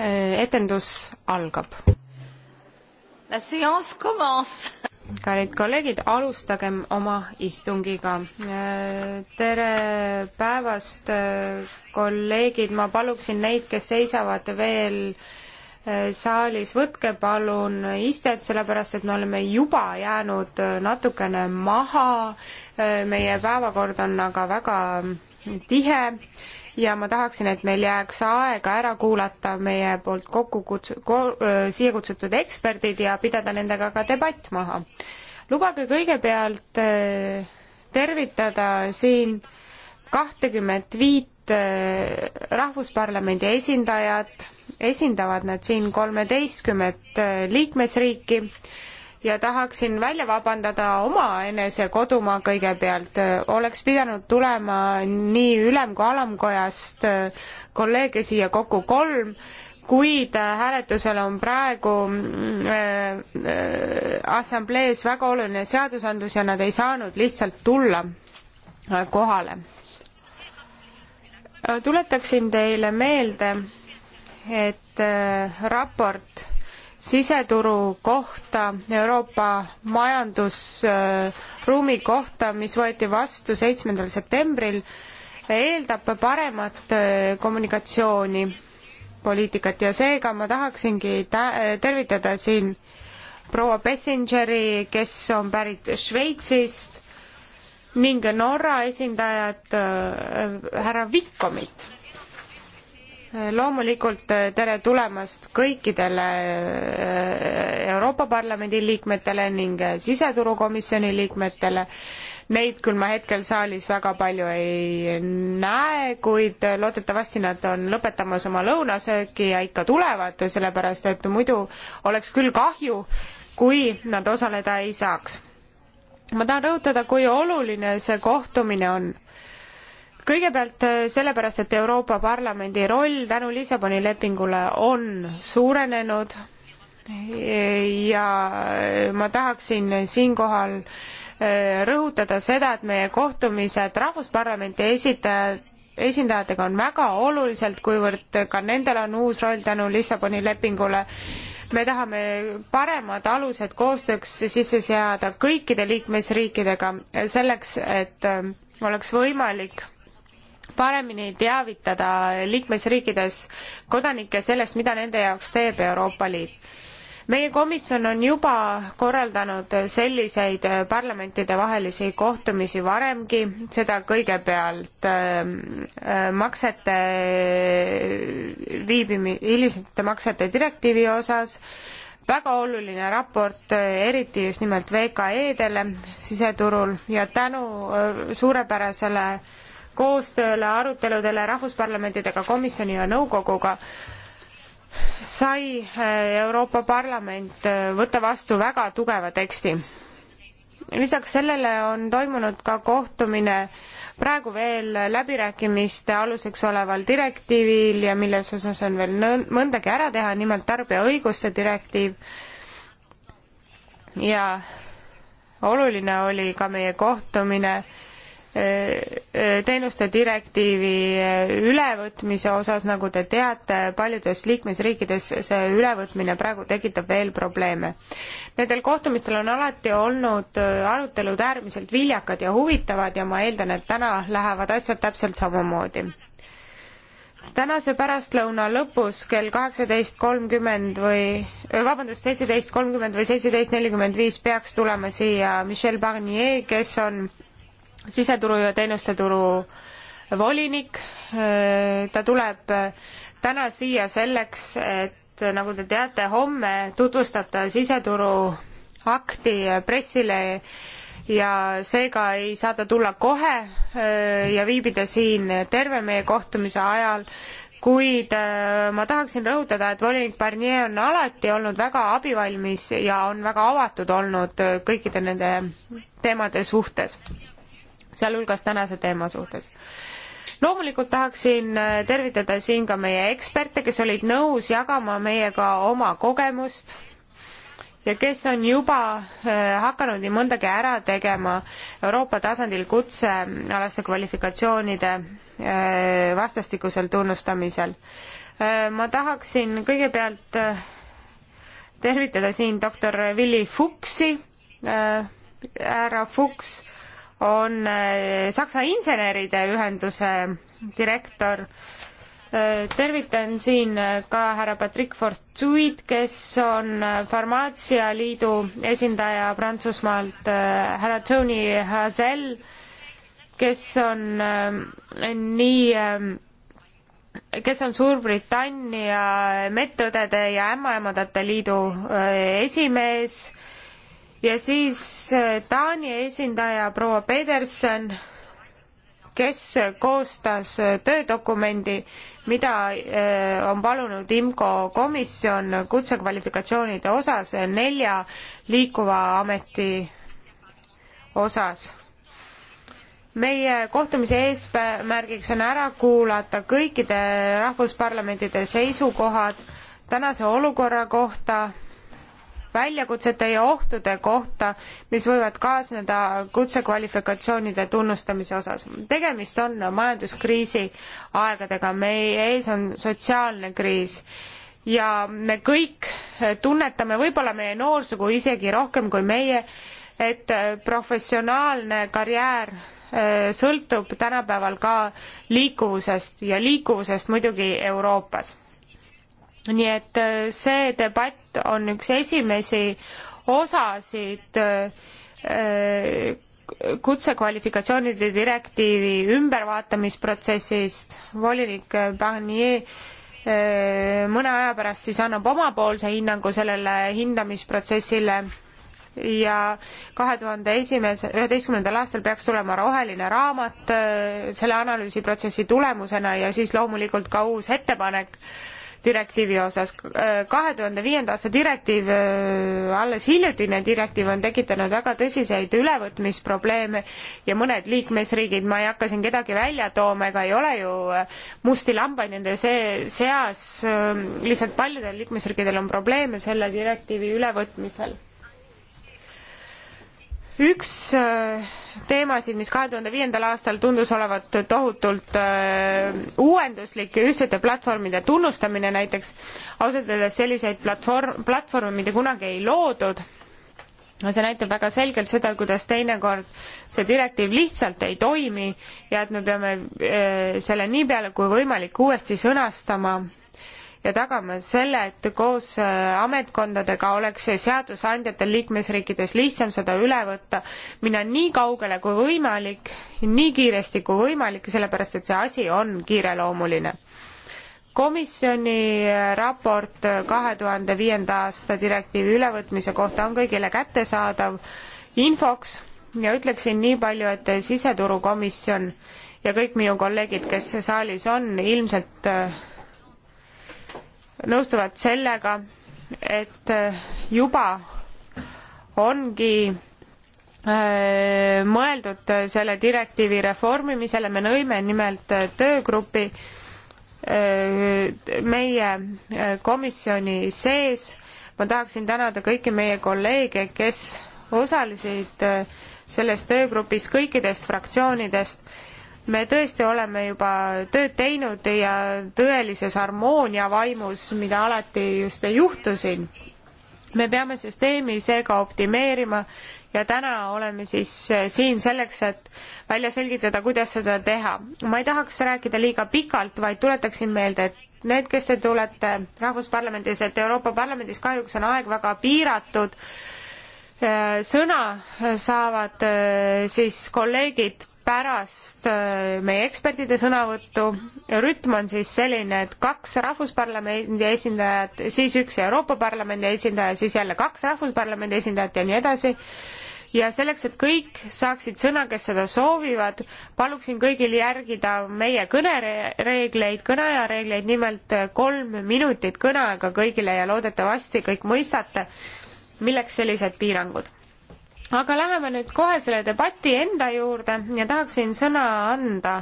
Äh, etendus algab. kallid kolleegid, alustagem oma istungiga. Äh, tere päevast, äh, kolleegid, ma paluksin neid, kes seisavad veel saalis, võtke palun istet, sellepärast et me oleme juba jäänud natukene maha. meie päevakord on aga väga tihe ja ma tahaksin, et meil jääks aega ära kuulata meie poolt kokku kutsu-, ko-, siia kutsutud eksperdid ja pidada nendega ka debatt maha. lubage kõigepealt tervitada siin kahtekümmet viit rahvusparlamendi esindajat, esindavad nad siin kolmeteistkümmet liikmesriiki ja tahaksin välja vabandada omaenese kodumaa kõigepealt. oleks pidanud tulema nii ülem- kui alamkojast äh, kolleege siia kokku kolm, kuid äh, hääletusel on praegu mm, äh, äh, assamblees väga oluline seadusandlus ja nad ei saanud lihtsalt tulla kohale. tuletaksin teile meelde, et äh, raport siseturu kohta, Euroopa majandusruumi kohta, mis võeti vastu seitsmendal septembril, eeldab paremat äh, kommunikatsiooni, poliitikat ja seega ma tahaksingi tä-, äh, tervitada siin proua Bessingeri, kes on pärit Šveitsist, ning Norra esindajat äh, härra Vikkomit loomulikult eh, tere tulemast kõikidele eh, Euroopa Parlamendi liikmetele ning eh, siseturukomisjoni liikmetele. Neid küll ma hetkel saalis väga palju ei näe, kuid loodetavasti nad on lõpetamas oma lõunasööki ja ikka tulevad, sellepärast et muidu oleks küll kahju, kui nad osaleda ei saaks. ma tahan rõhutada, kui oluline see kohtumine on kõigepealt eh, sellepärast, et Euroopa Parlamendi roll tänu Lissaboni lepingule on suurenenud ja ma tahaksin siinkohal eh, rõhutada seda, et meie kohtumised Rahvusparlamenti esitajad esindajatega on väga oluliselt, kuivõrd ka nendel on uus roll tänu Lissaboni lepingule. me tahame paremad alused koostööks sisse seada kõikide liikmesriikidega selleks, et eh, oleks võimalik paremini teavitada liikmesriikides kodanikke sellest, mida nende jaoks teeb Euroopa Liit. meie komisjon on juba korraldanud selliseid parlamentidevahelisi kohtumisi varemgi, seda kõigepealt ähm, äh, maksete viibimi-, hilisete maksete direktiivi osas, väga oluline raport, äh, eriti just nimelt VKE-dele siseturul ja tänu äh, suurepärasele äh, koostööle, aruteludele rahvusparlamentidega, komisjoni ja nõukoguga, sai äh, Euroopa Parlament äh, võtta vastu väga tugeva teksti. lisaks sellele on toimunud ka kohtumine praegu veel läbirääkimiste aluseks oleval direktiivil ja milles osas on veel mõndagi ära teha, nimelt tarbijaõiguste direktiiv ja oluline oli ka meie kohtumine Äh, äh, teenuste direktiivi äh, ülevõtmise osas, nagu te teate, paljudes liikmesriikides see ülevõtmine praegu tekitab veel probleeme. Nendel kohtumistel on alati olnud arutelud äärmiselt viljakad ja huvitavad ja ma eeldan, et täna lähevad asjad täpselt samamoodi tänase pärastlõuna lõpus kell kaheksateist kolmkümmend või vabandust, seitseteist kolmkümmend või seitseteist nelikümmend viis peaks tulema siia Michel Barnier, kes on siseturu ja teenuste turu volinik. Äh, ta tuleb äh, täna siia selleks, et äh, nagu te teate, homme tutvustab ta siseturu akti pressile ja seega ei saa ta tulla kohe ja viibida siin terve meie kohtumise ajal, kuid ma tahaksin rõhutada, et volinik Barnier on alati olnud väga abivalmis ja on väga avatud olnud kõikide nende teemade suhtes sealhulgas tänase teema suhtes loomulikult tahaksin äh, tervitada siin ka meie eksperte, kes olid nõus jagama meiega oma kogemust ja kes on juba äh, hakanud nii mõndagi ära tegema Euroopa tasandil kutsealaste kvalifikatsioonide äh, vastastikusel tunnustamisel. ma tahaksin kõigepealt tervitada siin doktor Willy Fuchsi, härra Fuchs on eh, Saksa inseneride ühenduse direktor. Eh, tervitan siin eh, ka härra Patrick Fortuit, kes on Farmaatsialiidu esindaja Prantsusmaalt, härra Tony Hazel, kes on nii kes on Suurbritannia Medõdede ja Ämmaemandate Liidu esimees ja siis äh, Taani esindaja proua Peterson, kes koostas äh, töödokumendi, mida äh, on palunud IMCO komisjon kutsekvalifikatsioonide osas nelja liikuva ameti osas meie kohtumise eesmärgiks on ära kuulata kõikide rahvusparlamentide seisukohad tänase olukorra kohta väljakutsete ja ohtude kohta, mis võivad kaasneda kutsekvalifikatsioonide tunnustamise osas. tegemist on majanduskriisi aegadega, meie ees on sotsiaalne kriis ja me kõik tunnetame, võib-olla meie noorsugu isegi rohkem kui meie, et professionaalne karjäär äh, sõltub tänapäeval ka liikuvusest ja liikuvusest muidugi Euroopas nii et äh, see debatt on üks esimesi osasid äh, kutsekvalifikatsioonide direktiivi ümbervaatamisprotsessist. volinik Barnier äh, mõne aja pärast siis annab omapoolse hinnangu sellele hindamisprotsessile ja kahe tuhande esimese, üheteistkümnendal aastal peaks tulema roheline raamat selle analüüsiprotsessi tulemusena ja siis loomulikult ka uus ettepanek äh, direktiivi osas. kahe tuhande viienda aasta direktiiv, äh, alles hiljutine direktiiv on tekitanud väga tõsiseid ülevõtmisprobleeme ja mõned liikmesriigid, ma ei hakka siin kedagi välja tooma, ega ei ole ju äh, musti lambaid nende see, seas, äh, lihtsalt paljudel liikmesriikidel on probleeme selle direktiivi ülevõtmisel üks äh, teemasid, mis kahe tuhande viiendal aastal tundus olevat tohutult äh, uuenduslik, ühtsete platvormide tunnustamine näiteks, ausalt öeldes selliseid platvorm, platvorme mitte kunagi ei loodud, no see näitab väga selgelt seda, kuidas teinekord see direktiiv lihtsalt ei toimi ja et me peame äh, selle nii peale kui võimalik uuesti sõnastama ja tagama selle, et koos äh, ametkondadega oleks seadusandjatel liikmesriikides lihtsam seda üle võtta, minna nii kaugele kui võimalik, nii kiiresti kui võimalik, sellepärast et see asi on kiireloomuline komisjoni äh, raport kahe tuhande viienda aasta direktiivi ülevõtmise kohta on kõigile kättesaadav infoks ja ütleksin nii palju, et siseturukomisjon ja kõik minu kolleegid, kes saalis on, ilmselt äh, nõustuvad sellega, et äh, juba ongi äh, mõeldud selle direktiivi reformimisele, me lõime nimelt äh, töögrupi meie komisjoni sees. ma tahaksin tänada kõiki meie kolleege, kes osalesid selles töögrupis kõikidest fraktsioonidest me tõesti oleme juba tööd teinud ja tõelises harmoonia vaimus, mida alati just ei juhtu siin. me peame süsteemi seega optimeerima ja täna oleme siis siin selleks, et välja selgitada, kuidas seda teha. ma ei tahaks rääkida liiga pikalt, vaid tuletaksin meelde, et need, kes te tulete Rahvusparlamendis, et Euroopa Parlamendis kahjuks on aeg väga piiratud, sõna saavad eh, siis kolleegid pärast äh, meie ekspertide sõnavõttu. rütm on siis selline, et kaks Rahvusparlamendi esindajat, siis üks Euroopa Parlamendi esindaja, siis jälle kaks Rahvusparlamendi esindajat ja nii edasi. ja selleks, et kõik saaksid sõna, kes seda soovivad, paluksin kõigil järgida meie kõnereegleid, kõneaja reegleid, nimelt kolm minutit kõneaega kõigile ja loodetavasti kõik mõistate, milleks sellised piirangud aga läheme nüüd kohe selle debati enda juurde ja tahaksin sõna anda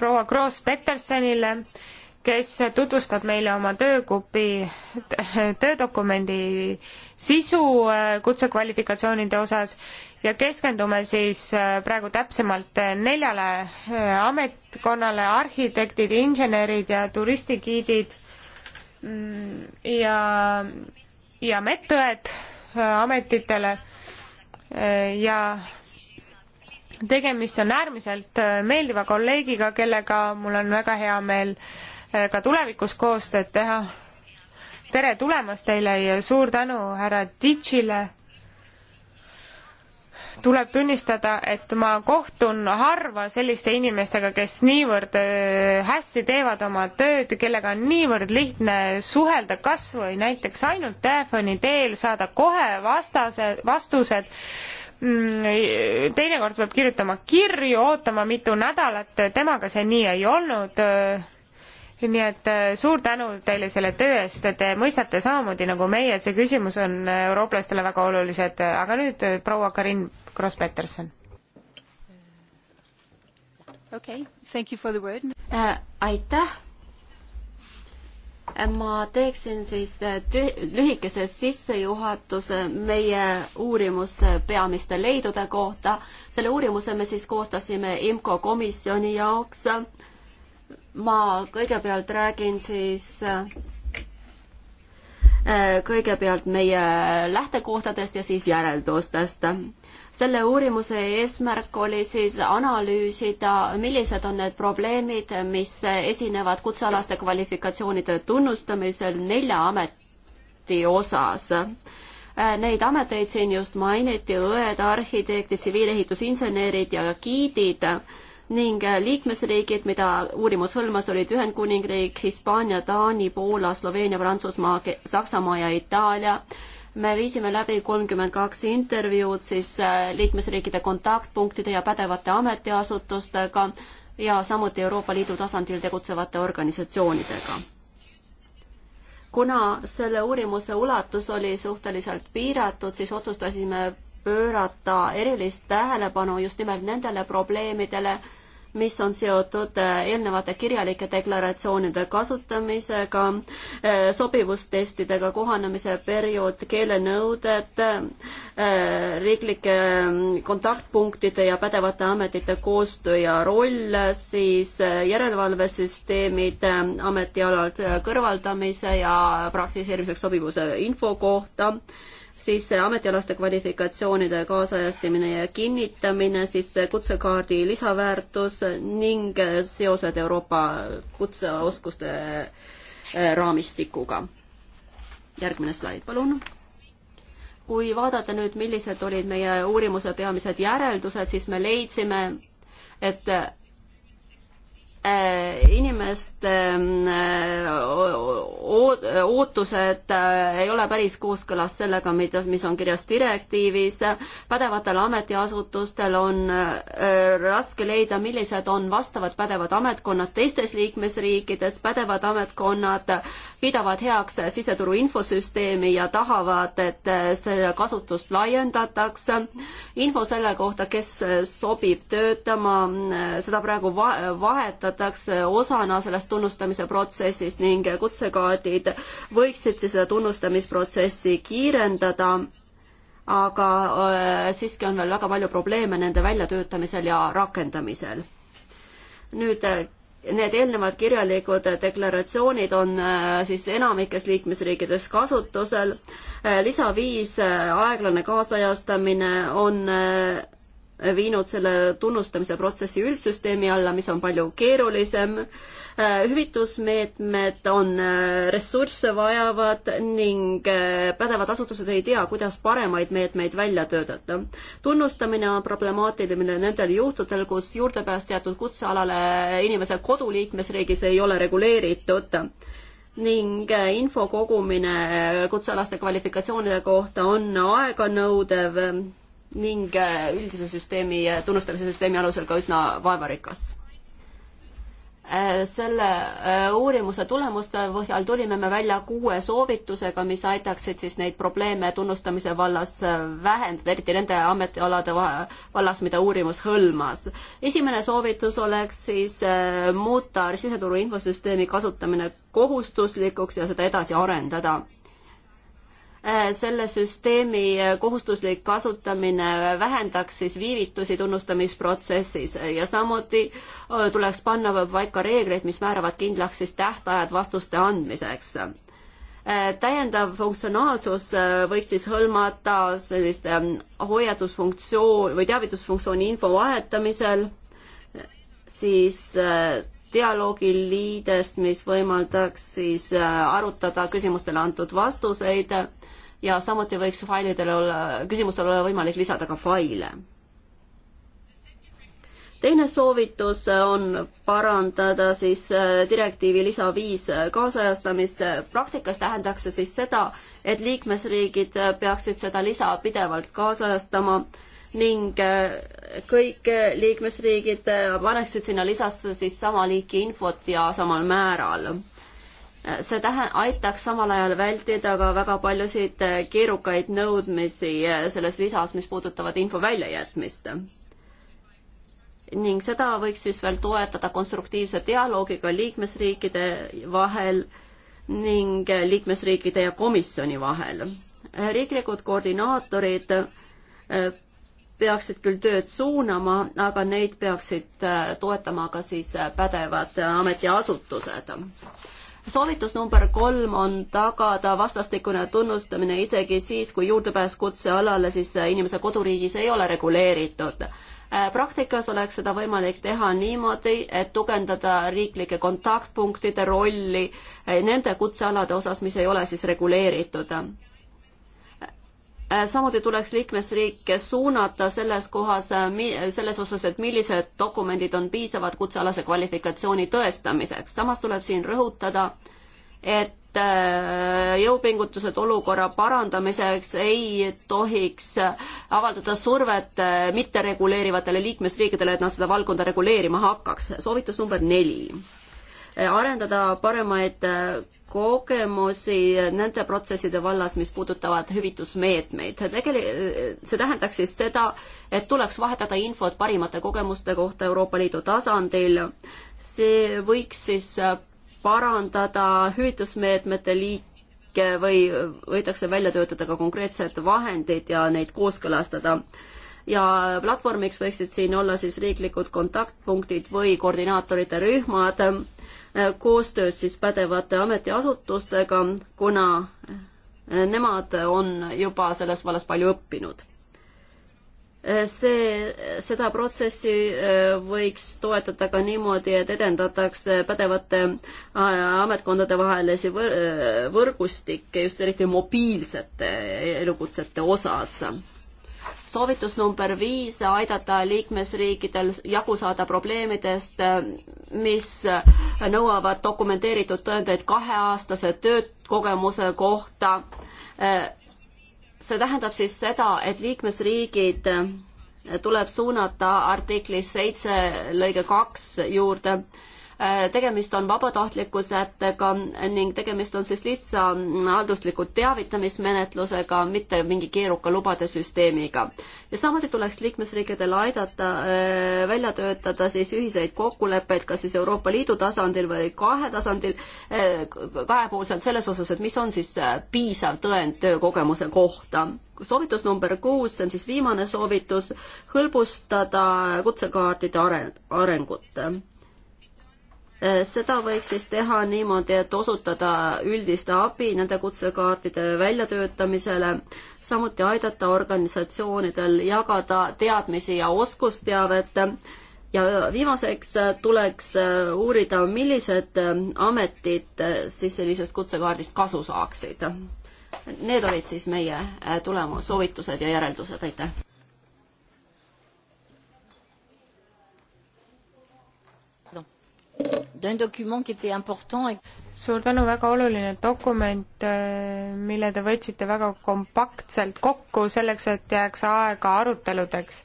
proua Kross Petersonile, kes tutvustab meile oma töögrupi, töödokumendi sisu äh, kutsekvalifikatsioonide osas ja keskendume siis äh, praegu täpsemalt äh, neljale ametkonnale, arhitektid, insenerid ja turistigiidid mm, ja, ja medõed ametitele ja tegemist on äärmiselt meeldiva kolleegiga, kellega mul on väga hea meel ka tulevikus koostööd teha. tere tulemast teile ja suur tänu härra Titšile tuleb tunnistada, et ma kohtun harva selliste inimestega, kes niivõrd äh, hästi teevad oma tööd, kellega on niivõrd lihtne suhelda kas või näiteks ainult telefoni teel, saada kohe vastase, vastused, mm, teinekord peab kirjutama kirju, ootama mitu nädalat, temaga see nii ei olnud, nii et äh, suur tänu teile selle töö eest, te mõistate samamoodi nagu meie, et see küsimus on äh, eurooplastele väga olulised, aga nüüd proua Karin Kross Peterson. okei okay,, thank you for the word äh,. aitäh. Äh, ma teeksin siis äh, lühikese sissejuhatuse meie uurimusse peamiste leidude kohta. selle uurimuse me siis koostasime IMCO komisjoni jaoks. ma kõigepealt räägin siis äh, Äh, kõigepealt meie lähtekohtadest ja siis järeldustest. selle uurimuse eesmärk oli siis analüüsida, millised on need probleemid, mis esinevad kutsealaste kvalifikatsioonide tunnustamisel nelja ameti osas. Äh, neid ameteid siin just mainiti, õed, arhitektid, tsiviilehitusinsenerid ja giidid ning äh, liikmesriigid, mida uurimus hõlmas, olid Ühendkuningriik, Hispaania, Taani, Poola, Sloveenia, Prantsusmaa, Saksamaa ja Itaalia. me viisime läbi kolmkümmend kaks intervjuud siis äh, liikmesriikide kontaktpunktide ja pädevate ametiasutustega ja samuti Euroopa Liidu tasandil tegutsevate organisatsioonidega. kuna selle uurimuse ulatus oli suhteliselt piiratud, siis otsustasime pöörata erilist tähelepanu just nimelt nendele probleemidele, mis on seotud äh, eelnevate kirjalike deklaratsioonide kasutamisega, äh, sobivustestidega kohanemise periood, keelenõuded, äh, riiklike ähm, kontaktpunktide ja pädevate ametite koostöö ja roll, siis järelevalvesüsteemid ametialalt kõrvaldamise ja praktiseerimiseks sobivuse info kohta siis ametialaste kvalifikatsioonide kaasajastamine ja kinnitamine, siis kutsekaardi lisaväärtus ning seosed Euroopa kutseoskuste eh, raamistikuga. järgmine slaid, palun kui vaadata nüüd, millised olid meie uurimuse peamised järeldused, siis me leidsime, et Äh, inimeste ähm, äh, ootused äh, ei ole päris kooskõlas sellega, mida, mis on kirjas direktiivis. pädevatel ametiasutustel on raske leida, millised on vastavad pädevad ametkonnad teistes liikmesriikides. pädevad ametkonnad kiidavad heaks siseturu infosüsteemi ja tahavad, et selle kasutust laiendatakse. info selle kohta, kes sobib töötama, seda praegu vahetada tunnustatakse osana sellest tunnustamise protsessist ning kutsekaardid võiksid siis seda tunnustamisprotsessi kiirendada, aga äh, siiski on veel väga palju probleeme nende väljatöötamisel ja rakendamisel. nüüd äh, need eelnevad kirjalikud deklaratsioonid on äh, siis enamikes liikmesriikides kasutusel. lisa viis, aeglane kaasajastamine on viinud selle tunnustamise protsessi üldsüsteemi alla, mis on palju keerulisem. Äh, hüvitusmeetmed on äh, ressursse vajavad ning äh, pädevad asutused ei tea, kuidas paremaid meetmeid välja töötada. tunnustamine on problemaatiline nendel juhtudel, kus juurdepääs teatud kutsealale inimese koduliikmesriigis ei ole reguleeritud ning info kogumine kutsealaste kvalifikatsioonide kohta on aeganõudev ning äh, üldise süsteemi, äh, tunnustamise süsteemi alusel ka üsna vaevarikas. Äh, selle uurimuse tulemuste põhjal tulime me välja kuue soovitusega, mis aitaksid siis neid probleeme tunnustamise vallas vähendada, eriti nende ametialade vallas, mida uurimus hõlmas. esimene soovitus oleks siis muuta siseturu infosüsteemi kasutamine kohustuslikuks ja seda edasi arendada Äh, selle süsteemi äh, kohustuslik kasutamine vähendaks siis viivitusi tunnustamisprotsessis ja samuti äh, tuleks panna paika reegleid, mis määravad kindlaks siis tähtajad vastuste andmiseks. täiendav funktsionaalsus võiks siis hõlmata sellist ähm, hoiatusfunktsioon või teavitusfunktsiooni info vahetamisel, siis dialoogiliidest, mis võimaldaks siis arutada küsimustele antud vastuseid ja samuti võiks failidele olla, küsimustele olla võimalik lisada ka faile. teine soovitus on parandada siis äh, direktiivi lisa viis äh, kaasajastamist. praktikas tähendaks see siis seda, et liikmesriigid äh, peaksid seda lisa pidevalt kaasajastama ning kõik liikmesriigid paneksid sinna lisasse siis sama liiki infot ja samal määral see tähe-, aitaks samal ajal vältida ka väga paljusid äh, keerukaid nõudmisi äh, selles lisas, mis puudutavad info väljajätmist. ning seda võiks siis veel toetada konstruktiivse dialoogiga liikmesriikide vahel ning äh, liikmesriikide ja komisjoni vahel. riiklikud koordinaatorid peaksid küll tööd suunama, aga neid peaksid toetama ka siis pädevad ametiasutused soovitus number kolm on tagada vastastikune tunnustamine isegi siis, kui juurdepääs kutsealale siis äh, inimese koduriigis ei ole reguleeritud. Äh, praktikas oleks seda võimalik teha niimoodi, et tugevdada riiklike kontaktpunktide rolli äh, nende kutsealade osas, mis ei ole siis reguleeritud Äh, samuti tuleks liikmesriike suunata selles kohas, äh, selles osas, et millised dokumendid on piisavad kutsealase kvalifikatsiooni tõestamiseks. samas tuleb siin rõhutada, et äh, jõupingutused olukorra parandamiseks ei tohiks avaldada survet mittereguleerivatele liikmesriikidele, et nad seda valdkonda reguleerima hakkaks. soovitus number neli. arendada paremaid kogemusi nende protsesside vallas, mis puudutavad hüvitusmeetmeid. tegeli-, see tähendaks siis seda, et tuleks vahetada infot parimate kogemuste kohta Euroopa Liidu tasandil. see võiks siis parandada hüvitusmeetmete liike või võidakse välja töötada ka konkreetsed vahendid ja neid kooskõlastada ja platvormiks võiksid siin olla siis riiklikud kontaktpunktid või koordinaatorite rühmad Äh, koostöös siis pädevate ametiasutustega, kuna äh, nemad on juba selles vallas palju õppinud. Äh, see, seda protsessi võiks toetada ka niimoodi, et edendatakse pädevate ametkondade vahelisi võrgustikke, just eriti mobiilsete elukutsete osas soovitus number viis, aidata liikmesriikidel jagu saada probleemidest, mis nõuavad dokumenteeritud tõendeid kaheaastase töökogemuse kohta. see tähendab siis seda, et liikmesriigid tuleb suunata artiklis seitse lõige kaks juurde Äh, tegemist on vabatahtliku sättega ning tegemist on siis lihtsa haldusliku teavitamismenetlusega, mitte mingi keeruka lubade süsteemiga. ja samuti tuleks liikmesriikidel aidata äh, välja töötada siis ühiseid kokkuleppeid, kas siis Euroopa Liidu tasandil või kahe tasandil, äh, kahepoolselt selles osas, et mis on siis piisav tõend töökogemuse kohta soovitus number kuus, see on siis viimane soovitus, hõlbustada kutsekaartide arengut Äh, seda võiks siis teha niimoodi, et osutada üldist abi nende kutsekaartide väljatöötamisele, samuti aidata organisatsioonidel jagada teadmisi ja oskusteavet ja viimaseks äh, tuleks äh, uurida, millised ametid siis sellisest kutsekaardist kasu saaksid. Need olid siis meie tulemus, soovitused ja järeldused, aitäh! suur tänu, väga oluline dokument, äh, mille te võtsite väga kompaktselt kokku selleks, et jääks aega aruteludeks.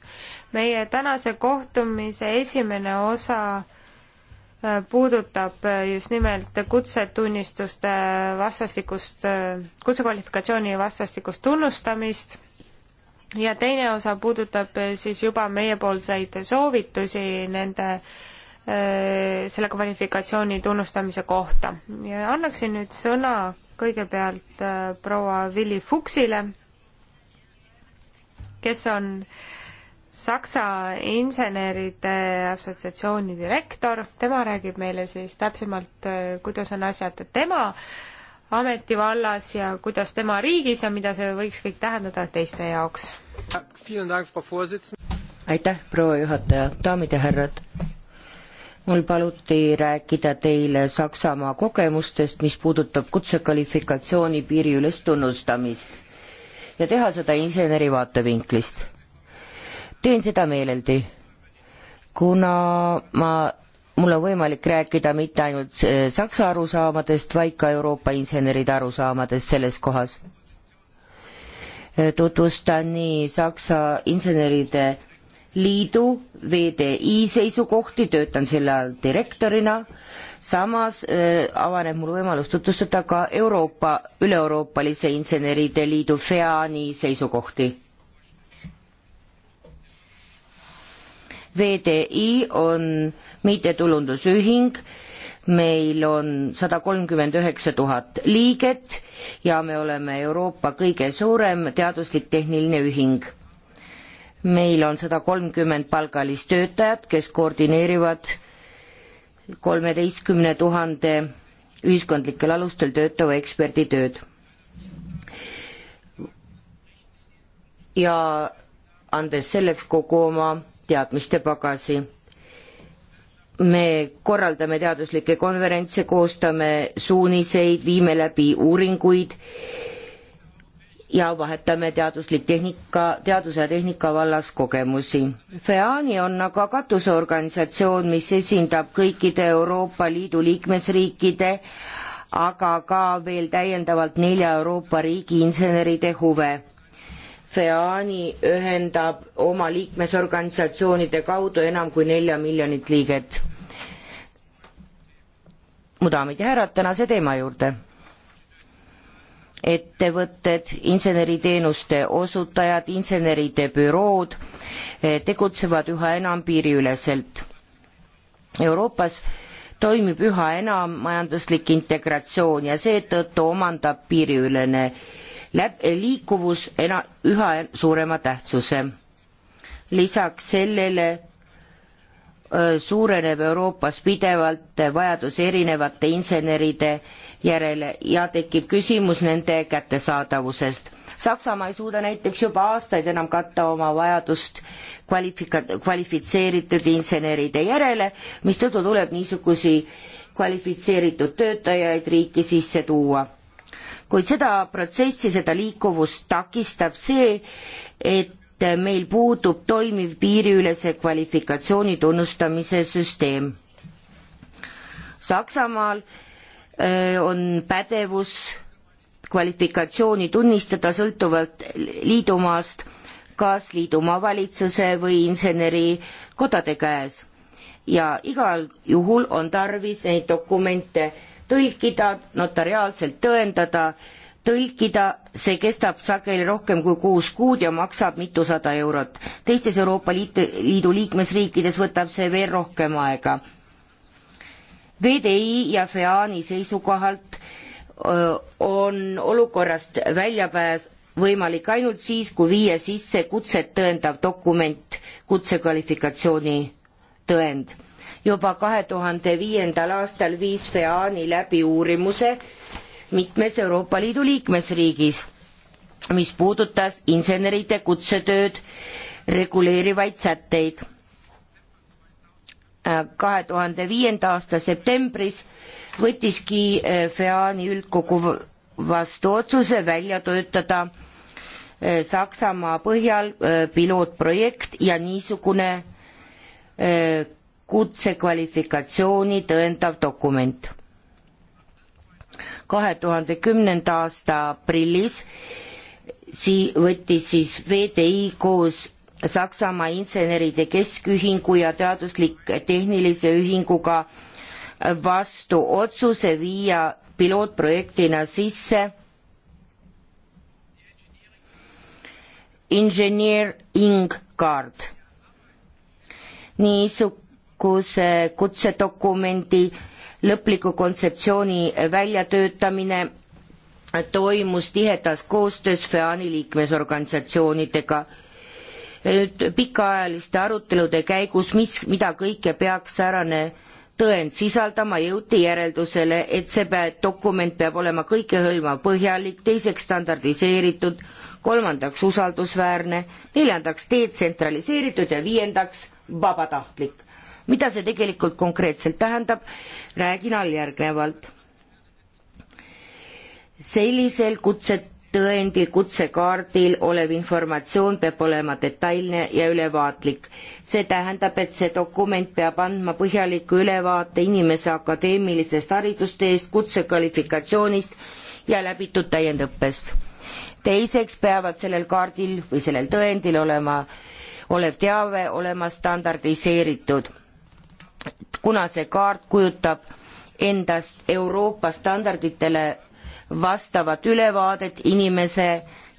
meie tänase kohtumise esimene osa äh, puudutab äh, just nimelt kutsetunnistuste vastastikust, kutsekvalifikatsiooni vastastikust tunnustamist ja teine osa puudutab siis juba meiepoolseid soovitusi nende äh, Äh, selle kvalifikatsiooni tunnustamise kohta. ja annaksin nüüd sõna kõigepealt äh, proua Willy Fuchsile, kes on Saksa Inseneride Assotsiatsiooni direktor, tema räägib meile siis täpsemalt, äh, kuidas on asjad tema ametivallas ja kuidas tema riigis ja mida see võiks kõik tähendada teiste jaoks. aitäh, proua juhataja, daamid ja härrad mul paluti rääkida teile Saksamaa kogemustest, mis puudutab kutsekvalifikatsiooni piiriülest tunnustamist ja teha seda inseneri vaatevinklist. teen seda meeleldi, kuna ma, mul on võimalik rääkida mitte ainult eh, Saksa arusaamadest, vaid ka Euroopa inseneride arusaamadest selles kohas. Eh, tutvustan nii Saksa inseneride liidu VDI seisukohti, töötan selle ajal direktorina, samas äh, avaneb mul võimalus tutvustada ka Euroopa, üle-Euroopalise Inseneride Liidu FEAN-i seisukohti. VDI on mittetulundusühing, meil on sada kolmkümmend üheksa tuhat liiget ja me oleme Euroopa kõige suurem teaduslik-tehniline ühing meil on sada kolmkümmend palgalist töötajat, kes koordineerivad kolmeteistkümne tuhande ühiskondlikel alustel töötava eksperdi tööd. ja andes selleks kogu oma teadmiste pagasi. me korraldame teaduslikke konverentse, koostame suuniseid, viime läbi uuringuid ja vahetame teaduslik tehnika, teaduse ja tehnika vallas kogemusi. FEANi on aga katuseorganisatsioon, mis esindab kõikide Euroopa Liidu liikmesriikide, aga ka veel täiendavalt nelja Euroopa riigi inseneride huve. FEANi ühendab oma liikmesorganisatsioonide kaudu enam kui nelja miljonit liiget. mu daamid ja härrad, tänase teema juurde ettevõtted, inseneriteenuste osutajad, inseneride bürood eh, tegutsevad üha enam piiriüleselt. Euroopas toimib üha enam majanduslik integratsioon ja seetõttu omandab piiriülene läb-, liikuvus ena-, üha suurema tähtsuse. lisaks sellele suureneb Euroopas pidevalt vajadus erinevate inseneride järele ja tekib küsimus nende kättesaadavusest. Saksamaa ei suuda näiteks juba aastaid enam katta oma vajadust kvalifika-, kvalifitseeritud inseneride järele, mistõttu tuleb niisugusi kvalifitseeritud töötajaid riiki sisse tuua. kuid seda protsessi, seda liikuvust takistab see, et et meil puudub toimiv piiriülese kvalifikatsiooni tunnustamise süsteem. Saksamaal on pädevus kvalifikatsiooni tunnistada sõltuvalt liidumaast kas liidumaa valitsuse või insenerikodade käes ja igal juhul on tarvis neid dokumente tõlkida, notariaalselt tõendada äh, tõlkida, see kestab sageli rohkem kui kuus kuud ja maksab mitusada eurot. teistes Euroopa Liitu, Liidu liikmesriikides võtab see veel rohkem aega. VDI ja FEAN-i seisukohalt öö, on olukorrast väljapääs võimalik ainult siis, kui viia sisse kutset tõendav dokument, kutsekvalifikatsiooni tõend. juba kahe tuhande viiendal aastal viis FEAN-i läbi uurimuse, mitmes Euroopa Liidu liikmesriigis, mis puudutas insenerite kutsetööd reguleerivaid sätteid. Äh, kahe tuhande viienda aasta septembris võttiski äh, FEAN-i üldkogu vastu otsuse välja töötada äh, Saksamaa põhjal pilootprojekt ja niisugune kutsekvalifikatsiooni tõendav dokument kahe tuhande kümnenda aasta aprillis sii-, võttis siis VTI koos Saksamaa Inseneride Keskühingu ja Teaduslik-Tehnilise Ühinguga vastu otsuse viia pilootprojektina sisse engineering card. niisuguse kutsedokumendi äh, lõpliku kontseptsiooni väljatöötamine toimus tihedas koostöös FEAN-i liikmesorganisatsioonidega. nüüd pikaajaliste arutelude käigus, mis, mida kõike peaks säärane tõend sisaldama, jõuti järeldusele, et see dokument peab olema kõikehõlmav, põhjalik, teiseks standardiseeritud, kolmandaks usaldusväärne, neljandaks detsentraliseeritud ja viiendaks vabatahtlik mida see tegelikult konkreetselt tähendab, räägin alljärgnevalt. sellisel kutsetõendil, kutsekaardil olev informatsioon peab olema detailne ja ülevaatlik. see tähendab, et see dokument peab andma põhjaliku ülevaate inimese akadeemilisest haridusteest, kutsekvalifikatsioonist ja läbitud täiendõppest. teiseks peavad sellel kaardil või sellel tõendil olema, olev teave olema standardiseeritud kuna see kaart kujutab endast Euroopa standarditele vastavat ülevaadet inimese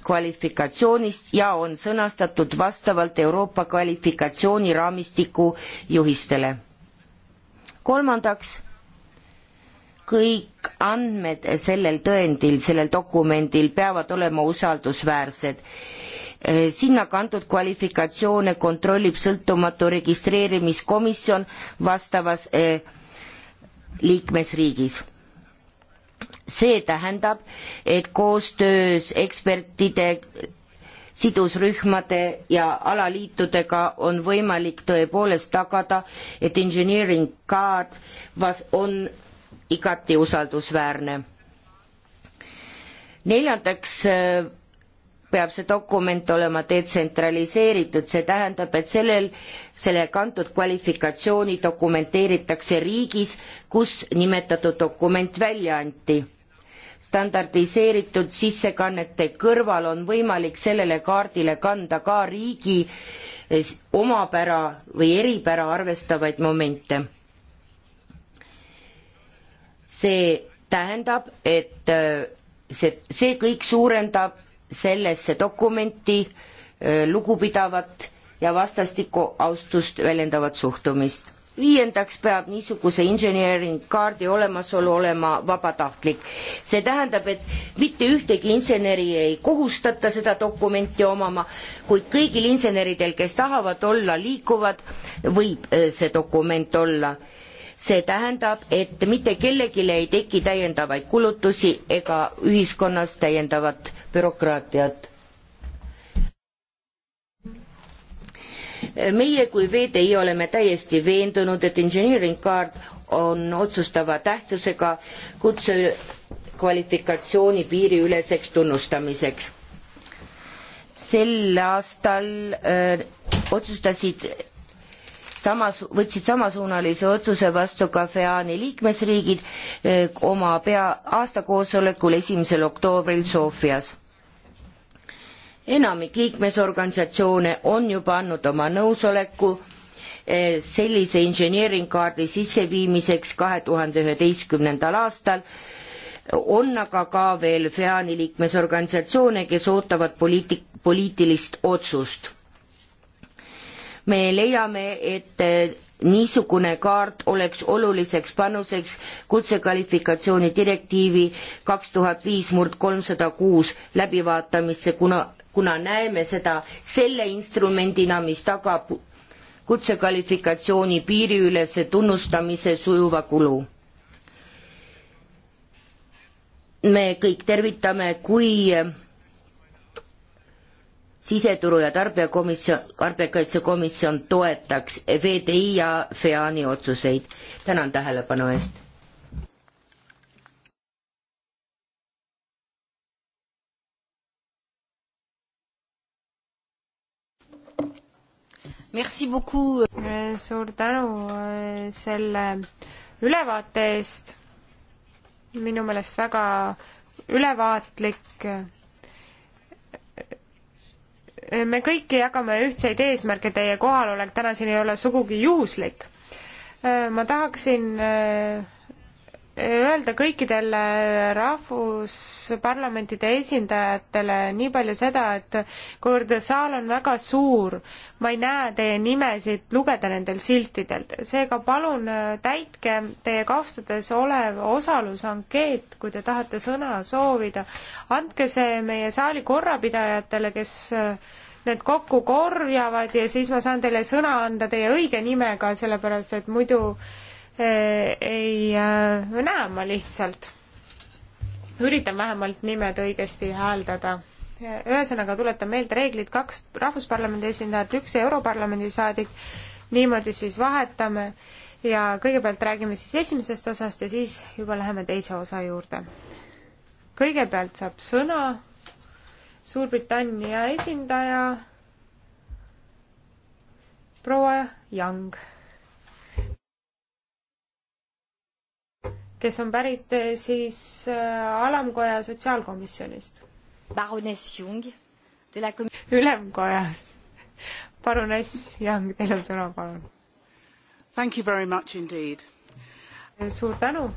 kvalifikatsioonist ja on sõnastatud vastavalt Euroopa kvalifikatsiooniraamistiku juhistele. kolmandaks, kõik andmed sellel tõendil, sellel dokumendil peavad olema usaldusväärsed Eh, sinna kantud kvalifikatsioone kontrollib sõltumatu registreerimiskomisjon vastavas eh, liikmesriigis see tähendab, et koostöös ekspertide, sidusrühmade ja alaliitudega on võimalik tõepoolest tagada, et engineering card vas-, on igati usaldusväärne. neljandaks eh, peab see dokument olema detsentraliseeritud, see tähendab, et sellel, selle kantud kvalifikatsiooni dokumenteeritakse riigis, kus nimetatud dokument välja anti. standardiseeritud sissekannete kõrval on võimalik sellele kaardile kanda ka riigi omapära või eripära arvestavaid momente. see tähendab, et äh, see, see kõik suurendab sellesse dokumenti lugupidavat ja vastastikku austust väljendavat suhtumist. viiendaks peab niisuguse engineering kaardi olemasolu olema vabatahtlik. see tähendab, et mitte ühtegi inseneri ei kohustata seda dokumenti omama, kuid kõigil inseneridel, kes tahavad olla liikuvad, võib see dokument olla see tähendab, et mitte kellelegi ei teki täiendavaid kulutusi ega ühiskonnas täiendavat bürokraatiat. meie kui VDI oleme täiesti veendunud, et engineering card on otsustava tähtsusega kutse kvalifikatsiooni piiriüleseks tunnustamiseks. sel aastal öö, äh, otsustasid samas, võtsid samasuunalise otsuse vastu ka FEAN-i liikmesriigid öö, eh, oma pea, aastakoosolekul esimesel oktoobril Sofias enamik liikmesorganisatsioone on juba andnud oma nõusoleku eh, sellise inseneeringkaardi sisseviimiseks kahe tuhande üheteistkümnendal aastal, on aga ka veel FEAN-i liikmesorganisatsioone, kes ootavad poliitik-, poliitilist otsust me leiame, et eh, niisugune kaart oleks oluliseks panuseks kutsekvalifikatsiooni direktiivi kaks tuhat viis murd kolmsada kuus läbivaatamisse, kuna, kuna näeme seda selle instrumendina, mis tagab kutsekvalifikatsiooni piiriülese tunnustamise sujuva kulu. me kõik tervitame, kui siseturu ja tarbijakomisjon, tarbijakaitsekomisjon toetaks VDI ja FEAN-i otsuseid. tänan tähelepanu eest. suur tänu eh, selle ülevaate eest, minu meelest väga ülevaatlik me kõik jagame ühtseid eesmärke, teie kohalolek täna siin ei ole sugugi juhuslik. Äh, ma tahaksin äh, öelda kõikidele rahvusparlamentide esindajatele nii palju seda, et kuivõrd saal on väga suur, ma ei näe teie nimesid lugeda nendel siltidelt, seega palun äh, täitke teie kaustades olev osalusankeet, kui te tahate sõna soovida. andke see meie saali korrapidajatele, kes äh, need kokku korjavad ja siis ma saan teile sõna anda teie õige nimega, sellepärast et muidu äh, Eh, ei eh, näe ma lihtsalt. üritan vähemalt nimed õigesti hääldada. Eh, ühesõnaga tuletan meelde reeglid, kaks Rahvusparlamendi esindajat, üks Europarlamendi saadik, niimoodi siis vahetame ja kõigepealt räägime siis esimesest osast ja siis juba läheme teise osa juurde. kõigepealt saab sõna Suurbritannia esindaja proua Young kes on pärit eh, siis eh, alamkoja sotsiaalkomisjonist. baroness Jung de la com-. ülemkojast. baroness Young, teil on sõna, palun. Thank you very much indeed. suur tänu.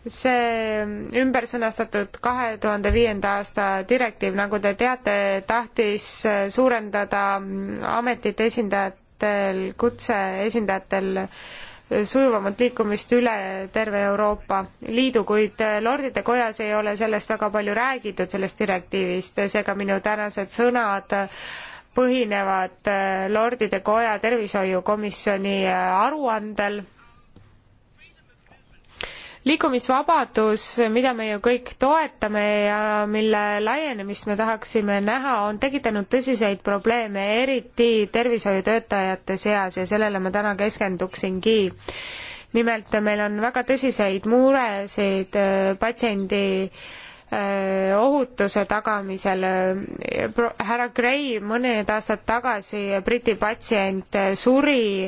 see ümbersõnastatud kahe tuhande viienda aasta direktiiv, nagu te teate, tahtis eh, suurendada mm, ametite esindajatel, kutse esindajatel äh, sujuvamat liikumist üle terve Euroopa Liidu, kuid Lordide Kojas ei ole sellest väga palju räägitud, sellest direktiivist, seega minu tänased sõnad põhinevad Lordide Koja tervishoiukomisjoni aruandel liikumisvabadus, mida me ju kõik toetame ja mille laienemist me tahaksime näha, on tekitanud tõsiseid probleeme, eriti tervishoiutöötajate seas ja sellele ma täna keskenduksingi nimelt meil on väga tõsiseid muresid äh, patsiendi Äh, ohutuse tagamisel. Äh, härra Gray mõned aastad tagasi, Briti patsient, äh, suri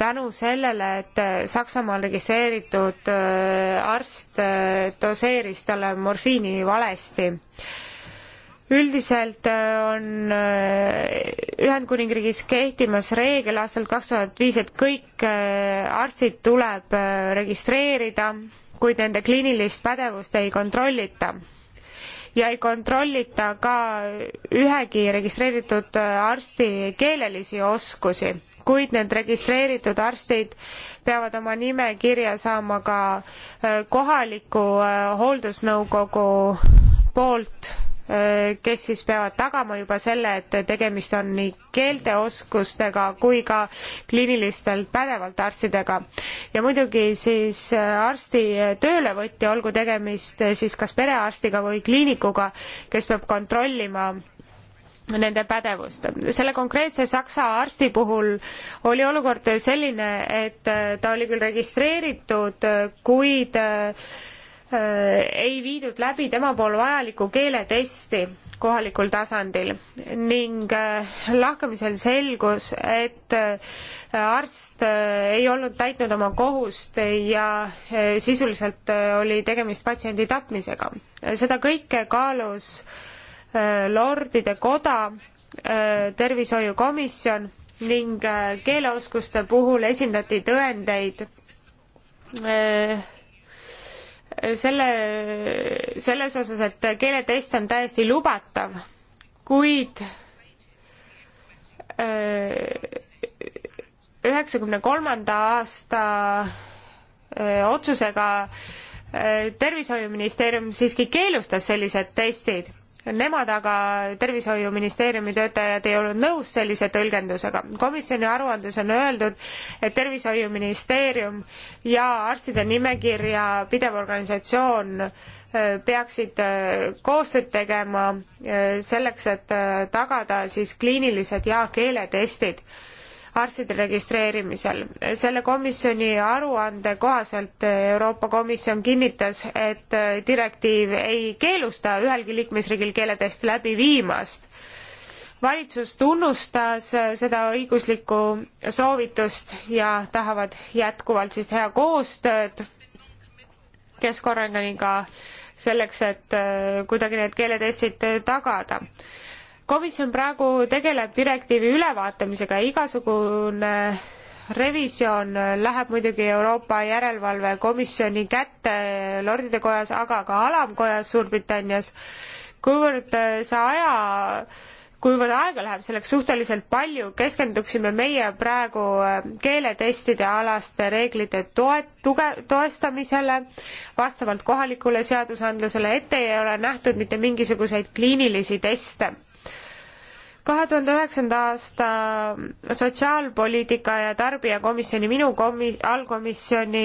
tänu sellele, et Saksamaal registreeritud arst doseeris talle morfiini valesti üldiselt on Ühendkuningriigis kehtimas reegel aastalt kaks tuhat viis, et kõik arstid tuleb registreerida kui nende kliinilist pädevust ei kontrollita ja ei kontrollita ka ühegi registreeritud arsti keelelisi oskusi, kuid need registreeritud arstid peavad oma nime kirja saama ka kohaliku eh, hooldusnõukogu poolt kes siis peavad tagama juba selle, et tegemist on nii keelteoskustega kui ka kliinilistelt pädevalt arstidega. ja muidugi siis äh, arsti töölevõtja, olgu tegemist äh, siis kas perearstiga või kliinikuga, kes peab kontrollima nende pädevust. selle konkreetse saksa arsti puhul oli olukord selline, et äh, ta oli küll registreeritud, kuid Äh, ei viidud läbi tema pool vajalikku keeletesti kohalikul tasandil ning äh, lahkamisel selgus, et äh, arst ei olnud täitnud oma kohust ja sisuliselt oli tegemist patsiendi tapmisega. seda kõike kaalus Lordide Koda, tervishoiukomisjon ning keeleoskuste puhul esindati tõendeid selle, selles osas, et keeletest on täiesti lubatav, kuid äh, üheksakümne kolmanda aasta öö, äh, otsusega öö, äh, tervishoiuministeerium siiski keelustas sellised testid Nemad aga, Tervishoiuministeeriumi töötajad ei olnud nõus sellise tõlgendusega. komisjoni aruandes on öeldud, et Tervishoiuministeerium ja arstide nimekirja pidev organisatsioon äh, peaksid äh, koostööd tegema äh, selleks, et tagada siis kliinilised ja keeletestid arstide registreerimisel. selle komisjoni aruande kohaselt Euroopa Komisjon kinnitas, et direktiiv ei keelusta ühelgi liikmesriigil keeletesti läbi viimast valitsus tunnustas seda õiguslikku soovitust ja tahavad jätkuvalt siis teha koostööd keskorganiga selleks, et äh, kuidagi need keeletestid tagada komisjon praegu tegeleb direktiivi ülevaatamisega ja igasugune revisjon läheb muidugi Euroopa Järelevalvekomisjoni kätte Lordide Kojas, aga ka Alamkojas Suurbritannias. kuivõrd see aja, kuivõrd aega läheb selleks suhteliselt palju, keskenduksime meie praegu keeletestide alaste reeglite toet-, tuge-, toestamisele vastavalt kohalikule seadusandlusele, ette ei ole nähtud mitte mingisuguseid kliinilisi teste kahe tuhande üheksanda aasta sotsiaalpoliitika ja tarbijakomisjoni, minu komi-, allkomisjoni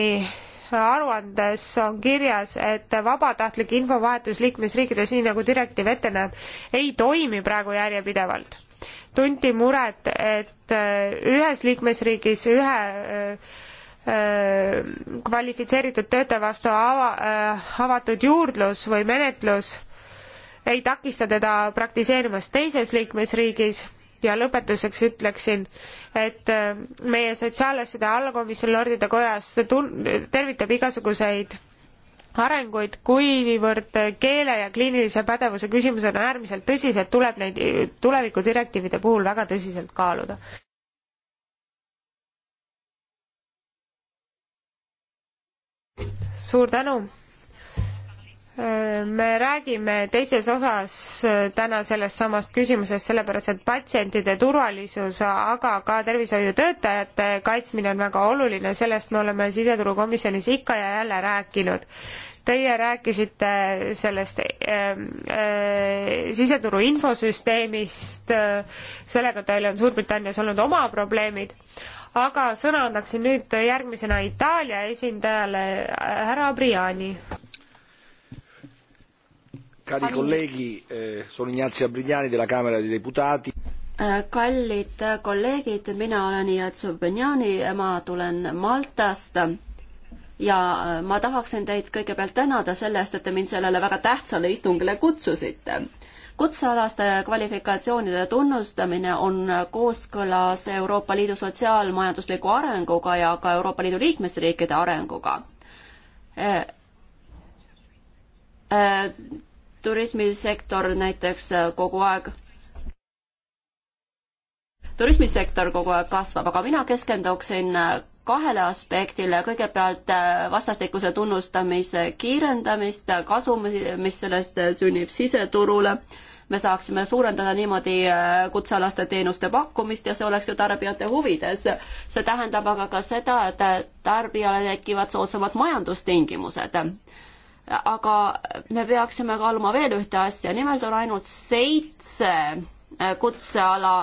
aruandes on kirjas, et vabatahtlik infovahetus liikmesriikides, nii nagu direktiiv ette näeb, ei toimi praegu järjepidevalt. tunti muret, et äh, ühes liikmesriigis ühe äh, äh, kvalifitseeritud töötaja vastu ava, avatud juurdlus või menetlus ei takista teda praktiseerimast teises liikmesriigis ja lõpetuseks ütleksin, et äh, meie sotsiaalasjade allkomisjon Lordide Kojas tun-, tervitab igasuguseid arenguid, kuivõrd keele ja kliinilise pädevuse küsimused on äärmiselt tõsised, tuleb neid tulevikudirektiivide puhul väga tõsiselt kaaluda. suur tänu me räägime teises osas äh, täna sellest samast küsimusest, sellepärast et patsientide turvalisus, aga ka tervishoiutöötajate kaitsmine on väga oluline, sellest me oleme siseturukomisjonis ikka ja jälle rääkinud. Teie rääkisite sellest äh, äh, siseturu infosüsteemist äh,, sellega teil on Suurbritannias olnud oma probleemid, aga sõna annaksin nüüd järgmisena Itaalia esindajale äh, härra Briani. Cari colleghi, eh, sono Ignazio Brignani della Camera dei Deputati. Eh, kallid kolleegid, mina olen Ignazio Brignani, ma tulen Maltast ja eh, ma tahaksin teid kõigepealt tänada selle eest, et te mind sellele väga tähtsale istungile kutsusite. kutsealaste kvalifikatsioonide tunnustamine on kooskõlas Euroopa Liidu sotsiaalmajandusliku arenguga ja ka Euroopa Liidu liikmesriikide arenguga eh, turismisektor näiteks äh, kogu aeg, turismisektor kogu aeg kasvab, aga mina keskenduksin äh, kahele aspektile, kõigepealt äh, vastastikuse tunnustamise kiirendamist, kasu, mis sellest sünnib siseturule, me saaksime suurendada niimoodi kutsealaste teenuste pakkumist ja see oleks ju tarbijate huvides. see tähendab aga ka seda, et tarbijale tekivad soodsamad majandustingimused aga me peaksime kaaluma veel ühte asja, nimelt on ainult seitse äh, kutseala,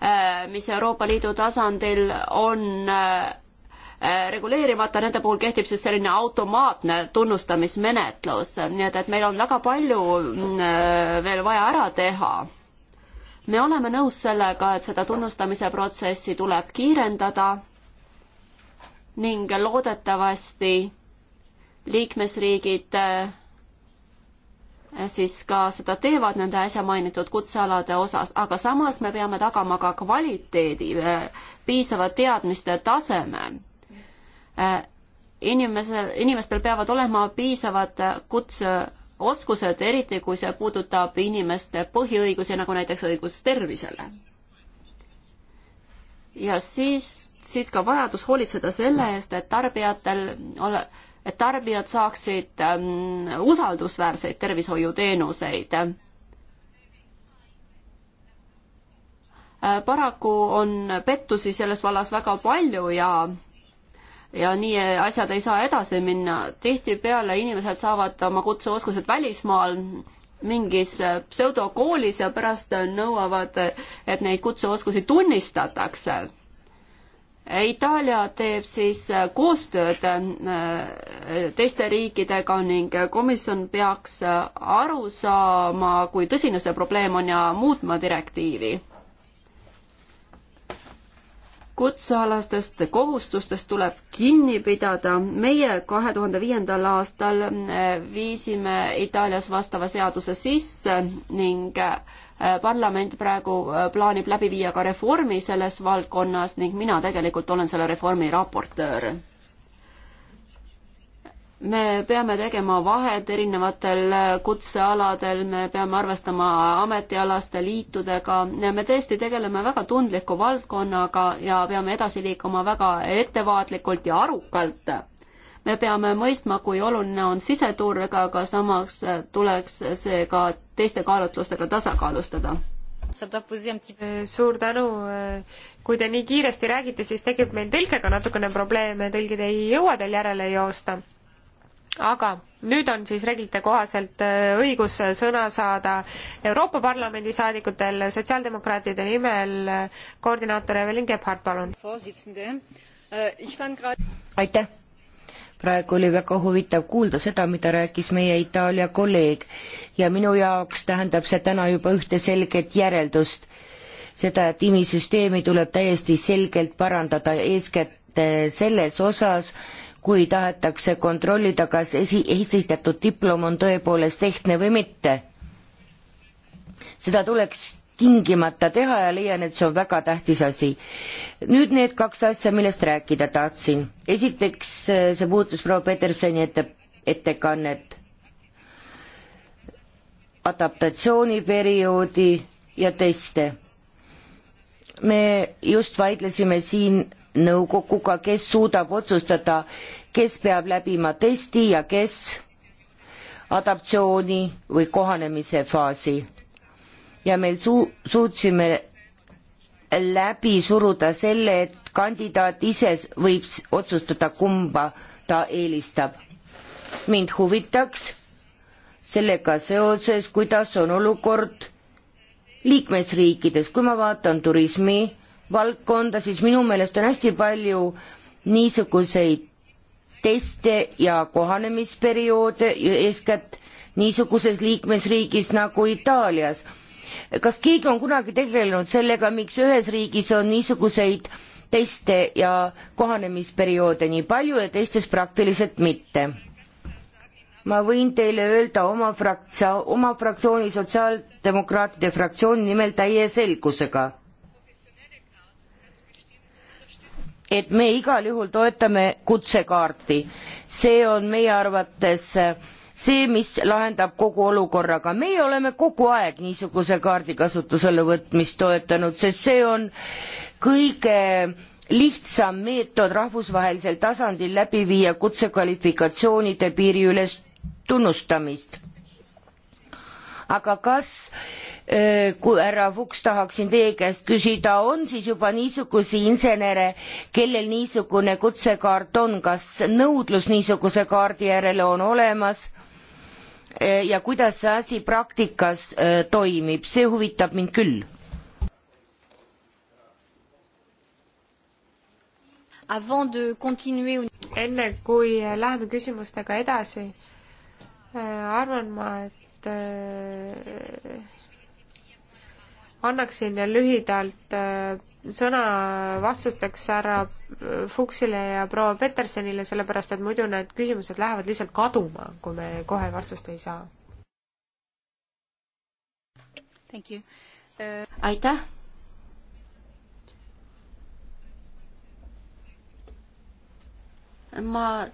äh, mis Euroopa Liidu tasandil on äh, reguleerimata, nende puhul kehtib siis selline automaatne tunnustamismenetlus, nii et, et meil on väga palju mm, veel vaja ära teha. me oleme nõus sellega, et seda tunnustamise protsessi tuleb kiirendada ning loodetavasti liikmesriigid äh, siis ka seda teevad nende äsja mainitud kutsealade osas, aga samas me peame tagama ka kvaliteedi, äh, piisava teadmiste taseme. Äh, inimesel, inimestel peavad olema piisavad kutseoskused, eriti kui see puudutab inimeste põhiõigusi, nagu näiteks õigus tervisele. ja siis siit ka vajadus hoolitseda selle eest, et tarbijatel ole, et tarbijad saaksid ähm, usaldusväärseid tervishoiuteenuseid. Äh, paraku on pettusi selles vallas väga palju ja ja nii asjad ei saa edasi minna. tihtipeale inimesed saavad oma kutseoskused välismaal mingis äh, pseudokoolis ja pärast nõuavad, et neid kutseoskusi tunnistatakse Itaalia teeb siis äh, koostööd äh, teiste riikidega ning komisjon peaks äh, aru saama, kui tõsine see probleem on ja muutma direktiivi. kutsealastest kohustustest tuleb kinni pidada. meie kahe tuhande viiendal aastal viisime Itaalias vastava seaduse sisse ning Äh, parlament praegu äh, plaanib läbi viia ka reformi selles valdkonnas ning mina tegelikult olen selle reformi raportöör. me peame tegema vahet erinevatel äh, kutsealadel, me peame arvestama ametialaste liitudega, me tõesti tegeleme väga tundliku valdkonnaga ja peame edasi liikuma väga ettevaatlikult ja arukalt me peame mõistma, kui oluline on siseturg, aga samas tuleks see ka teiste kaalutlustega tasakaalustada. suur tänu, kui te nii kiiresti räägite, siis tekib meil tõlkega natukene probleeme, tõlgid ei jõua teil järele joosta. aga nüüd on siis reeglite kohaselt õigus sõna saada Euroopa Parlamendi saadikutel sotsiaaldemokraatide nimel koordinaator Evelyn Gebhard, palun. Äh, aitäh praegu oli väga huvitav kuulda seda, mida rääkis meie Itaalia kolleeg ja minu jaoks tähendab see täna juba ühte selget järeldust, seda, et imisüsteemi tuleb täiesti selgelt parandada, eeskätt selles osas, kui tahetakse kontrollida, kas esi, esitatud diplom on tõepoolest ehtne või mitte. seda tuleks tingimata teha ja leian, et see on väga tähtis asi. nüüd need kaks asja, millest rääkida tahtsin. esiteks, äh, see puutus proua Petersoni ette, ettekannet adaptatsiooniperioodi ja teste. me just vaidlesime siin nõukoguga, kes suudab otsustada, kes peab läbima testi ja kes adaptatsiooni või kohanemise faasi ja meil su-, suutsime läbi suruda selle, et kandidaat ise võib otsustada, kumba ta eelistab. mind huvitaks sellega seoses, kuidas on olukord liikmesriikides, kui ma vaatan turismi valdkonda, siis minu meelest on hästi palju niisuguseid teste ja kohanemisperioode, eeskätt niisuguses liikmesriigis nagu Itaalias kas keegi on kunagi tegelenud sellega, miks ühes riigis on niisuguseid teste ja kohanemisperioode nii palju ja teistes praktiliselt mitte? ma võin teile öelda oma fraktsioon, oma fraktsiooni sotsiaaldemokraatide fraktsiooni nimel täie selgusega, et me igal juhul toetame kutsekaarti, see on meie arvates äh, see, mis lahendab kogu olukorra, aga meie oleme kogu aeg niisuguse kaardi kasutusele võtmist toetanud, sest see on kõige lihtsam meetod rahvusvahelisel tasandil läbi viia kutsekvalifikatsioonide piiriüles tunnustamist. aga kas eh, kui härra Fuchs tahaksin teie käest küsida, on siis juba niisuguseid insenere, kellel niisugune kutsekaart on, kas nõudlus niisuguse kaardi järele on olemas Eh, ja kuidas see asi praktikas eh, toimib, see huvitab mind küll. enne kui eh, läheme küsimustega edasi, arvan ma, et annaksin lühidalt äh, sõna vastusteks härra äh, Fuchsile ja proua Petersonile, sellepärast et muidu need küsimused lähevad lihtsalt kaduma, kui me kohe vastust ei saa. Uh... aitäh ma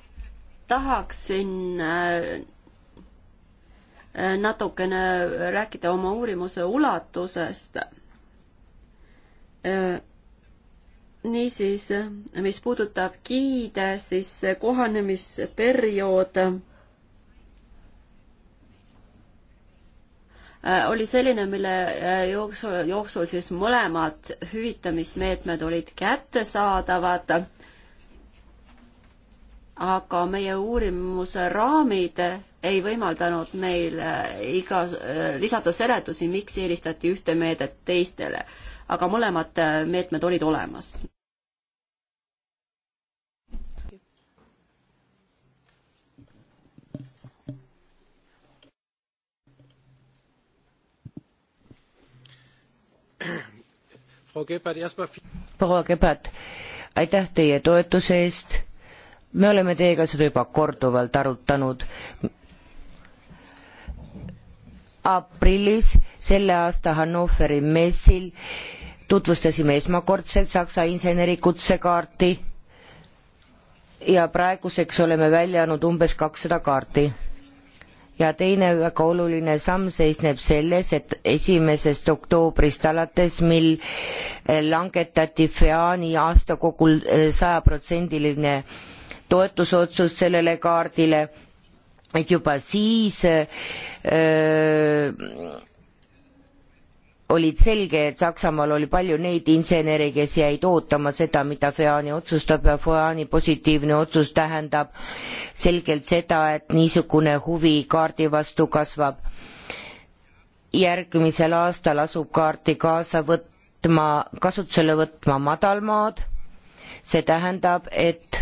tahaksin Äh, natukene rääkida oma uurimuse ulatusest. Äh, niisiis, mis puudutab giide, siis kohanemisperiood äh, oli selline, mille jooksul, jooksul siis mõlemad hüvitamismeetmed olid kättesaadavad aga meie uurimuse raamid ei võimaldanud meil äh, iga, äh, lisada seletusi, miks eelistati ühte meedet teistele, aga mõlemad äh, meetmed olid olemas. proua Gebhard, aitäh teie toetuse eest. me oleme teiega seda juba korduvalt arutanud aprillis selle aasta Hannoveri messil tutvustasime esmakordselt Saksa insenerikutsekaarti ja praeguseks oleme välja andnud umbes kakssada kaarti. ja teine väga oluline samm seisneb selles, et esimesest oktoobrist alates, mil eh, langetati FEAN-i aastakogul eh, sajaprotsendiline toetusotsus sellele kaardile et juba siis öö, äh, olid selge, et Saksamaal oli palju neid insenere, kes jäid ootama seda, mida Feani otsustab ja Feani positiivne otsus tähendab selgelt seda, et niisugune huvi kaardi vastu kasvab. järgmisel aastal asub kaarti kaasa võtma, kasutusele võtma madalmaad, see tähendab, et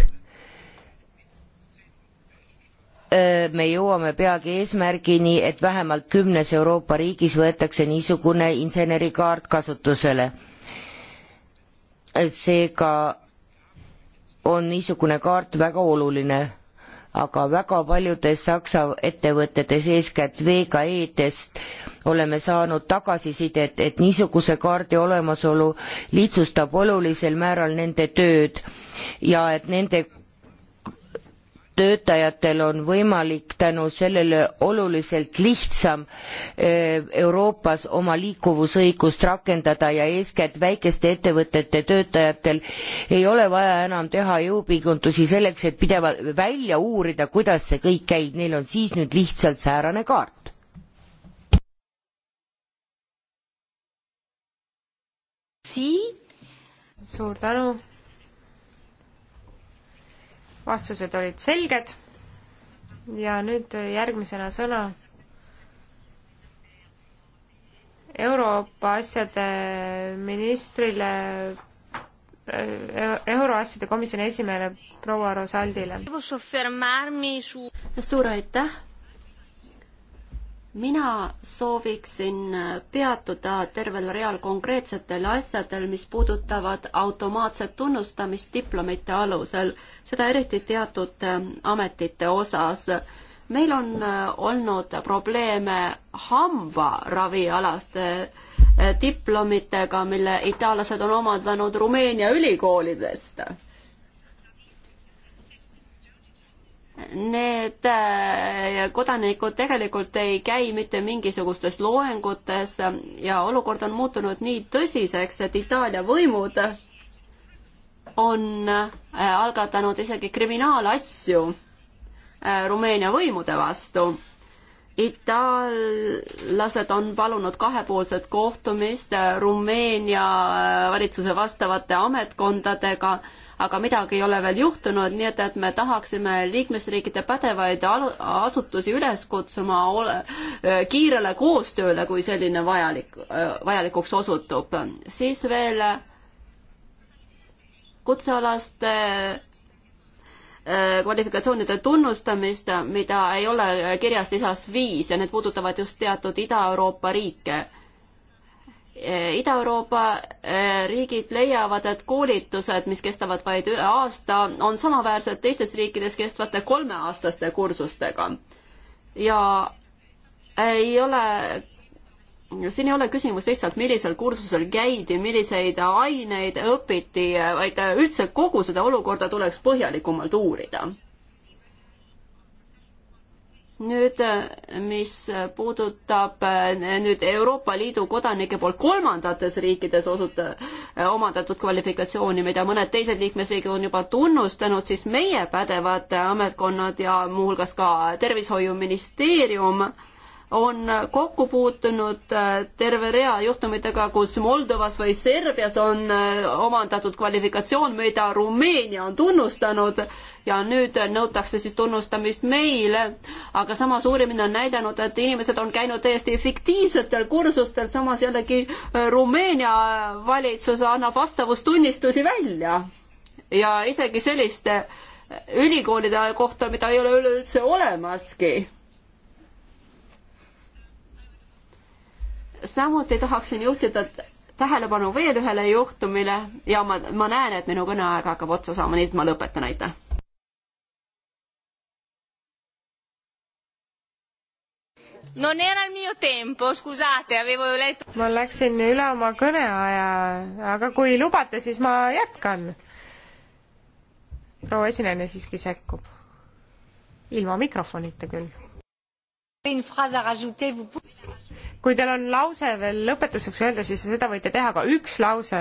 Äh, me jõuame peagi eesmärgini, et vähemalt kümnes Euroopa riigis võetakse niisugune insenerikaart kasutusele. seega on niisugune kaart väga oluline, aga väga paljudes Saksa ettevõtetes, eeskätt VKE-dest, oleme saanud tagasisidet, et niisuguse kaardi olemasolu lihtsustab olulisel määral nende tööd ja et nende töötajatel on võimalik tänu sellele oluliselt lihtsam eh, Euroopas oma liikuvusõigust rakendada ja eeskätt väikeste ettevõtete töötajatel ei ole vaja enam teha jõupingutusi selleks, et pidevalt välja uurida, kuidas see kõik käib, neil on siis nüüd lihtsalt säärane kaart. suur tänu vastused olid selged ja nüüd järgmisena sõna Euroopa asjade ministrile äh, euroasjade komisjoni esimehele proua Rosaldile. suur aitäh mina sooviksin peatuda tervel real konkreetsetel asjadel, mis puudutavad automaatset tunnustamist diplomite alusel, seda eriti teatud äh, ametite osas. meil on äh, olnud probleeme hambaravialaste äh, diplomitega, mille itaallased on omandanud Rumeenia ülikoolidest need äh, kodanikud tegelikult ei käi mitte mingisugustes loengutes ja olukord on muutunud nii tõsiseks, et Itaalia võimud on äh, algatanud isegi kriminaalasju äh, Rumeenia võimude vastu. itaallased on palunud kahepoolset kohtumist Rumeenia valitsuse vastavate ametkondadega aga midagi ei ole veel juhtunud, nii et, et me tahaksime liikmesriikide pädevaid asutusi üles kutsuma ole, kiirele koostööle, kui selline vajalik, vajalikuks osutub. siis veel kutsealaste äh, kvalifikatsioonide tunnustamist, mida ei ole kirjas lisas viis ja need puudutavad just teatud Ida-Euroopa riike Eh, Ida-Euroopa eh, riigid leiavad, et koolitused, mis kestavad vaid ühe aasta, on samaväärsed teistes riikides kestvate kolmeaastaste kursustega. ja ei ole, siin ei ole küsimus lihtsalt, millisel kursusel käidi, milliseid aineid õpiti, vaid üldse kogu seda olukorda tuleks põhjalikumalt uurida nüüd, mis puudutab eh, nüüd Euroopa Liidu kodanike poolt kolmandates riikides osuta-, eh, omandatud kvalifikatsiooni, mida mõned teised liikmesriigid on juba tunnustanud, siis meie pädevad ametkonnad ja muuhulgas ka Tervishoiuministeerium äh, on kokku puutunud äh, terve rea juhtumitega, kus Moldovas või Serbias on äh, omandatud kvalifikatsioon, mida Rumeenia on tunnustanud ja nüüd nõutakse siis tunnustamist meile. aga samas uurimine on näidanud, et inimesed on käinud täiesti fiktiivsetel kursustel, samas jällegi äh, Rumeenia valitsus annab vastavustunnistusi välja ja isegi selliste ülikoolide kohta, mida ei ole üleüldse olemaski samuti tahaksin juhtida tähelepanu veel ühele juhtumile ja ma, ma näen, et minu kõneaeg hakkab otsa saama, nii et ma lõpetan, aitäh. Non era il mio tempo, scusate, avevo letto. ma läksin üle oma kõneaja, aga kui lubate, siis ma jätkan. proua esinejana siiski sekkub. ilma mikrofonita küll kui teil on lause veel lõpetuseks öelda, siis seda võite teha, aga üks lause.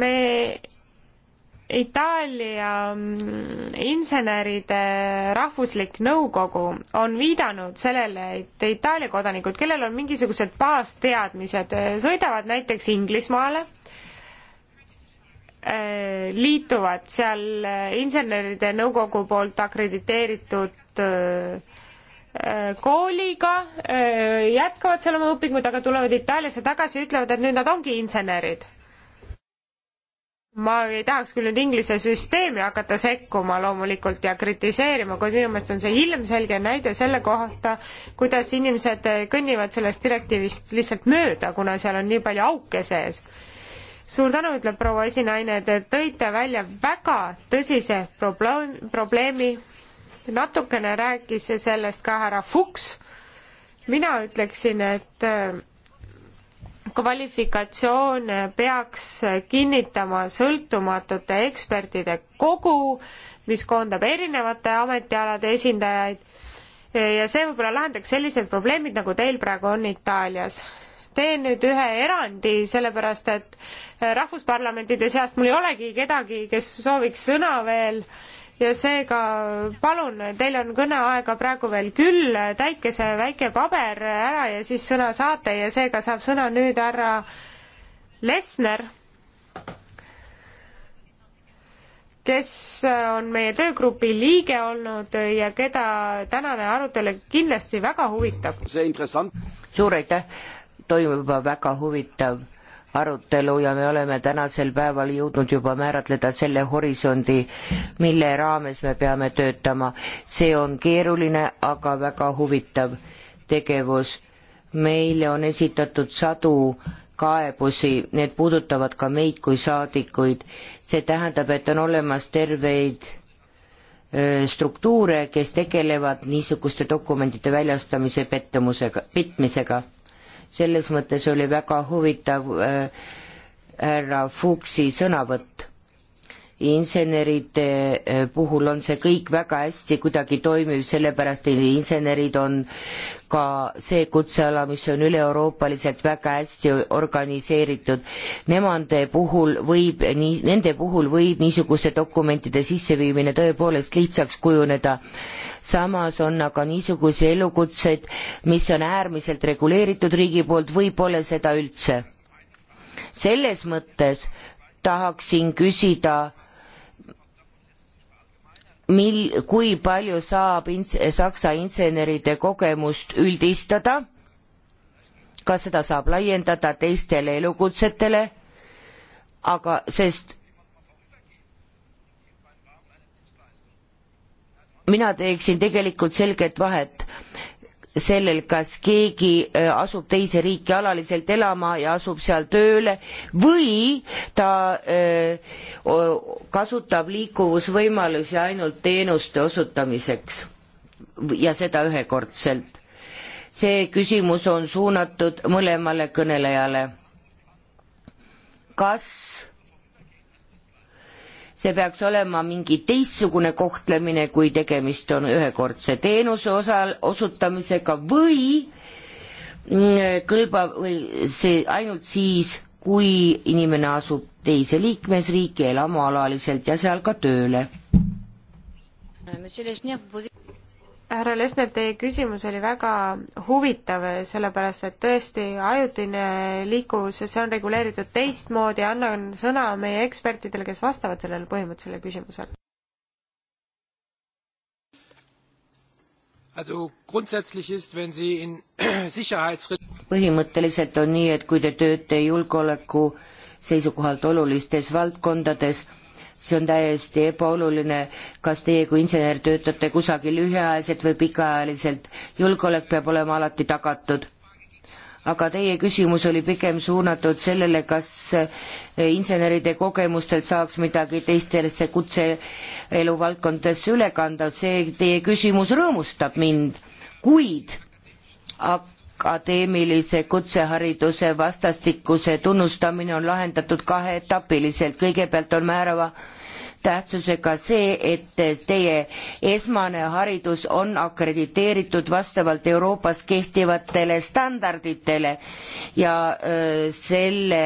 me Itaalia mm, inseneride rahvuslik nõukogu on viidanud sellele, et Itaalia kodanikud, kellel on mingisugused baasteadmised, sõidavad näiteks Inglismaale Äh, liituvad seal äh, inseneride nõukogu poolt akrediteeritud äh, kooliga, jätkavad seal oma õpingud, aga tulevad Itaaliasse tagasi ja ütlevad, et nüüd nad ongi insenerid. ma ei tahaks küll nüüd Inglise süsteemi hakata sekkuma loomulikult ja kritiseerima, kuid minu meelest on see ilmselge näide selle kohta, kuidas inimesed kõnnivad sellest direktiivist lihtsalt mööda, kuna seal on nii palju auke sees suur tänu, ütleb proua esinaine, te tõite välja väga tõsise probleem, probleemi. natukene rääkis sellest ka härra Fuchs. mina ütleksin, et äh, kvalifikatsioon peaks kinnitama sõltumatute ekspertide kogu, mis koondab erinevate ametialade esindajaid ja see võib-olla lahendaks sellised probleemid, nagu teil praegu on Itaalias teen nüüd ühe erandi, sellepärast et äh, rahvusparlamentide seast mul ei olegi kedagi, kes sooviks sõna veel ja seega palun, teil on kõneaega praegu veel küll, täitke see väike paber ära ja siis sõna saate ja seega saab sõna nüüd härra Lesner, kes äh, on meie töögrupi liige olnud ja keda tänane arutelu kindlasti väga huvitab. suur aitäh toimub juba väga huvitav arutelu ja me oleme tänasel päeval jõudnud juba määratleda selle horisondi, mille raames me peame töötama. see on keeruline, aga väga huvitav tegevus. meile on esitatud sadu kaebusi, need puudutavad ka meid kui saadikuid. see tähendab, et on olemas terveid struktuure, kes tegelevad niisuguste dokumentide väljastamise pettumusega, petmisega selles mõttes oli väga huvitav äh, härra Fuchsi sõnavõtt inseneride eh, puhul on see kõik väga hästi kuidagi toimiv, sellepärast et insenerid on ka see kutseala, mis on üle-euroopaliselt väga hästi organiseeritud. Nemande puhul võib, nii, nende puhul võib niisuguste dokumentide sisseviimine tõepoolest lihtsaks kujuneda. samas on aga niisuguseid elukutseid, mis on äärmiselt reguleeritud riigi poolt või pole seda üldse. selles mõttes tahaksin küsida mil-, kui palju saab ins-, Saksa inseneride kogemust üldistada, kas seda saab laiendada teistele elukutsetele, aga sest mina teeksin tegelikult selget vahet sellel, kas keegi äh, asub teise riiki alaliselt elama ja asub seal tööle või ta äh, kasutab liikuvusvõimalusi ainult teenuste osutamiseks ja seda ühekordselt. see küsimus on suunatud mõlemale kõnelejale. kas see peaks olema mingi teistsugune kohtlemine, kui tegemist on ühekordse teenuse osal, osutamisega või mm, kõlbab või see ainult siis, kui inimene asub teise liikmesriiki elama alaliselt ja seal ka tööle härra Lesner, teie küsimus oli väga huvitav, sellepärast et tõesti ajutine liikuvus, see on reguleeritud teistmoodi, annan sõna meie ekspertidele, kes vastavad sellele põhimõttelisele küsimusele. põhimõtteliselt on nii, et kui te tööte julgeoleku seisukohalt olulistes valdkondades, see on täiesti ebaoluline, kas teie kui insener töötate kusagil lühiajaliselt või pikaajaliselt, julgeolek peab olema alati tagatud. aga teie küsimus oli pigem suunatud sellele, kas eh, inseneride kogemustelt saaks midagi teistesse kutseelu valdkondadesse üle kanda, see teie küsimus rõõmustab mind, kuid aga akadeemilise kutsehariduse vastastikuse tunnustamine on lahendatud kaheetapiliselt, kõigepealt on määrava tähtsusega see, et teie esmane haridus on akrediteeritud vastavalt Euroopas kehtivatele standarditele ja öö, selle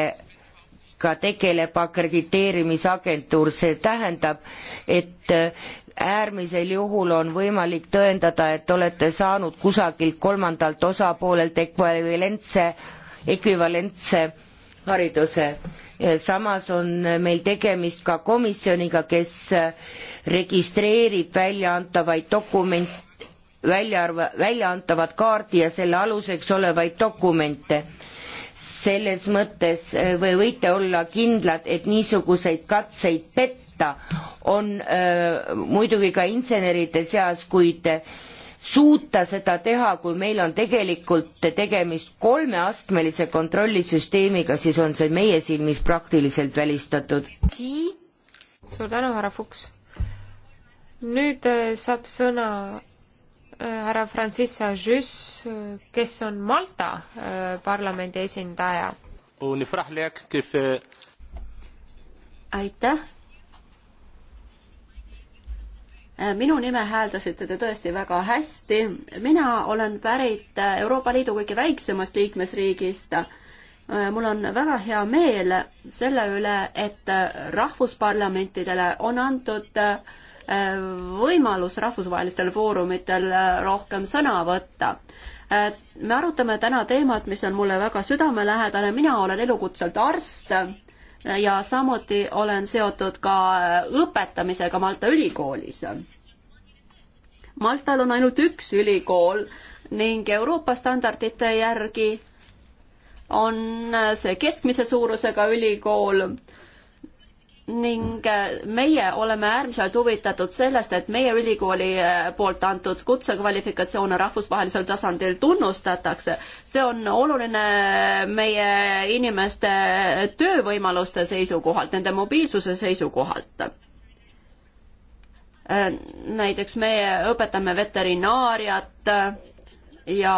ka tegeleb akrediteerimisagentuur, see tähendab, et äärmisel juhul on võimalik tõendada, et olete saanud kusagilt kolmandalt osapoolelt ekvivalentse, ekvivalentse hariduse. samas on meil tegemist ka komisjoniga, kes registreerib väljaantavaid dokumente, välja arva, väljaantavat kaardi ja selle aluseks olevaid dokumente selles mõttes eh, või võite olla kindlad, et niisuguseid katseid petta võita, on öö, äh, muidugi ka inseneride seas, kuid äh, suuta seda teha, kui meil on tegelikult tegemist kolmeastmelise kontrollisüsteemiga, siis on see meie silmis praktiliselt välistatud. suur tänu, härra Fuchs. nüüd äh, saab sõna härra Francisca Jus, kes on Malta parlamendi esindaja. aitäh Äh, minu nime hääldasite te tõesti väga hästi. mina olen pärit äh, Euroopa Liidu kõige väiksemast liikmesriigist. Äh, mul on väga hea meel selle üle, et rahvusparlamentidele on antud võimalus rahvusvahelistel foorumitel rohkem sõna võtta. me arutame täna teemat, mis on mulle väga südamelähedane. mina olen elukutselt arst ja samuti olen seotud ka õpetamisega Malta ülikoolis. Maltal on ainult üks ülikool ning Euroopa standardite järgi on see keskmise suurusega ülikool ning äh, meie oleme äärmiselt huvitatud sellest, et meie ülikooli äh, poolt antud kutsekvalifikatsioone rahvusvahelisel tasandil tunnustatakse. see on oluline äh, meie inimeste töövõimaluste seisukohalt, nende mobiilsuse seisukohalt. näiteks meie õpetame veterinaariat ja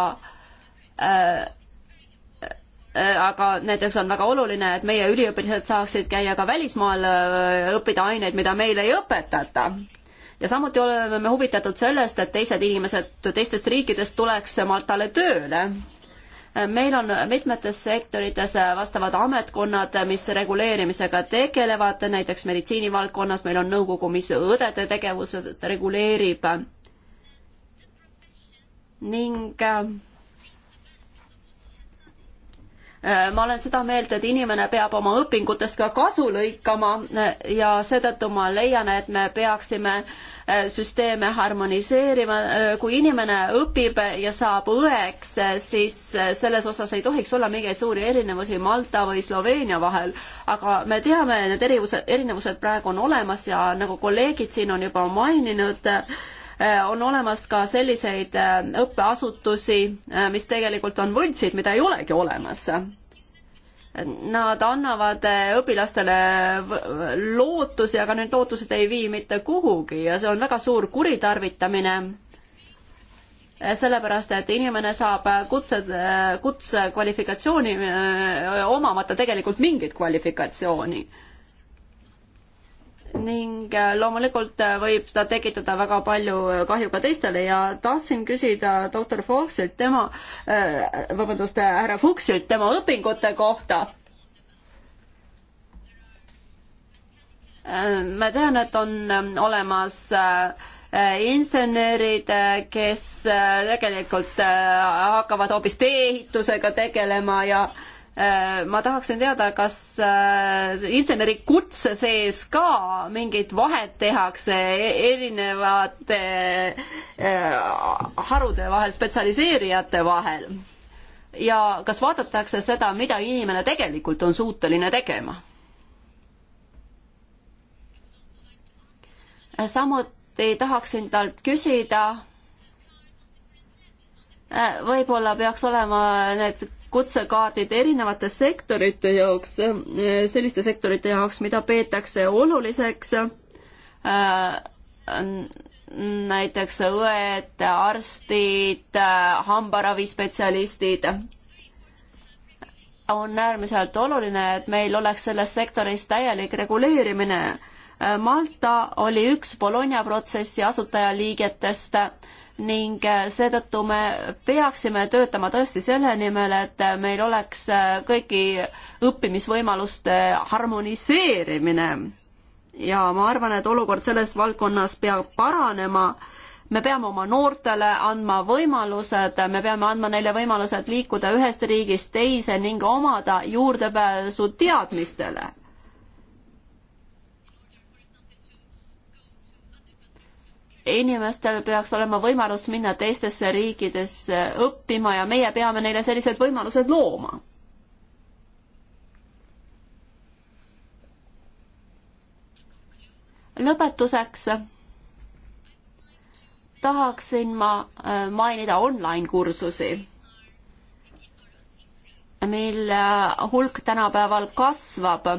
Äh, aga näiteks on väga oluline, et meie üliõpilased saaksid käia ka välismaal, äh, õppida aineid, mida meil ei õpetata. ja samuti oleme me huvitatud sellest, et teised inimesed teistest riikidest tuleks Maltale tööle äh, meil on mitmetes sektorites vastavad ametkonnad, mis reguleerimisega tegelevad, näiteks meditsiinivaldkonnas meil on nõukogu, mis õdede tegevused reguleerib. ning Äh, ma olen seda meelt, et inimene peab oma õpingutest ka kasu lõikama äh, ja seetõttu ma leian, et me peaksime äh, süsteeme harmoniseerima. kui inimene õpib ja saab õeks, siis selles osas ei tohiks olla mingeid suuri erinevusi Malta või Sloveenia vahel, aga me teame, need erinevused, erinevused praegu on olemas ja nagu kolleegid siin on juba maininud, Äh, on olemas ka selliseid äh, õppeasutusi, äh, mis tegelikult on võltsid, mida ei olegi olemas. Nad annavad õpilastele lootusi, aga need lootused ei vii mitte kuhugi ja see on väga suur kuritarvitamine sellepärast, et inimene saab kutse, kutsekvalifikatsiooni omamata tegelikult mingit kvalifikatsiooni ning äh, loomulikult äh, võib ta tekitada väga palju äh, kahju ka teistele ja tahtsin küsida doktor Fuchsilt tema, vabandust, härra Fuchsilt tema õpingute kohta. ma tean, et on ähm, olemas insenerid, kes tegelikult hakkavad hoopis tee-ehitusega tegelema ja äh, Äh, ma tahaksin teada, kas äh, inseneri kutse sees ka mingit vahet tehakse e-, erinevate äh, harude vahel, spetsialiseerijate vahel? ja kas vaadatakse seda, mida inimene tegelikult on suuteline tegema? samuti tahaksin talt küsida, võib-olla peaks olema need kutsekaardid erinevate sektorite jaoks, selliste sektorite jaoks, mida peetakse oluliseks, äh, näiteks õed, arstid, hambaravispetsialistid, on äärmiselt oluline, et meil oleks selles sektoris täielik reguleerimine. Malta oli üks Bologna protsessi asutajaliigetest ning äh, seetõttu me peaksime töötama tõesti selle nimel, et meil oleks äh, kõigi õppimisvõimaluste harmoniseerimine. ja ma arvan, et olukord selles valdkonnas peab paranema me peame oma noortele andma võimalused, me peame andma neile võimalused liikuda ühest riigist teise ning omada juurdepääsu teadmistele inimestel peaks olema võimalus minna teistesse riikidesse õppima ja meie peame neile sellised võimalused looma. lõpetuseks tahaksin ma äh, mainida online-kursusi, mille hulk tänapäeval kasvab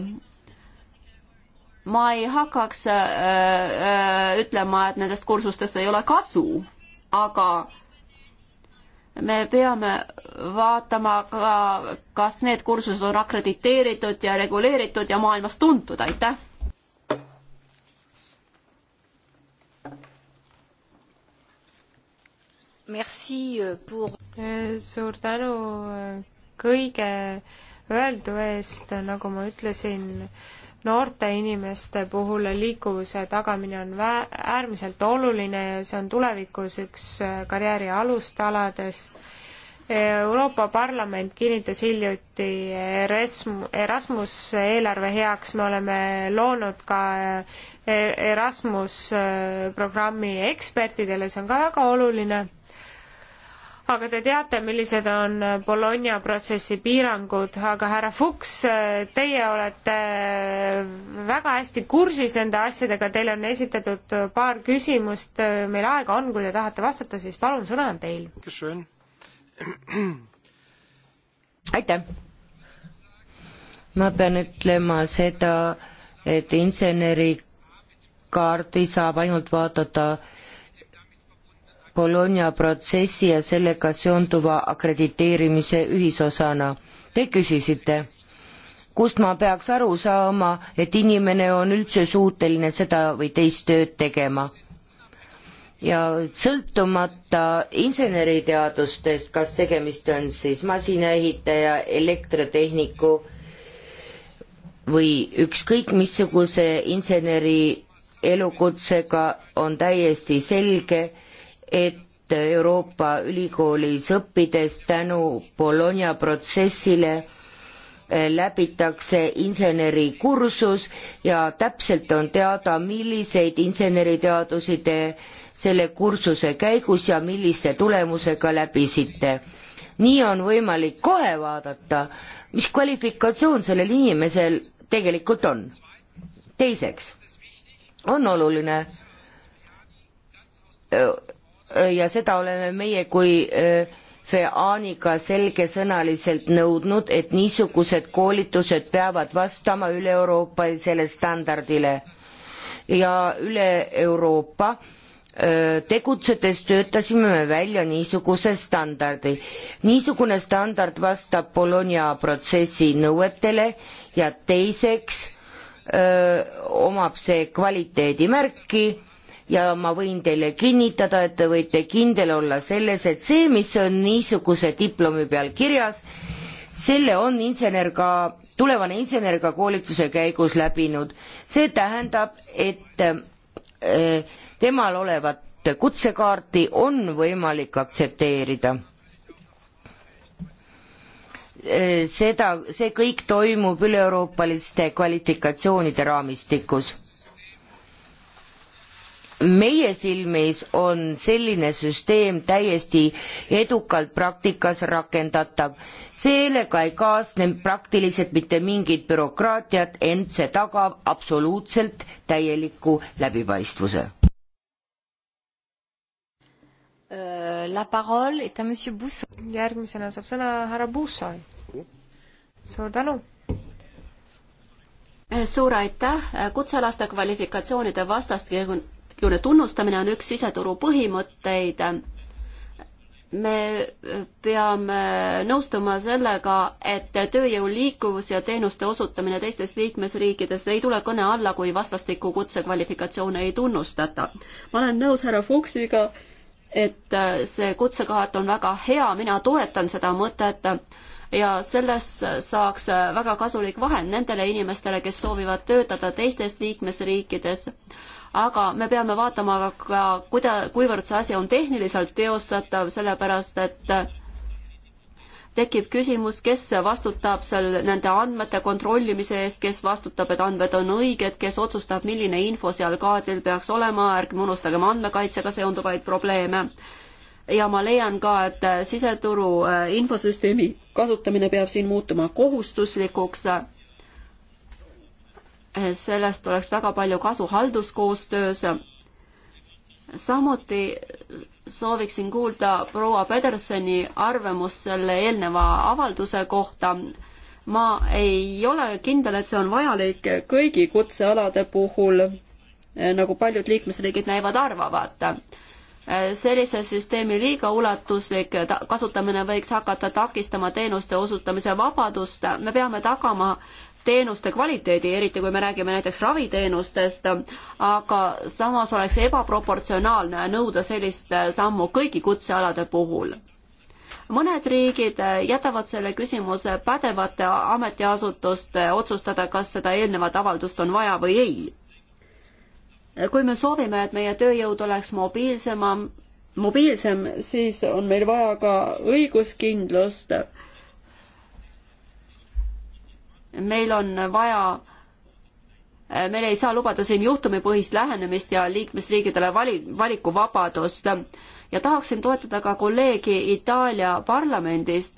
ma ei hakkaks äh, äh, ütlema, et nendest kursustest ei ole kasu, aga me peame vaatama ka, kas need kursused on akrediteeritud ja reguleeritud ja maailmas tuntud, aitäh. Merci euh, pour. Äh, suur tänu äh, kõige öeldu eest, nagu ma ütlesin noorte inimeste puhul liikuvuse tagamine on vä-, äärmiselt oluline ja see on tulevikus üks äh, karjääri alustaladest. Euroopa Parlament kinnitas hiljuti Erasmus, Erasmus eelarve heaks, me oleme loonud ka äh, Erasmus äh, programmi ekspertidele, see on ka väga oluline aga te teate, millised on Bologna protsessi piirangud, aga härra Fuchs, teie olete väga hästi kursis nende asjadega, teile on esitatud paar küsimust, meil aega on, kui te tahate vastata, siis palun, sõna on teil. aitäh. ma pean ütlema seda, et insenerikaardi saab ainult vaadata Bologna protsessi ja sellega seonduva akrediteerimise ühisosana. Te küsisite, kust ma peaks aru saama, et inimene on üldse suuteline seda või teist tööd tegema ja sõltumata inseneriteadustest, kas tegemist on siis masinaehitaja, elektrotehniku või ükskõik missuguse inseneri elukutsega, on täiesti selge, et Euroopa ülikoolis õppides tänu Bologna protsessile eh, läbitakse insenerikursus ja täpselt on teada, milliseid inseneriteadusi te selle kursuse käigus ja millise tulemusega läbisite. nii on võimalik kohe vaadata, mis kvalifikatsioon sellel inimesel tegelikult on. teiseks on oluline eh, ja seda oleme meie kui äh, FEANiga selgesõnaliselt nõudnud, et niisugused koolitused peavad vastama üle-euroopalisele standardile ja üle Euroopa äh, tegutsedes töötasime me välja niisuguse standardi. niisugune standard vastab Bologna protsessi nõuetele ja teiseks öö, äh, omab see kvaliteedimärki ja ma võin teile kinnitada, et te võite kindel olla selles, et see, mis on niisuguse diplomi peal kirjas, selle on insener ka, tulevane insener ka koolituse käigus läbinud. see tähendab, et eh, temal olevat kutsekaarti on võimalik aktsepteerida eh, seda, see kõik toimub üleeuroopaliste kvalifikatsioonide raamistikus meie silmis on selline süsteem täiesti edukalt praktikas rakendatav. sellega ei kaasne praktiliselt mitte mingit bürokraatiat, ent see tagab absoluutselt täieliku läbipaistvuse. Äh, la parole est à monsieur Bousson. järgmisena saab sõna härra Bousson. suur tänu suur aitäh, kutsealaste kvalifikatsioonide vastast vastastikune tunnustamine on üks siseturu põhimõtteid. me peame nõustuma sellega, et tööjõu liikuvus ja teenuste osutamine teistes liikmesriikides ei tule kõne alla, kui vastastikku kutsekvalifikatsioone ei tunnustata. ma olen nõus härra Fuchsiga, et see kutsekaart on väga hea, mina toetan seda mõtet ja sellest saaks väga kasulik vahend nendele inimestele, kes soovivad töötada teistes liikmesriikides. aga me peame vaatama ka, kuida-, kuivõrd see asi on tehniliselt teostatav, sellepärast et tekib küsimus, kes vastutab seal nende andmete kontrollimise eest, kes vastutab, et andmed on õiged, kes otsustab, milline info seal kaardil peaks olema, ärgem unustagem andmekaitsega seonduvaid probleeme ja ma leian ka, et siseturu äh, infosüsteemi kasutamine peab siin muutuma kohustuslikuks. Äh, sellest oleks väga palju kasu halduskoostöös. samuti sooviksin kuulda proua Pedersoni arvamust selle eelneva avalduse kohta. ma ei ole kindel, et see on vajalik kõigi kutsealade puhul, äh, nagu paljud liikmesriigid näivad arvavat Äh, sellise süsteemi liiga ulatuslik äh, kasutamine võiks hakata takistama teenuste osutamise vabadust, me peame tagama teenuste kvaliteedi, eriti kui me räägime näiteks raviteenustest, aga samas oleks ebaproportsionaalne nõuda sellist äh, sammu kõigi kutsealade puhul mõned riigid jätavad selle küsimuse pädevate ametiasutuste otsustada, kas seda eelnevat avaldust on vaja või ei kui me soovime, et meie tööjõud oleks mobiilsema, mobiilsem, siis on meil vaja ka õiguskindlust. meil on vaja, meil ei saa lubada siin juhtumipõhist lähenemist ja liikmesriigidele vali, valikuvabadust ja tahaksin toetada ka kolleegi Itaalia parlamendist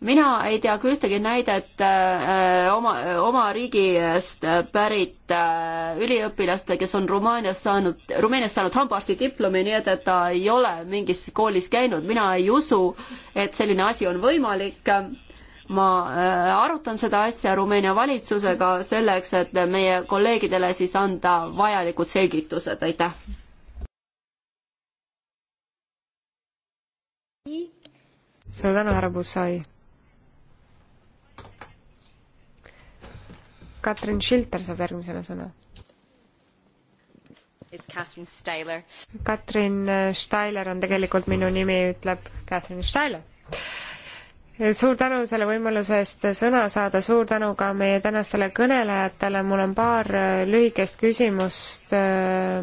mina ei tea küll ühtegi näidet äh, oma, oma riigist äh, pärit äh, üliõpilast, kes on Rumaanias saanud, Rumeenias saanud hambaarstidiplomi, nii et, et ta ei ole mingis koolis käinud, mina ei usu, et selline asi on võimalik ma arutan seda asja Rumeenia valitsusega selleks, et meie kolleegidele siis anda vajalikud selgitused, aitäh. suur tänu, härra Bussai. Katrin Schilter saab järgmisena sõna. Katrin Steiler. Katrin Steiler on tegelikult minu nimi, ütleb Katrin Steiler suur tänu selle võimaluse eest sõna saada, suur tänu ka meie tänastele kõnelejatele, mul on paar äh, lühikest küsimust äh,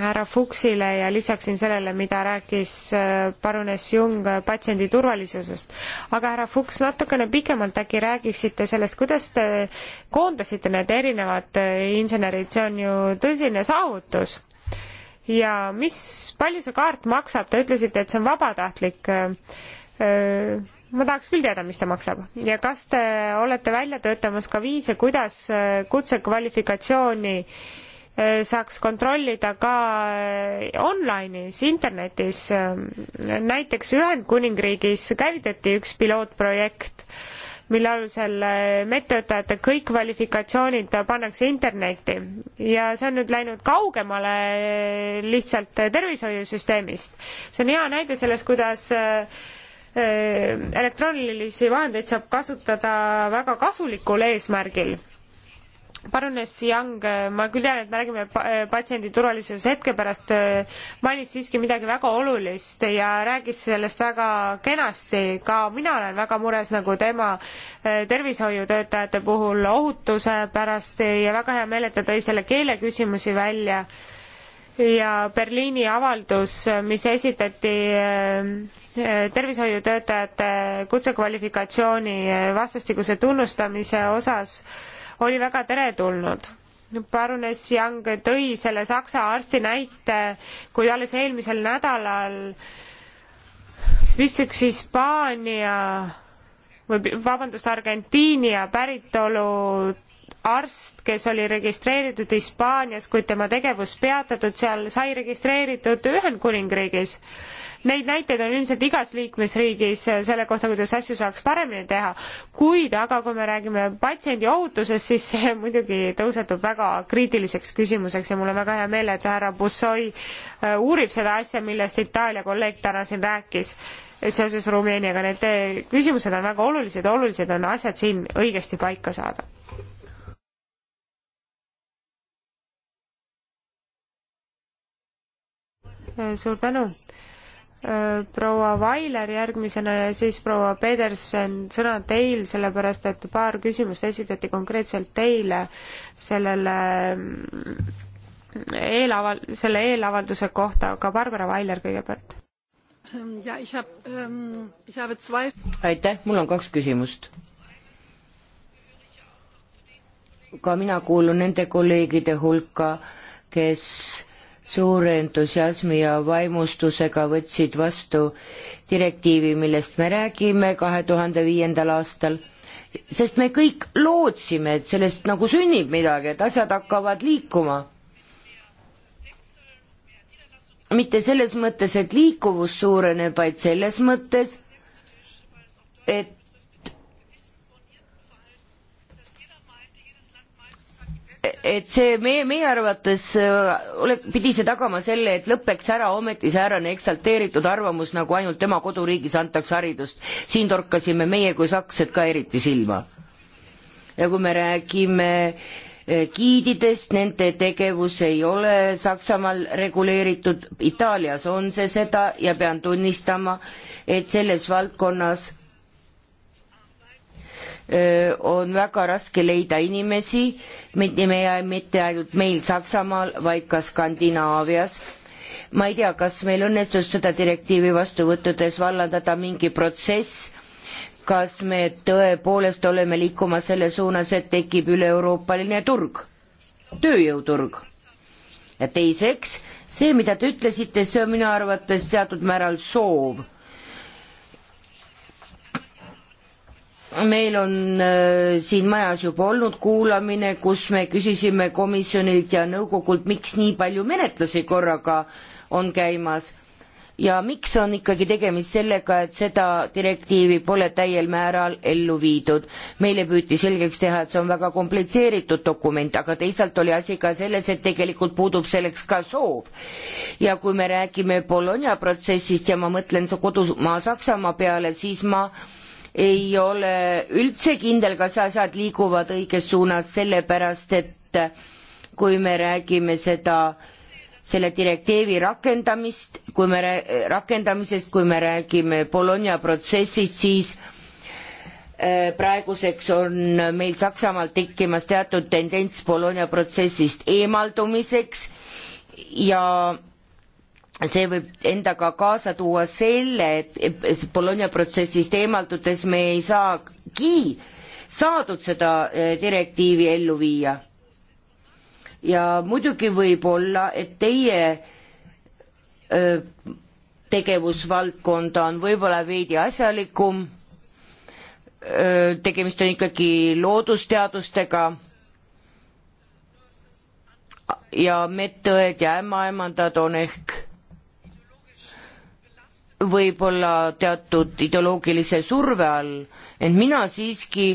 härra Fuchsile ja lisaksin sellele, mida rääkis äh, parunes Jung patsiendi turvalisusest. aga härra Fuchs, natukene pikemalt äkki räägiksite sellest, kuidas te koondasite need erinevad insenerid, see on ju tõsine saavutus ja mis, palju see kaart maksab, te ütlesite, et see on vabatahtlik öö, ma tahaks küll teada, mis ta maksab ja kas te olete välja töötamas ka viise, kuidas äh, kutsekvalifikatsiooni äh, saaks kontrollida ka äh, online'is, internetis. näiteks Ühendkuningriigis käivitati üks pilootprojekt, mille alusel medtöötajate kõik kvalifikatsioonid pannakse internetti ja see on nüüd läinud kaugemale lihtsalt tervishoiusüsteemist. see on hea näide sellest, kuidas äh, Äh, elektroonilisi vahendeid saab kasutada väga kasulikul eesmärgil. Baroness Young, äh, ma küll tean, et me räägime äh, patsiendi turvalisuse hetke pärast, mainis siiski midagi väga olulist ja rääkis sellest väga kenasti. ka mina olen väga mures nagu tema tervishoiutöötajate puhul ohutuse pärast ja väga hea meel, et ta tõi selle keele küsimusi välja. ja Berliini avaldus, mis esitati tervishoiutöötajate kutsekvalifikatsiooni vastastikuse tunnustamise osas oli väga teretulnud parunes Young tõi selle saksa arsti näite, kui alles eelmisel nädalal vist üks Hispaania või vabandust, Argentiinia päritolu arst, kes oli registreeritud Hispaanias, kuid tema tegevus peatatud seal, sai registreeritud Ühendkuningriigis Neid näiteid on ilmselt igas liikmesriigis selle kohta, kuidas asju saaks paremini teha, kuid aga kui me räägime patsiendi ohutusest, siis see muidugi tõusetub väga kriitiliseks küsimuseks ja mul on väga hea meel, et härra Bussoi äh, uurib seda asja, millest Itaalia kolleeg täna siin rääkis seoses Rumeeniaga, need äh, küsimused on väga olulised, olulised on asjad siin õigesti paika saada. Äh, suur tänu, Äh, proua Vailer järgmisena ja siis proua Pedersen, sõna teil, sellepärast et paar küsimust esitati konkreetselt teile sellele mm, eelaval-, selle eelavalduse kohta, aga Barbara Vailer kõigepealt. Ähm, ähm, aitäh, mul on kaks küsimust. ka mina kuulun nende kolleegide hulka, kes suure entusiasmi ja vaimustusega võtsid vastu direktiivi, millest me räägime kahe tuhande viiendal aastal, sest me kõik lootsime, et sellest nagu sünnib midagi, et asjad hakkavad liikuma. mitte selles mõttes, et liikuvus suureneb, vaid selles mõttes, et et see meie, meie arvates äh, ole-, pidi see tagama selle, et lõpeks ära ometi säärane eksalteeritud arvamus, nagu ainult tema koduriigis antakse haridust. siin torkasime meie kui sakslased ka eriti silma. ja kui me räägime giididest, äh, nende tegevus ei ole Saksamaal reguleeritud, Itaalias on see seda ja pean tunnistama, et selles valdkonnas on väga raske leida inimesi, mitte meie, mitte ainult meil Saksamaal, vaid ka Skandinaavias. ma ei tea, kas meil õnnestus seda direktiivi vastu võttudes vallandada mingi protsess, kas me tõepoolest oleme liikumas selle suunas, et tekib üle-euroopaline turg, tööjõuturg. ja teiseks, see, mida te ütlesite, see on minu arvates teatud määral soov meil on äh, siin majas juba olnud kuulamine, kus me küsisime komisjonilt ja nõukogult, miks nii palju menetlusi korraga on käimas ja miks on ikkagi tegemist sellega, et seda direktiivi pole täiel määral ellu viidud. meile püüti selgeks teha, et see on väga komplitseeritud dokument, aga teisalt oli asi ka selles, et tegelikult puudub selleks ka soov. ja kui me räägime Bologna protsessist ja ma mõtlen kodumaa Saksamaa peale, siis ma äh, ei ole üldse kindel, kas asjad liiguvad õiges suunas, sellepärast et kui me räägime seda, selle direktiivi rakendamist, kui me rää-, rakendamisest, kui me räägime Bologna protsessist, siis äh, praeguseks on meil Saksamaal tekkimas teatud tendents Bologna protsessist eemaldumiseks ja see võib endaga kaasa tuua selle, et Bologna protsessist eemaldudes me ei saagi saadud seda eh, direktiivi ellu viia. ja muidugi võib olla, et teie öö, eh, tegevusvaldkond on võib-olla veidi asjalikum, eh, tegemist on ikkagi loodusteadustega ja medõed ja ämmaemandad on ehk võib-olla teatud ideoloogilise surve all, et mina siiski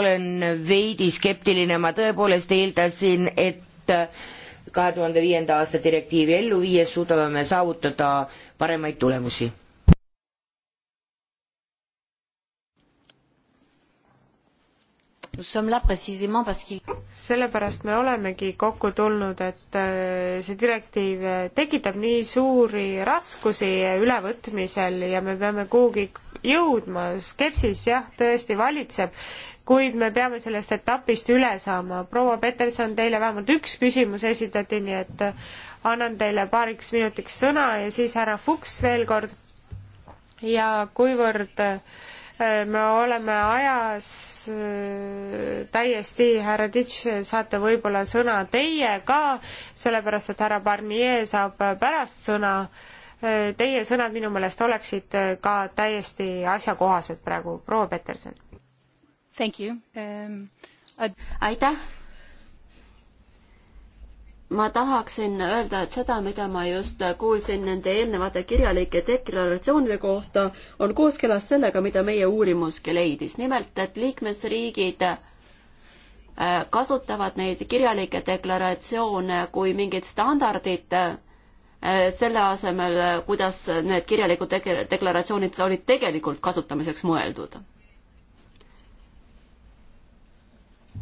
olen veidi skeptiline, ma tõepoolest eeldasin, et kahe tuhande viienda aasta direktiivi ellu viies suudame me saavutada paremaid tulemusi sellepärast me olemegi kokku tulnud, et äh, see direktiiv äh, tekitab nii suuri raskusi ülevõtmisel ja me peame kuhugi jõudma, skepsis jah, tõesti valitseb, kuid me peame sellest etapist üle saama. proua Peterson, teile vähemalt üks küsimus esitati, nii et äh, annan teile paariks minutiks sõna ja siis härra Fuchs veel kord ja kuivõrd äh, me oleme ajas äh, täiesti, härra Ditš, saate võib-olla sõna teie ka, sellepärast et härra Barnier saab pärast sõna. Äh, teie sõnad minu meelest oleksid äh, ka täiesti asjakohased praegu, proua Peterson. Um, aitäh ma tahaksin öelda, et seda, mida ma just kuulsin nende eelnevate kirjalike deklaratsioonide kohta, on kooskõlas sellega, mida meie uurimuski leidis. nimelt, et liikmesriigid äh, kasutavad neid kirjalikke deklaratsioone kui mingit standardit äh, selle asemel, äh, kuidas need kirjalikud deklaratsioonid olid tegelikult kasutamiseks mõeldud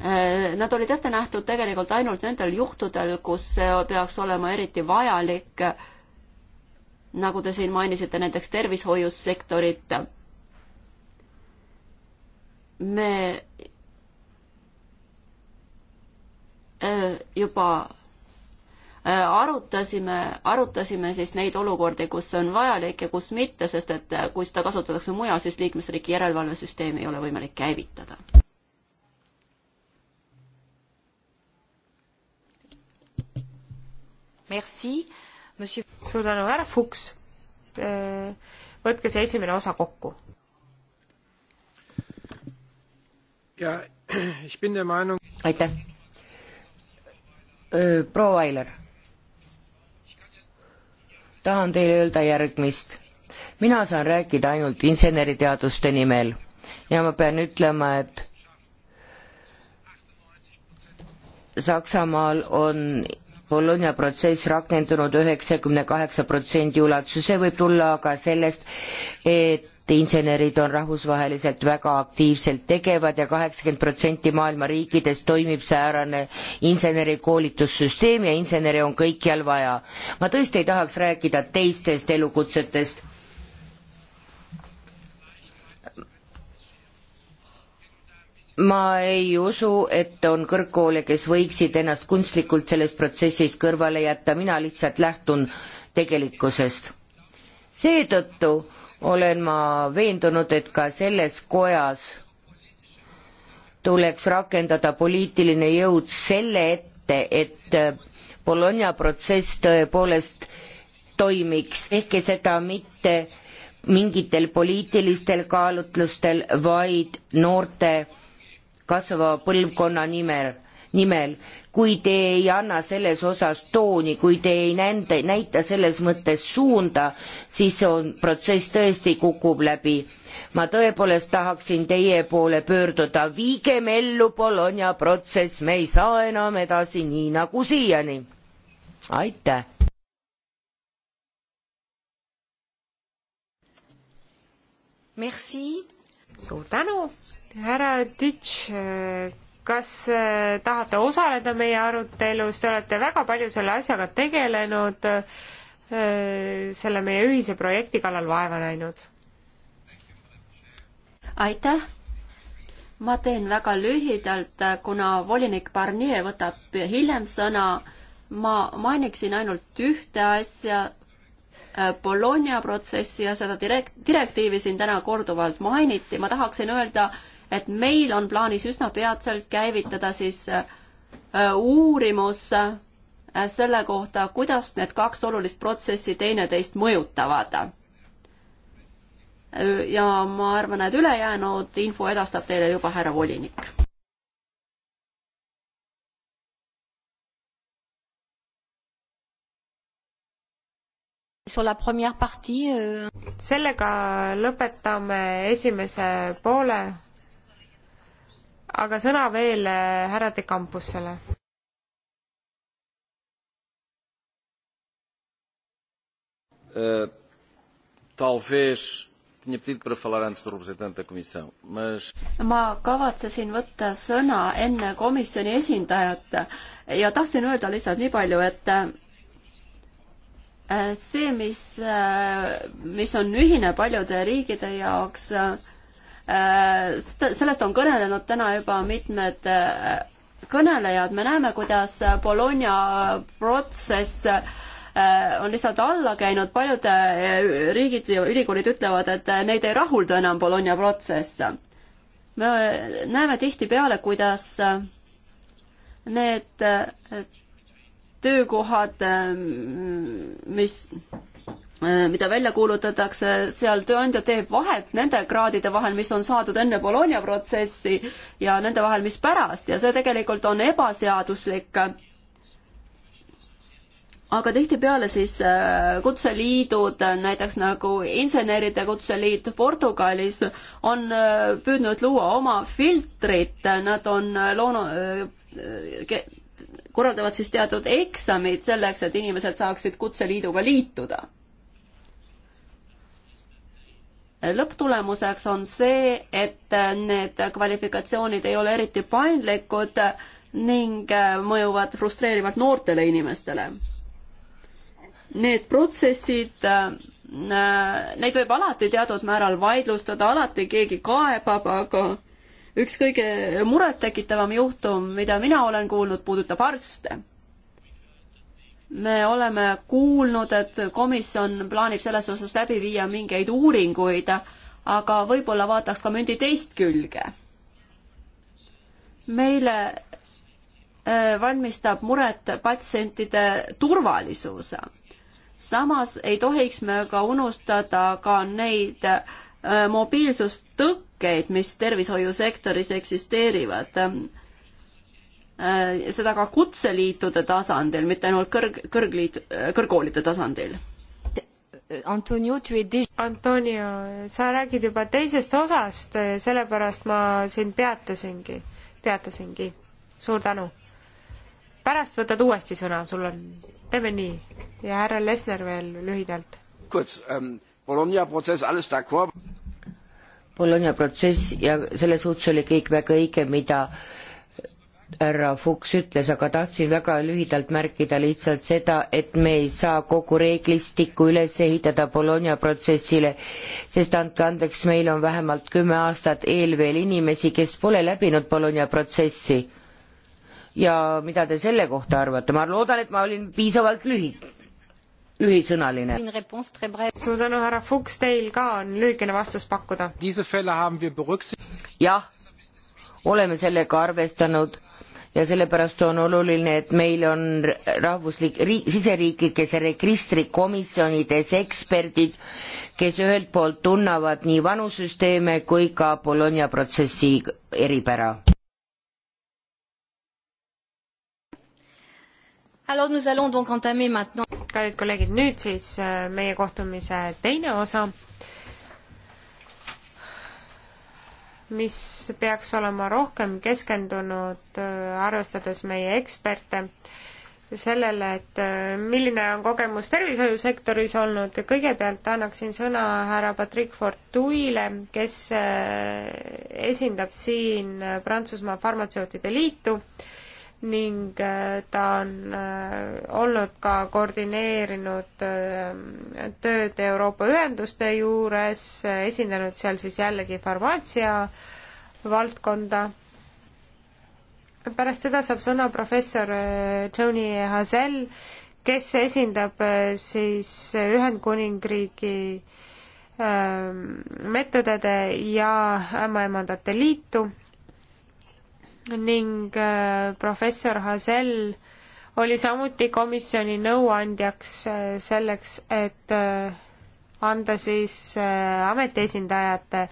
Äh, nad olid ette nähtud tegelikult ainult nendel juhtudel, kus see peaks olema eriti vajalik, nagu te siin mainisite, näiteks tervishoiussektorit. me äh, juba äh, arutasime, arutasime siis neid olukordi, kus see on vajalik ja kus mitte, sest et kui seda kasutatakse mujal, siis liikmesriigi järelevalvesüsteemi ei ole võimalik käivitada Monsieur... suur tänu, härra Fuchs. võtke see esimene osa kokku. aitäh. proua Ailer, tahan teile öelda järgmist. mina saan rääkida ainult inseneriteaduste nimel ja ma pean ütlema, et Saksamaal on Bologna protsess rakendunud üheksakümne kaheksa protsendi ulatuses, see võib tulla aga sellest, et insenerid on rahvusvaheliselt väga aktiivselt tegevad ja kaheksakümmend protsenti maailma riikides toimib säärane insenerikoolitussüsteem ja insenere on kõikjal vaja. ma tõesti ei tahaks rääkida teistest elukutsetest ma ei usu, et on kõrgkoole, kes võiksid ennast kunstlikult sellest protsessist kõrvale jätta, mina lihtsalt lähtun tegelikkusest. seetõttu olen ma veendunud, et ka selles kojas tuleks rakendada poliitiline jõud selle ette, et Bologna protsess tõepoolest toimiks, tehke seda mitte mingitel poliitilistel kaalutlustel, vaid noorte kasvava põlvkonna nimel, nimel, kui te ei anna selles osas tooni, kui te ei nände, näita selles mõttes suunda, siis see on, protsess tõesti kukub läbi. ma tõepoolest tahaksin teie poole pöörduda, viigem ellu Bologna protsess, me ei saa enam edasi nii nagu siiani. aitäh. Merci. suur tänu härra Titš, kas äh, tahate osaleda meie arutelus, te olete väga palju selle asjaga tegelenud, äh, selle meie ühise projekti kallal vaeva näinud? aitäh ma teen väga lühidalt, äh, kuna volinik Barnier võtab hiljem sõna, ma mainiksin ainult ühte asja, Bologna protsessi ja seda direkt-, direktiivi siin täna korduvalt mainiti, ma tahaksin öelda, et meil on plaanis üsna peatselt käivitada siis äh, uurimus äh, selle kohta, kuidas need kaks olulist protsessi teineteist mõjutavad. Äh, ja ma arvan, et ülejäänud info edastab teile juba härra volinik. Euh, sellega lõpetame esimese poole aga sõna veel eh, härra De Campussele. Eh, talvez tinha pedido para falar antes do representante da comissão, mas... ma kavatsesin võtta sõna enne komisjoni esindajat ja tahtsin öelda lihtsalt nii palju, et eh, see, mis, mis on ühine paljude riikide jaoks äh, Äh, sellest on kõnelenud täna juba mitmed äh, kõnelejad, me näeme, kuidas Bologna protsess äh, on lihtsalt alla käinud, paljud riigid ja ülikoolid ütlevad, et neid ei rahulda enam Bologna protsess. me näeme tihtipeale, kuidas need töökohad, mis Äh, mida välja kuulutatakse, seal tööandja teeb vahet nende kraadide vahel, mis on saadud enne Bologna protsessi ja nende vahel, mis pärast ja see tegelikult on ebaseaduslik. aga tihtipeale siis äh, kutseliidud, näiteks nagu inseneride kutseliit Portugalis on äh, püüdnud luua oma filtrit, nad on loonud korraldavad siis teatud eksamid selleks, et inimesed saaksid kutseliiduga liituda lõpptulemuseks on see, et need kvalifikatsioonid ei ole eriti paindlikud ning mõjuvad frustreerivalt noortele inimestele. Need protsessid, neid võib alati teatud määral vaidlustada, alati keegi kaebab, aga üks kõige murettekitavam juhtum, mida mina olen kuulnud, puudutab arste me oleme kuulnud, et komisjon plaanib selles osas läbi viia mingeid uuringuid, aga võib-olla vaataks ka mündi teist külge. meile äh, valmistab muret patsientide turvalisus. samas ei tohiks me ka unustada ka neid äh, mobiilsustõkkeid, mis tervishoiusektoris eksisteerivad Äh, seda ka kutseliitude tasandil, mitte ainult kõrg, kõrgliit, kõrgkoolide tasandil. Antonio, Antonio, sa räägid juba teisest osast, sellepärast ma sind peatasingi, peatasingi. suur tänu. pärast võtad uuesti sõna, sul on, teeme nii. ja härra Lesner veel lühidalt. Ähm, Bologna protsess, alles d'accord. Bologna protsess ja selle suhtes oli kõik väga õige, mida äh, härra Fuchs ütles, aga tahtsin väga lühidalt märkida lihtsalt seda, et me ei saa kogu reeglistikku üles ehitada Bologna protsessile, sest andke andeks, meil on vähemalt kümme aastat eel veel inimesi, kes pole läbinud Bologna protsessi. ja mida te selle kohta arvate, ma loodan, et ma olin piisavalt lühi, lühisõnaline. suur tänu, härra Fuchs, teil ka on lühikene vastus pakkuda. jah, oleme sellega arvestanud ja sellepärast on oluline, et meil on rahvuslik, siseriiklikes registrikomisjonides eksperdid, kes ühelt poolt tunnevad nii vanusüsteeme kui ka Bologna protsessi eripära. Alors nous allons donc entamer maintenant kallid kolleegid, nüüd siis äh, meie kohtumise teine osa mis peaks olema rohkem keskendunud, äh, arvestades meie eksperte, sellele, et äh, milline on kogemus tervishoiusektoris olnud. kõigepealt annaksin sõna härra Patrick Fortuile, kes äh, esindab siin Prantsusmaa Farmatseutide Liitu ning äh, ta on äh, olnud ka koordineerinud äh, tööd Euroopa ühenduste juures, esindanud seal siis jällegi farmaatsia valdkonda. pärast teda saab sõna professor Tony Hazel, kes esindab siis Ühendkuningriigi metodade ja ämmaemandate liitu ning äh, professor Hazel oli samuti komisjoni nõuandjaks äh, selleks, et äh, anda siis ametiesindajate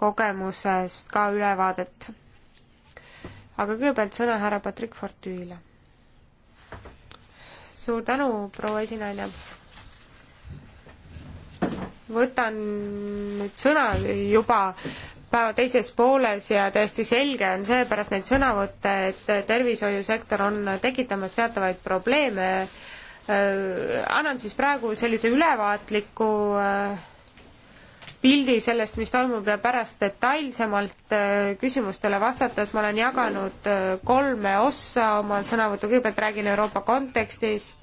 kogemusest ka ülevaadet. aga kõigepealt sõna härra Patrick Fortüüle. suur tänu, proua esinaine. võtan nüüd sõna juba päeva teises pooles ja täiesti selge on see pärast neid sõnavõtte, et tervishoiusektor on tekitamas teatavaid probleeme. Äh, annan siis praegu sellise ülevaatliku äh, pildi sellest, mis toimub ja pärast detailsemalt äh, küsimustele vastates ma olen jaganud kolme ossa oma sõnavõttu, kõigepealt räägin Euroopa kontekstist,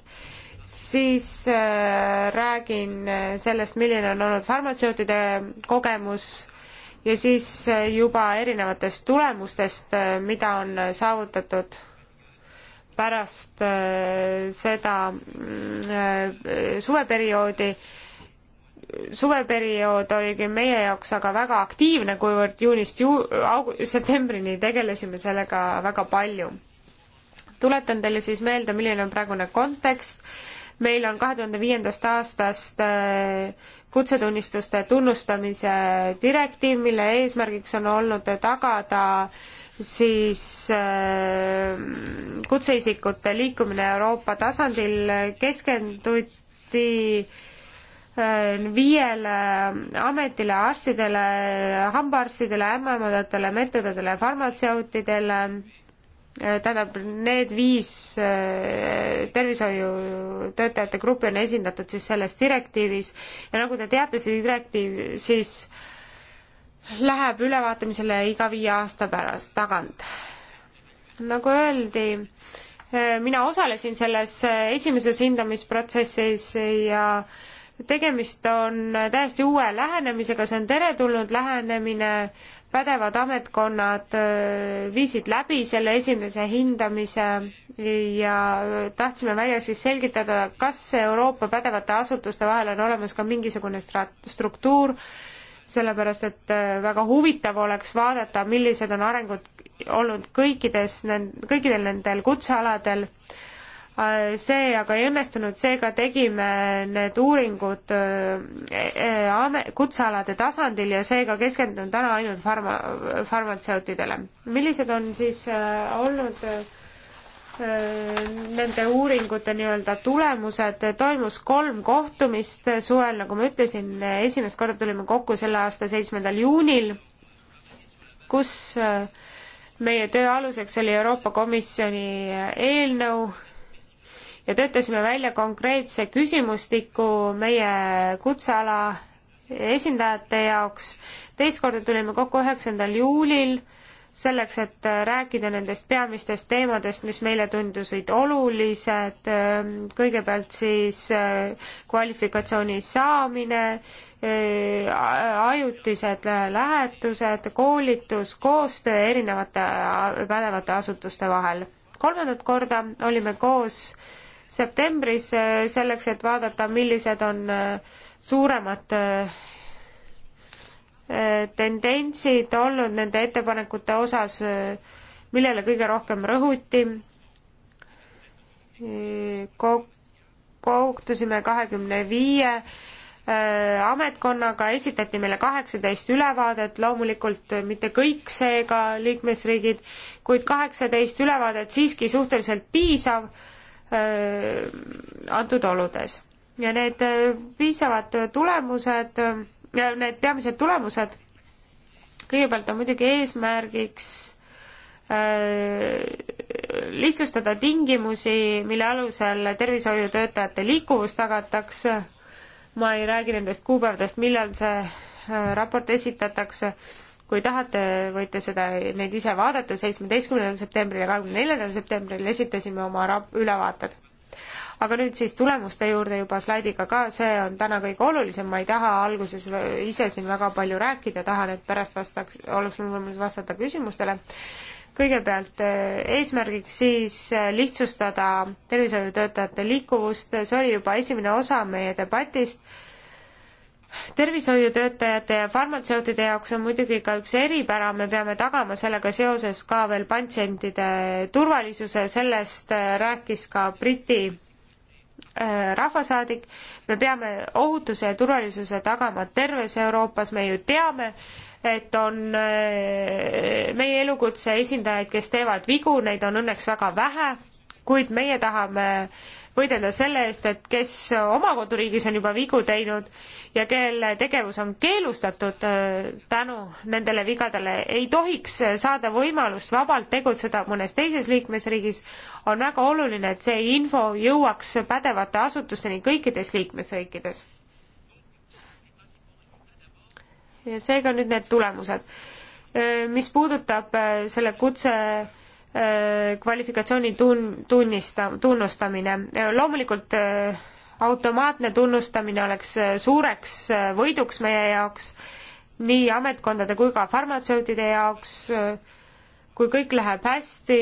siis räägin sellest, milline on olnud farmatseutide kogemus ja siis eh, juba erinevatest tulemustest, eh, mida on saavutatud pärast eh, seda mm, suveperioodi. suveperiood oligi meie jaoks aga väga aktiivne, kuivõrd juunist ju-, augu-, septembrini tegelesime sellega väga palju. tuletan teile siis meelde, milline on praegune kontekst. meil on kahe tuhande viiendast aastast äh, kutsetunnistuste tunnustamise direktiiv, mille eesmärgiks on olnud tagada siis äh, kutseisikute liikumine Euroopa tasandil keskenduti äh, viiele ametile, arstidele, hambaarstidele, ämmaemandatele, mettõdedele, farmatseutidele, Äh, tähendab, need viis äh, tervishoiutöötajate gruppi on esindatud siis selles direktiivis ja nagu te teate, see direktiiv siis läheb ülevaatamisele iga viie aasta pärast tagant. nagu öeldi, äh, mina osalesin selles esimeses hindamisprotsessis ja tegemist on täiesti uue lähenemisega, see on teretulnud lähenemine, pädevad ametkonnad äh, viisid läbi selle esimese hindamise ja tahtsime välja siis selgitada, kas Euroopa pädevate asutuste vahel on olemas ka mingisugune struktuur, sellepärast et äh, väga huvitav oleks vaadata, millised on arengud olnud kõikides, kõikidel nendel kutsealadel Äh, see aga ei õnnestunud, seega tegime need uuringud äh, äh, kutsealade tasandil ja seega keskendun täna ainult farma-, farmatseutidele. millised on siis olnud nende uuringute nii-öelda tulemused, toimus kolm kohtumist suvel, nagu ma ütlesin, esimest korda tulime kokku selle aasta seitsmendal juunil, kus meie töö aluseks oli Euroopa Komisjoni eelnõu ja töötasime välja konkreetse küsimustiku meie kutseala esindajate jaoks. teist korda tulime kokku üheksandal juulil selleks, et rääkida nendest peamistest teemadest, mis meile tundusid olulised, kõigepealt siis äh, kvalifikatsiooni saamine, äh, ajutised lähetused, koolitus, koostöö erinevate pädevate asutuste vahel. kolmandat korda olime koos septembris eh, selleks, et vaadata, millised on eh, suuremad eh, tendentsid olnud nende ettepanekute osas, millele kõige rohkem rõhuti. kohtusime kahekümne viie ametkonnaga, esitati meile kaheksateist ülevaadet, loomulikult mitte kõik seega liikmesriigid, kuid kaheksateist ülevaadet siiski suhteliselt piisav Äh, antud oludes. ja need äh, piisavad tulemused, need peamised tulemused, kõigepealt on muidugi eesmärgiks äh, lihtsustada tingimusi, mille alusel tervishoiutöötajate liikuvus tagatakse, ma ei räägi nendest kuupäevadest, millal see raport esitatakse kui tahate, võite seda, neid ise vaadata, seitsmeteistkümnendal septembril ja kahekümne neljandal septembril esitasime oma rap-, ülevaated. aga nüüd siis tulemuste juurde juba slaidiga ka, see on täna kõige olulisem, ma ei taha alguses ise siin väga palju rääkida, tahan, et pärast vastaks, oleks mul võimalus vastata küsimustele kõigepealt eh, eesmärgiks siis eh, lihtsustada tervishoiutöötajate liikuvust, see oli juba esimene osa meie debatist tervishoiutöötajate ja farmatseutide jaoks on muidugi ka üks eripära, me peame tagama sellega seoses ka veel patsientide turvalisuse, sellest äh, rääkis ka Briti äh, rahvasaadik, me peame ohutuse ja turvalisuse tagama terves Euroopas, me ju teame, et on äh, meie elukutse esindajaid, kes teevad vigu, neid on õnneks väga vähe, kuid meie tahame äh, võidelda selle eest, et kes oma koduriigis on juba vigu teinud ja kelle tegevus on keelustatud äh, tänu nendele vigadele, ei tohiks saada võimalust vabalt tegutseda mõnes teises liikmesriigis, on väga oluline, et see info jõuaks pädevate asutusteni kõikides liikmesriikides. ja seega nüüd need tulemused. Äh, mis puudutab äh, selle kutse Äh, kvalifikatsiooni tun-, tunnista, tunnustamine. loomulikult äh, automaatne tunnustamine oleks äh, suureks võiduks meie jaoks, nii ametkondade kui ka farmatseutide jaoks, kui kõik läheb hästi,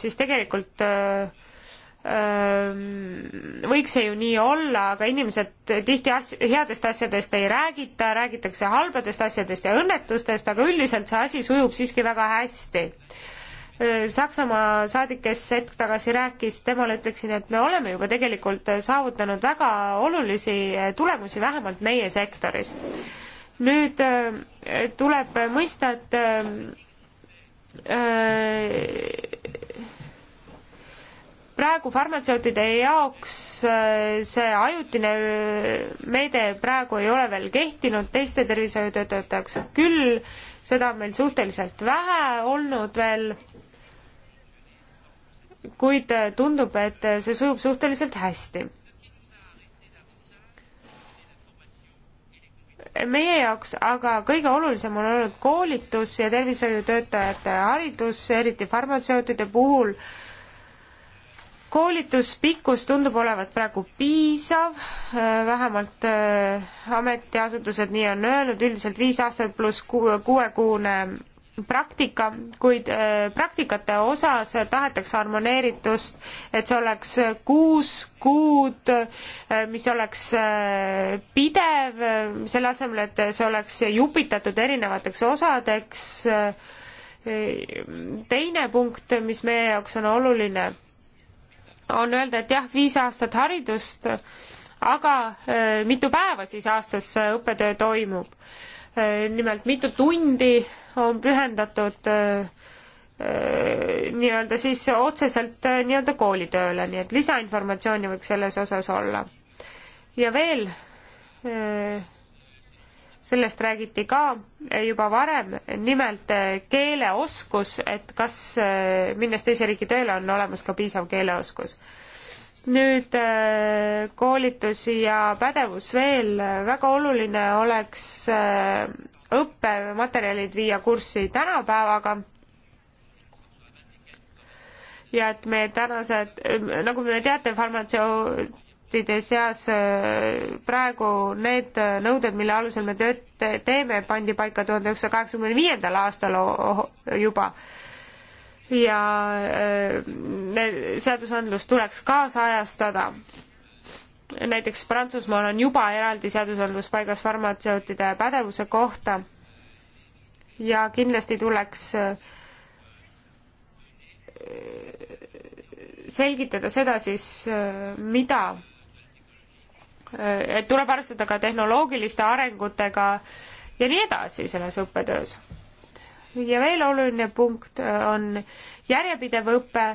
siis tegelikult ähm, võiks see ju nii olla, aga inimesed tihti as-, headest asjadest ei räägita, räägitakse halbadest asjadest ja õnnetustest, aga üldiselt see asi sujub siiski väga hästi Saksamaa saadik, kes hetk tagasi rääkis, temale ütleksin, et me oleme juba tegelikult saavutanud väga olulisi tulemusi, vähemalt meie sektoris. nüüd äh, tuleb mõista, et äh, praegu farmatseutide jaoks äh, see ajutine meede praegu ei ole veel kehtinud, teiste tervishoiutöötajate jaoks küll, seda on meil suhteliselt vähe olnud veel kuid äh, tundub, et äh, see sujub suhteliselt hästi. meie jaoks aga kõige olulisem on olnud koolitus ja tervishoiutöötajate haridus, eriti farmatseutide puhul. koolituspikkus tundub olevat praegu piisav, äh, vähemalt ametiasutused nii on öelnud, üldiselt viis aastat pluss kuue, kuuekuune praktika, kuid äh, praktikate osas tahetakse harmoneeritust, et see oleks kuus kuud, äh, mis oleks äh, pidev, selle asemel, et see oleks jupitatud erinevateks osadeks. teine punkt, mis meie jaoks on oluline, on öelda, et jah, viis aastat haridust, aga mitu päeva siis aastas õppetöö toimub Eh, nimelt mitu tundi on pühendatud eh, eh, nii-öelda siis otseselt nii-öelda koolitööle, nii et lisainformatsiooni võiks selles osas olla. ja veel, sellest räägiti ka juba varem, nimelt keeleoskus, et kas minnes teise riigi tööle, on olemas ka piisav keeleoskus nüüd äh, koolitus ja pädevus veel, väga oluline oleks äh, õppematerjalid viia kurssi tänapäevaga. ja et meie tänased, äh, nagu me teate, farmatseutide seas praegu need nõuded, mille alusel me tööd teeme, pandi paika tuhande üheksasaja kaheksakümne viiendal aastal juba ja äh, seadusandlust tuleks kaasajastada. näiteks Prantsusmaal on juba eraldi seadusandlus paigas farmatseutide pädevuse kohta ja kindlasti tuleks äh, selgitada seda siis, äh, mida, et tuleb arvestada ka tehnoloogiliste arengutega ja nii edasi selles õppetöös ja veel oluline punkt äh, on järjepidev õpe.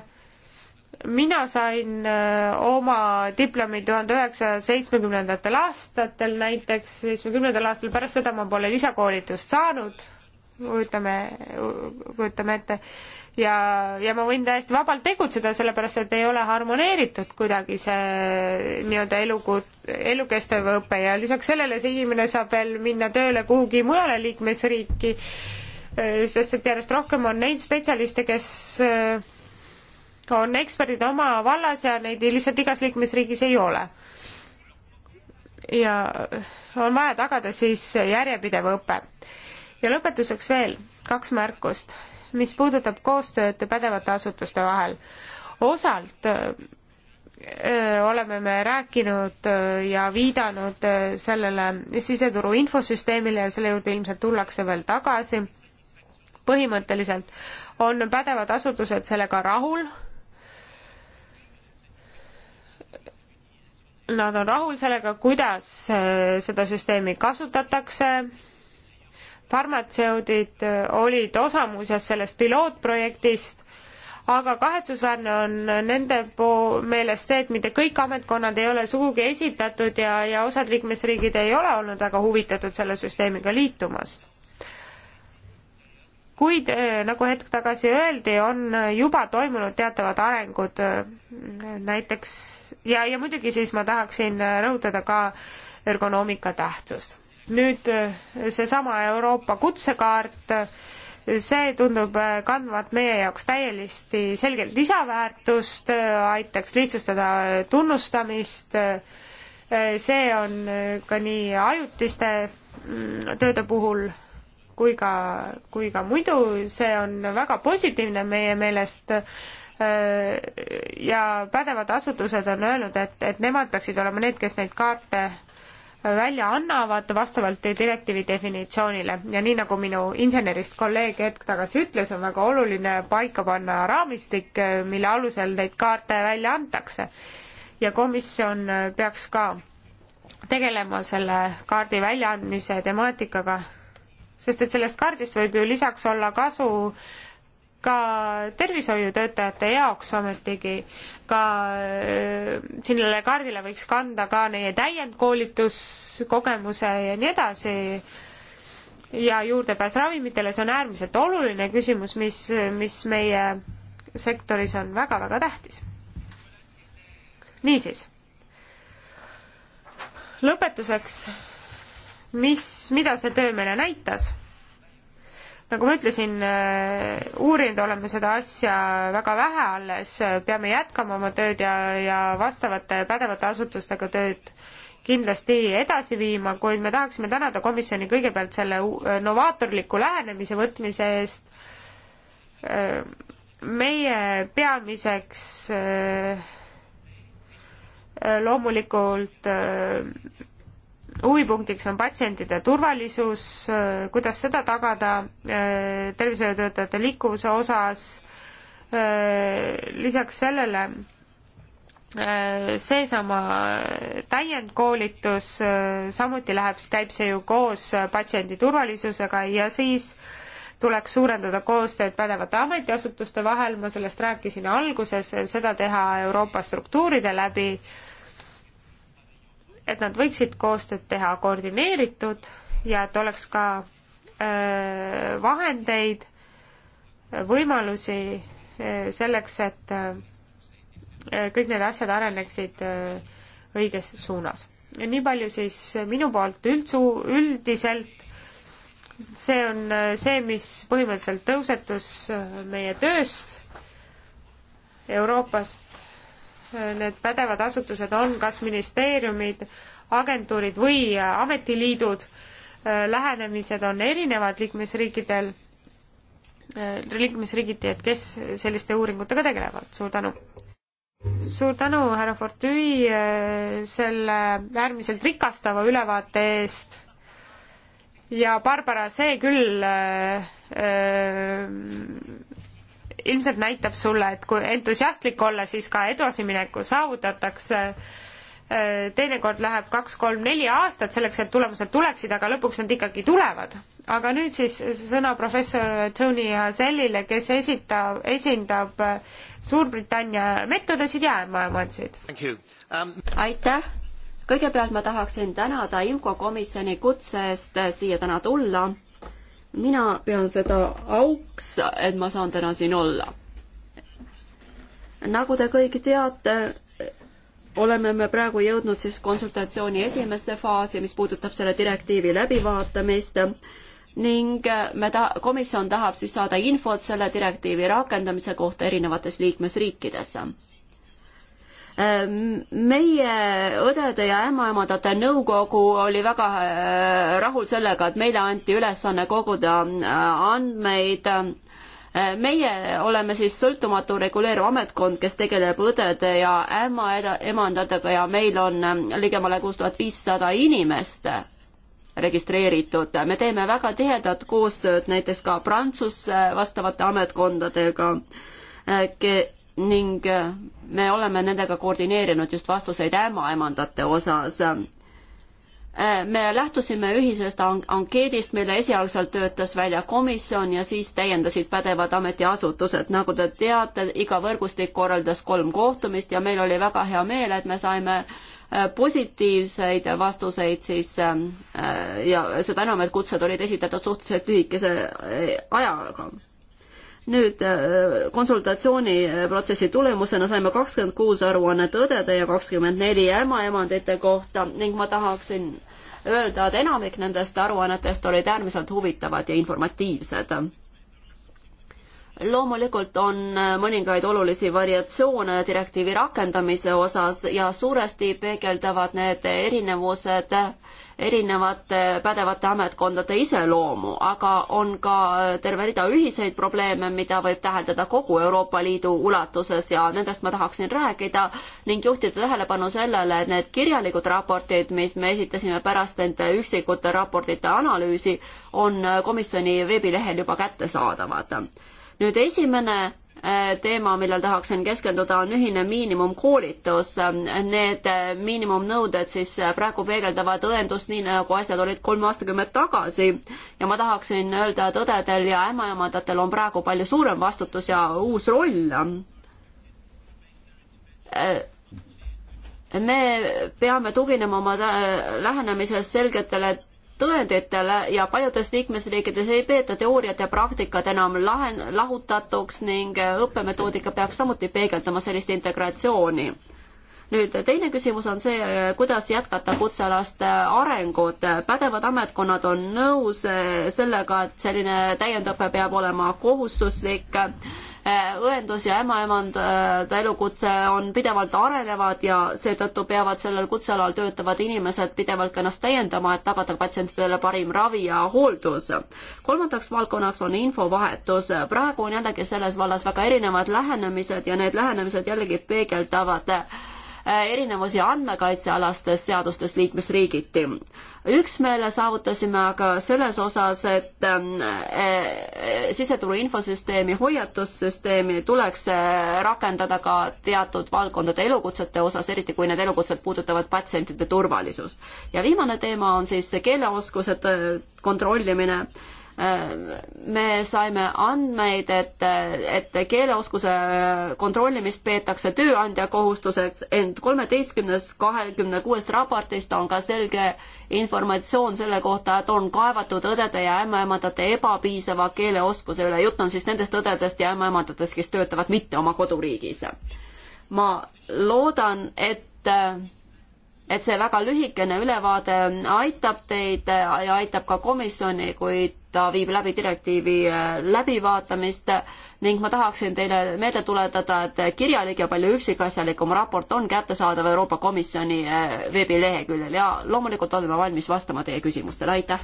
mina sain äh, oma diplomi tuhande üheksasaja seitsmekümnendatel aastatel näiteks, seitsmekümnendal aastal, pärast seda ma pole lisakoolitust saanud, kujutame, kujutame ette, ja, ja ma võin täiesti vabalt tegutseda, sellepärast et ei ole harmoneeritud kuidagi see nii-öelda eluku-, elukestev õpe ja lisaks sellele see inimene saab veel minna tööle kuhugi mujale liikmesriiki Eh, sest et järjest rohkem on neid spetsialiste, kes eh, on eksperdid oma vallas ja neid lihtsalt igas liikmesriigis ei ole. ja eh, on vaja tagada siis järjepidev õpe. ja lõpetuseks veel kaks märkust, mis puudutab koostööd pädevate asutuste vahel. osalt oleme me rääkinud ja viidanud sellele siseturu infosüsteemile ja selle juurde ilmselt tullakse veel tagasi põhimõtteliselt on pädevad asutused sellega rahul. Nad on rahul sellega, kuidas eh, seda süsteemi kasutatakse. farmatseudid eh, olid osa muuseas sellest pilootprojektist, aga kahetsusväärne on nende po-, meelest see, et mitte kõik ametkonnad ei ole sugugi esitatud ja, ja osad liikmesriigid ei ole olnud väga huvitatud selle süsteemiga liitumast kuid äh, nagu hetk tagasi öeldi, on juba toimunud teatavad arengud äh, näiteks ja, ja muidugi siis ma tahaksin rõhutada ka ergonoomika tähtsust. nüüd äh, seesama Euroopa kutsekaart, see tundub kandvat meie jaoks täielisti selgelt lisaväärtust, aitaks lihtsustada tunnustamist, see on ka nii ajutiste mm, tööde puhul kui ka, kui ka muidu, see on väga positiivne meie meelest äh, ja pädevad asutused on öelnud, et, et nemad peaksid olema need, kes neid kaarte välja annavad vastavalt direktiivi definitsioonile ja nii nagu minu insenerist kolleeg hetk tagasi ütles, on väga oluline paika panna raamistik, mille alusel neid kaarte välja antakse. ja komisjon peaks ka tegelema selle kaardi väljaandmise temaatikaga sest et sellest kaardist võib ju lisaks olla kasu ka tervishoiutöötajate jaoks ometigi, ka äh, sellele kaardile võiks kanda ka neie täiendkoolituskogemuse ja nii edasi ja juurdepääs ravimitele, see on äärmiselt oluline küsimus, mis, mis meie sektoris on väga-väga tähtis. niisiis, lõpetuseks mis, mida see töö meile näitas? nagu ma ütlesin, äh, uurinud oleme seda asja väga vähe alles, peame jätkama oma tööd ja, ja vastavate pädevate asutustega tööd kindlasti edasi viima, kuid me tahaksime tänada komisjoni kõigepealt selle novaatorliku lähenemise võtmise eest. Äh, meie peamiseks äh, loomulikult huvipunktiks on patsientide turvalisus, kuidas seda tagada äh, tervishoiutöötajate liikuvuse osas, äh, lisaks sellele äh, seesama täiendkoolitus, samuti läheb, käib see ju koos patsiendi turvalisusega ja siis tuleks suurendada koostööd pädevate ametiasutuste vahel, ma sellest rääkisin alguses, seda teha Euroopa struktuuride läbi äh,, et nad võiksid koostööd teha koordineeritud ja et oleks ka öö, äh, vahendeid, võimalusi äh, selleks, et öö, äh, kõik need asjad areneksid öö, õiges suunas. nii palju siis minu poolt üldsu-, üldiselt see on see, mis põhimõtteliselt tõusetus meie tööst Euroopas need pädevad asutused on kas ministeeriumid, agentuurid või ametiliidud. lähenemised on erinevad liikmesriikidel, liikmesriigiti, et kes selliste uuringutega tegelevad. suur tänu! suur tänu, härra Fortüi, selle äärmiselt rikastava ülevaate eest ja Barbara, see küll äh, ilmselt näitab sulle, et kui entusiastlik olla, siis ka edasimineku saavutatakse. teinekord läheb kaks-kolm-neli aastat selleks, et tulemused tuleksid, aga lõpuks nad ikkagi tulevad. aga nüüd siis sõna professor Tony Hazellile, kes esitab, esindab Suurbritannia meetodesid ja äärmaailmasid um.... aitäh kõigepealt ma tahaksin tänada IMCO komisjoni kutse eest siia täna tulla mina pean seda auks, et ma saan täna siin olla. nagu te kõik teate, oleme me praegu jõudnud siis konsultatsiooni esimesse faasi, mis puudutab selle direktiivi läbivaatamist ning me ta-, komisjon tahab siis saada infot selle direktiivi rakendamise kohta erinevates liikmesriikides Ehm, meie õdede ja ämmaemandate nõukogu oli väga äh, rahul sellega, et meile anti ülesanne koguda äh, andmeid. Ehm, meie oleme siis sõltumatu reguleeriv ametkond, kes tegeleb õdede ja ämmaemandatega ja meil on äh, ligemale kuus tuhat viissada inimest registreeritud. me teeme väga tihedat koostööd näiteks ka Prantsuse vastavate ametkondadega ke, ning äh, me oleme nendega koordineerinud just vastuseid ämmaemandate osas. Äh, me lähtusime ühisest ankeedist, mille esialgselt töötas välja komisjon ja siis täiendasid pädevad ametiasutused. nagu te teate, iga võrgustik korraldas kolm kohtumist ja meil oli väga hea meel, et me saime äh, positiivseid vastuseid siis ja seda enam, et kutsed olid esitatud suhteliselt lühikese ajaga nüüd äh, konsultatsiooniprotsessi tulemusena saime kakskümmend kuus aruannet õdede ja kakskümmend neli ämmaemandite kohta ning ma tahaksin öelda, et enamik nendest aruannetest olid äärmiselt huvitavad ja informatiivsed loomulikult on äh, mõningaid olulisi variatsioone direktiivi rakendamise osas ja suuresti peegeldavad need erinevused erinevate pädevate ametkondade iseloomu, aga on ka äh, terve rida ühiseid probleeme, mida võib täheldada kogu Euroopa Liidu ulatuses ja nendest ma tahaksin rääkida ning juhtida tähelepanu sellele, et need kirjalikud raportid, mis me esitasime pärast nende üksikute raportite analüüsi, on äh, komisjoni veebilehel juba kättesaadavad nüüd esimene äh, teema, millel tahaksin keskenduda, on ühine miinimumkoolitus. Need äh, miinimumnõuded siis äh, praegu peegeldavad õendust nii, nagu asjad olid kolm aastakümmet tagasi ja ma tahaksin öelda, et õdedel ja ämmaemandatel on praegu palju suurem vastutus ja uus roll. me peame tuginema oma lähenemises selgetele tõenditele ja paljudes liikmesriikides ei peeta teooriat ja praktikat enam lahen-, lahutatuks ning õppemetoodika peaks samuti peegeldama sellist integratsiooni. nüüd teine küsimus on see, kuidas jätkata kutsealaste arengut. pädevad ametkonnad on nõus sellega, et selline täiendõpe peab olema kohustuslik Äh, õendus ja ämmaemandade äh, elukutse on pidevalt arenevad ja seetõttu peavad sellel kutsealal töötavad inimesed pidevalt ennast täiendama, et tagada patsientidele parim ravi ja hooldus. kolmandaks valdkonnaks on infovahetus. praegu on jällegi selles vallas väga erinevad lähenemised ja need lähenemised jällegi peegeldavad Äh, erinevusi andmekaitsealastes seadustes liikmesriigiti. üksmeele saavutasime aga selles osas, et ähm, äh, siseturu infosüsteemi hoiatussüsteemi tuleks äh, rakendada ka teatud valdkondade elukutsete osas, eriti kui need elukutsed puudutavad patsientide turvalisust. ja viimane teema on siis keeleoskuse kontrollimine me saime andmeid, et, et keeleoskuse kontrollimist peetakse tööandja kohustuseks, ent kolmeteistkümnes kahekümne kuuest raportist on ka selge informatsioon selle kohta, et on kaevatud õdede ja ämmaemandate ebapiisava keeleoskuse üle. jutt on siis nendest õdedest ja ämmaemandatest, kes töötavad mitte oma koduriigis. ma loodan, et et see väga lühikene ülevaade aitab teid ja aitab ka komisjoni, kuid ta viib läbi direktiivi äh, läbivaatamist ning ma tahaksin teile meelde tuletada, et kirjalik ja palju üksikasjalikum raport on kättesaadav Euroopa Komisjoni äh, veebileheküljel ja loomulikult oleme valmis vastama teie küsimustele, aitäh!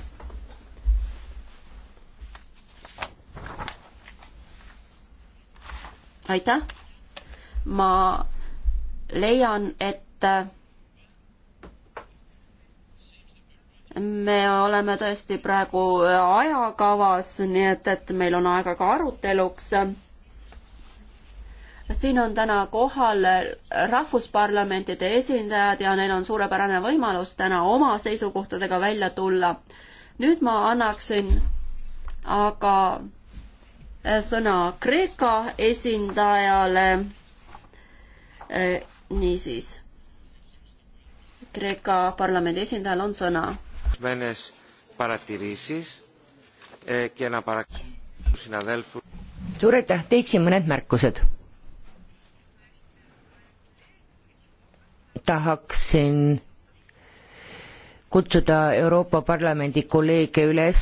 aitäh! ma leian, et äh, me oleme tõesti praegu ajakavas, nii et, et meil on aega ka aruteluks. siin on täna kohal rahvusparlamentide esindajad ja neil on suurepärane võimalus täna oma seisukohtadega välja tulla. nüüd ma annaksin aga sõna Kreeka esindajale. E, niisiis Kreeka parlamendi esindajal on sõna ορισμένες παρατηρήσεις ε, και να παρακαλώ τους συναδέλφους. Suur aitäh, teeksin mõned märkused. tahaksin kutsuda Euroopa Parlamendi kolleege üles,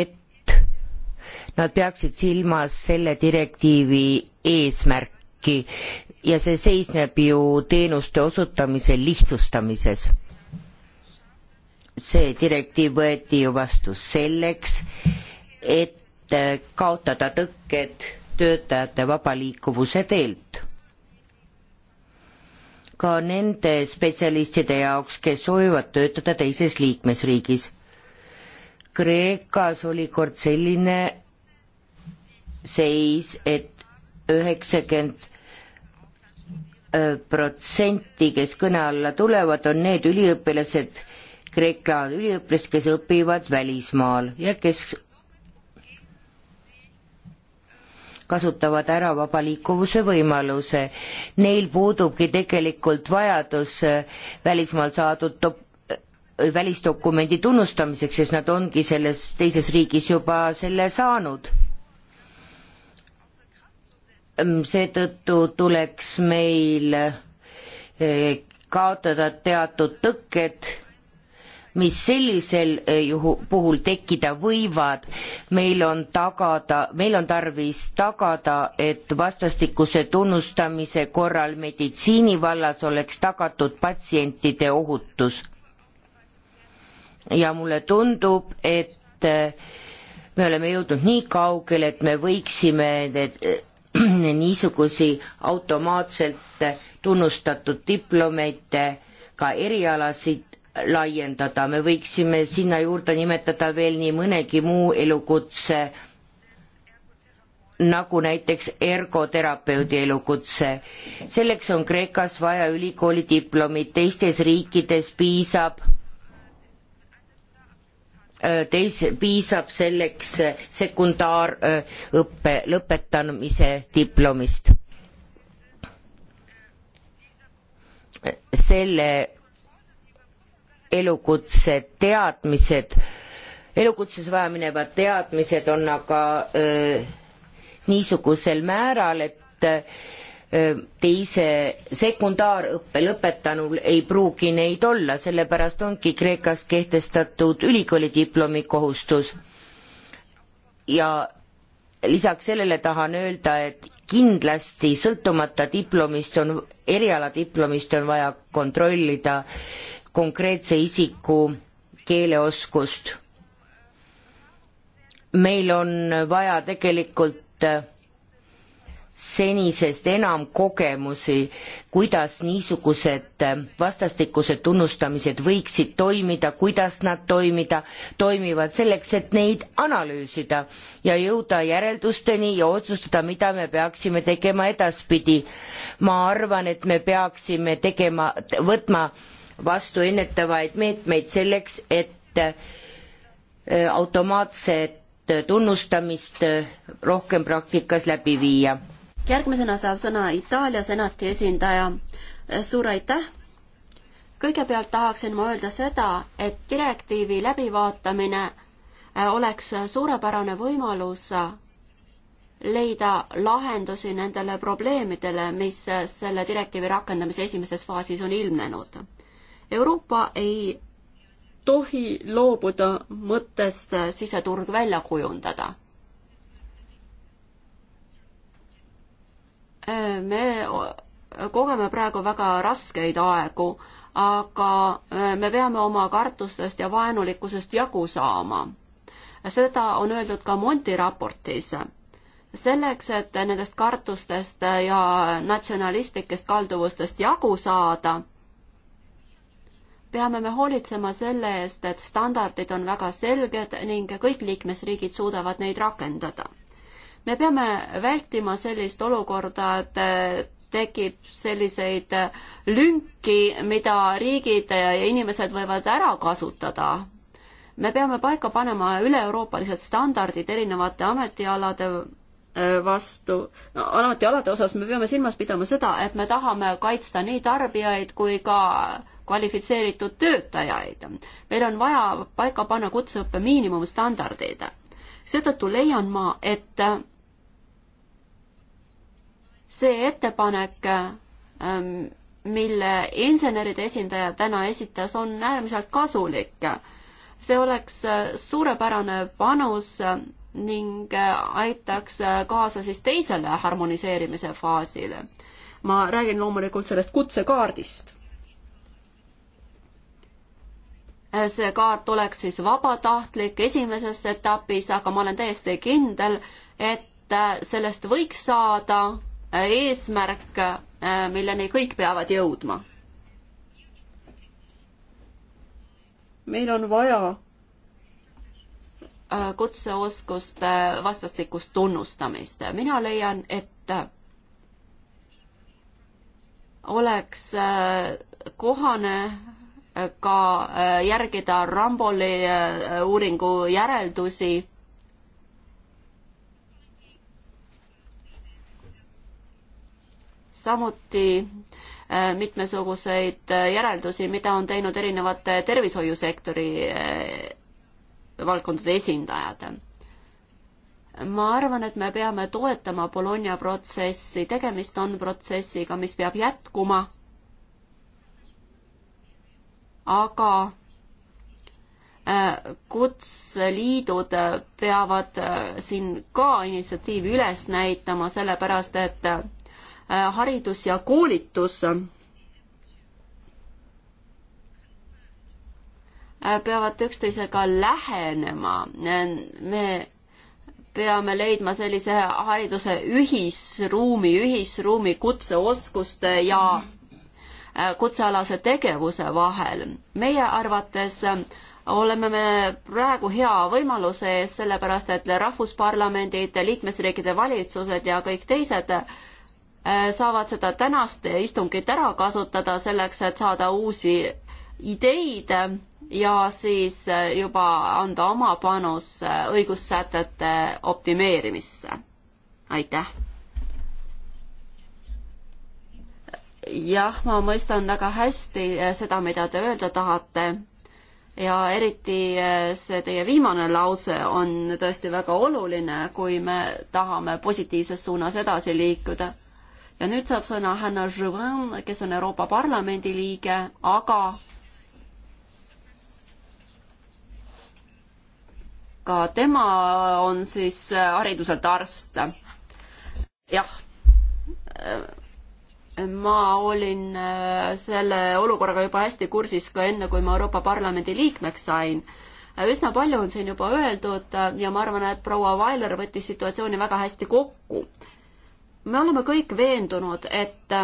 et nad peaksid silmas selle direktiivi eesmärki ja see seisneb ju teenuste osutamise lihtsustamises see direktiiv võeti ju vastu selleks, et kaotada tõkked töötajate vaba liikuvuse teelt. ka nende spetsialistide jaoks, kes soovivad töötada teises liikmesriigis. Kreekas oli kord selline seis, et üheksakümmend äh, protsenti, kes kõne alla tulevad, on need üliõpilased, Kreeka üliõpilast, kes õpivad välismaal ja kes kasutavad ära vaba liikuvuse võimaluse. Neil puudubki tegelikult vajadus äh, välismaal saadud äh, välisdokumendi tunnustamiseks, sest nad ongi selles teises riigis juba selle saanud. Ehm, seetõttu tuleks meil äh, kaotada teatud tõkked mis sellisel eh, juhu, puhul tekkida võivad, meil on tagada, meil on tarvis tagada, et vastastikuse tunnustamise korral meditsiini vallas oleks tagatud patsientide ohutus. ja mulle tundub, et eh, me oleme jõudnud nii kaugele, et me võiksime need eh, niisugusi automaatselt tunnustatud diplomeid, ka erialasid laiendada, me võiksime sinna juurde nimetada veel nii mõnegi muu elukutse, nagu näiteks ergoterapeudi elukutse. selleks on Kreekas vaja ülikooli diplomit, teistes riikides piisab äh, teis-, piisab selleks sekundaarõppe äh, lõpetamise diplomist. selle elukutse teadmised, elukutses vaja minevad teadmised on aga öö, äh, niisugusel määral, et öö, äh, teise sekundaarõppe lõpetanul ei pruugi neid olla, sellepärast ongi Kreekas kehtestatud ülikoolidiplomi kohustus. ja lisaks sellele tahan öelda, et kindlasti sõltumata diplomist on, erialadiplomist on vaja kontrollida konkreetse isiku keeleoskust. meil on vaja tegelikult senisest enam kogemusi, kuidas niisugused vastastikused tunnustamised võiksid toimida, kuidas nad toimida, toimivad, selleks et neid analüüsida ja jõuda järeldusteni ja otsustada, mida me peaksime tegema edaspidi. ma arvan, et me peaksime tegema, võtma äh, vastu ennetavaid meetmeid selleks, et äh, automaatset tunnustamist äh, rohkem praktikas läbi viia. järgmisena saab sõna Itaalia senati esindaja. Äh, suur aitäh! kõigepealt tahaksin ma öelda seda, et direktiivi läbivaatamine oleks suurepärane võimalus leida lahendusi nendele probleemidele, mis selle direktiivi rakendamise esimeses faasis on ilmnenud. Euroopa ei tohi loobuda mõttest siseturg välja kujundada. me kogeme praegu väga raskeid aegu, aga me peame oma kartustest ja vaenulikkusest jagu saama. seda on öeldud ka Monti raportis. selleks, et nendest kartustest ja natsionalistlikest kalduvustest jagu saada peame me hoolitsema selle eest, et standardid on väga selged ning kõik liikmesriigid suudavad neid rakendada. me peame vältima sellist olukorda, et tekib selliseid lünki, mida riigid ja inimesed võivad ära kasutada. me peame paika panema üle-euroopalised standardid erinevate ametialade äh, vastu no,, ametialade osas me peame silmas pidama seda, et me tahame kaitsta nii tarbijaid kui ka kvalifitseeritud töötajaid. meil on vaja paika panna kutseõppe miinimumstandardid. seetõttu leian ma, et see ettepanek ähm, mille inseneride esindaja täna esitas, on äärmiselt kasulik. see oleks äh, suurepärane panus ning äh, aitaks äh, kaasa siis teisele harmoniseerimise faasile. ma räägin loomulikult sellest kutsekaardist. see kaart oleks siis vabatahtlik esimeses etapis, aga ma olen täiesti kindel, et äh, sellest võiks saada äh, eesmärk, äh, milleni kõik peavad jõudma. meil on vaja kutseoskuste vastastikust tunnustamist. mina leian, et oleks kohane ka äh, järgida Ramboli äh, uuringu järeldusi samuti äh, mitmesuguseid järeldusi, mida on teinud erinevate tervishoiusektori valdkondade esindajad. ma arvan, et me peame toetama Bologna protsessi, tegemist on protsessiga, mis peab jätkuma aga äh, kutseliidud peavad äh, siin ka initsiatiivi üles näitama, sellepärast et äh, haridus ja koolitus peavad üksteisega lähenema. me peame leidma sellise hariduse ühisruumi, ühisruumi kutseoskuste ja kutsealase tegevuse vahel. meie arvates oleme me praegu hea võimaluse ees, sellepärast et rahvusparlamendid, liikmesriikide valitsused ja kõik teised äh, saavad seda tänast istungit ära kasutada selleks, et saada uusi ideid ja siis äh, juba anda oma panus äh, õigussätete optimeerimisse. aitäh! jah, ma mõistan väga hästi eh, seda, mida te öelda tahate ja eriti eh, see teie viimane lause on tõesti väga oluline, kui me tahame positiivses suunas edasi liikuda. ja nüüd saab sõna Hanna Jouvin, kes on Euroopa Parlamendi liige, aga ka tema on siis eh, hariduselt arst. jah ma olin äh, selle olukorraga juba hästi kursis ka enne, kui ma Euroopa Parlamendi liikmeks sain. Äh, üsna palju on siin juba öeldud äh, ja ma arvan, et proua Vailer võttis situatsiooni väga hästi kokku. me oleme kõik veendunud, et,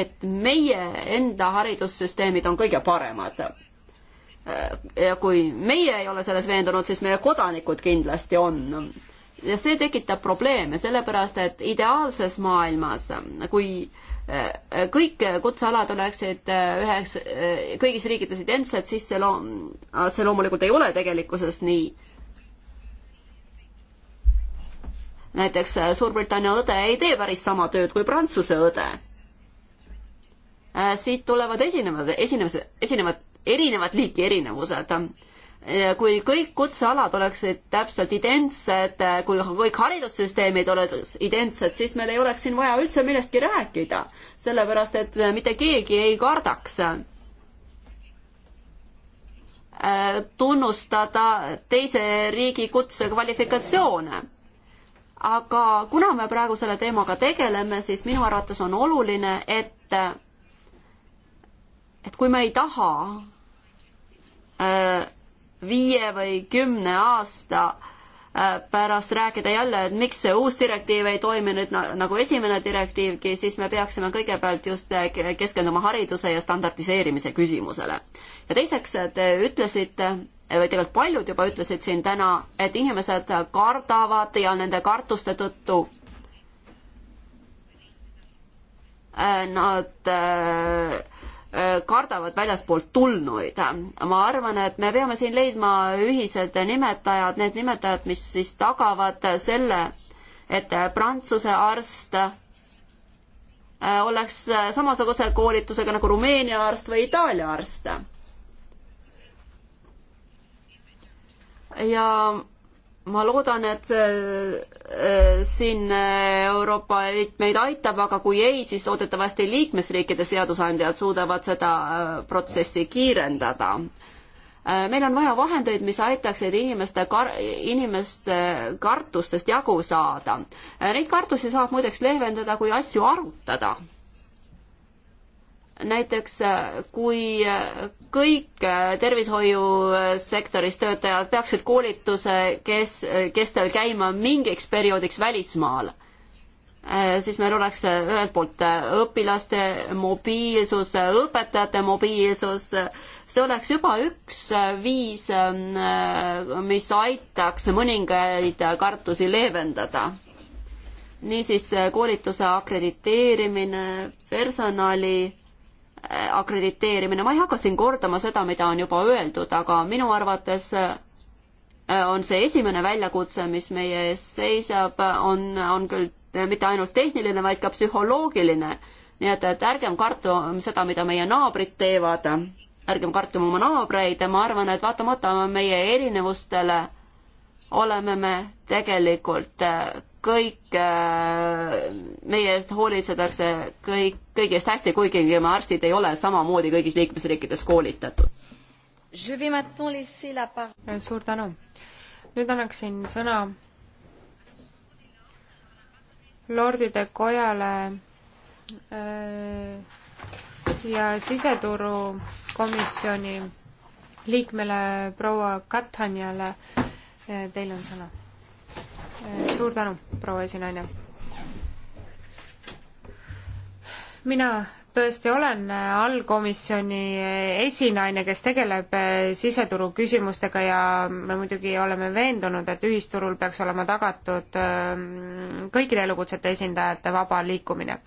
et meie enda haridussüsteemid on kõige paremad. ja kui meie ei ole selles veendunud, siis meie kodanikud kindlasti on ja see tekitab probleeme, sellepärast et ideaalses maailmas, kui eh, kõik kutsealad oleksid eh, üheks, eh, kõigis riikides identsed, siis see loom-, see loomulikult ei ole tegelikkuses nii. näiteks Suurbritannia õde ei tee päris sama tööd kui Prantsuse õde. siit tulevad esinevad, esinevad, esinevad erinevat liiki erinevused kui kõik kutsealad oleksid täpselt identsed, kui kõik haridussüsteemid oleks identsed, siis meil ei oleks siin vaja üldse millestki rääkida, sellepärast et mitte keegi ei kardaks äh, tunnustada teise riigi kutsekvalifikatsioone. aga kuna me praegu selle teemaga tegeleme, siis minu arvates on oluline, et et kui me ei taha äh, viie või kümne aasta äh, pärast rääkida jälle, et miks see uus direktiiv ei toimi nüüd nagu esimene direktiivgi, siis me peaksime kõigepealt just äh, keskenduma hariduse ja standardiseerimise küsimusele. ja teiseks, te ütlesite, või tegelikult paljud juba ütlesid siin täna, et inimesed kardavad ja nende kartuste tõttu äh, nad äh, Äh, kardavad väljaspoolt tulnuid. ma arvan, et me peame siin leidma ühised nimetajad, need nimetajad, mis siis tagavad selle, et prantsuse arst äh, oleks äh, samasuguse koolitusega nagu Rumeenia arst või Itaalia arst. ja ma loodan, et äh, siin äh, Euroopa Liit meid aitab, aga kui ei, siis loodetavasti liikmesriikide seadusandjad suudavad seda äh, protsessi kiirendada. meil on vaja vahendeid, mis aitaksid inimeste kar-, inimeste kartustest jagu saada. Neid kartusi saab muideks leevendada, kui asju arutada näiteks äh, kui äh, kõik äh, tervishoiusektoris töötajad peaksid koolituse kes, kestel käima mingiks perioodiks välismaal, siis meil oleks ühelt poolt õpilaste mobiilsus, õpetajate mobiilsus, see oleks juba üks viis, ähm, mis aitaks mõningaid kartusi leevendada niisiis koolituse akrediteerimine, personali akrediteerimine, ma ei hakka siin kordama seda, mida on juba öeldud, aga minu arvates äh, on see esimene väljakutse, mis meie ees seisab, on, on küll mitte ainult tehniline, vaid ka psühholoogiline. nii et, et ärgem kartum seda, mida meie naabrid teevad, ärgem kartum oma naabreid, ma arvan, et vaatamata meie erinevustele oleme me tegelikult äh, kõik äh, meie eest hoolitsetakse kõik, kõigest hästi, kuigi me arstid ei ole samamoodi kõigis liikmesriikides koolitatud. suur tänu. nüüd annaksin sõna lordide kojale äh, ja siseturu komisjoni liikmele proua Katanjale. Äh, teil on sõna suur tänu, proua esinaine. mina tõesti olen allkomisjoni esinaine, kes tegeleb eh, siseturu küsimustega ja me muidugi oleme veendunud, et ühisturul peaks olema tagatud eh, kõikide elukutsete esindajate vaba liikumine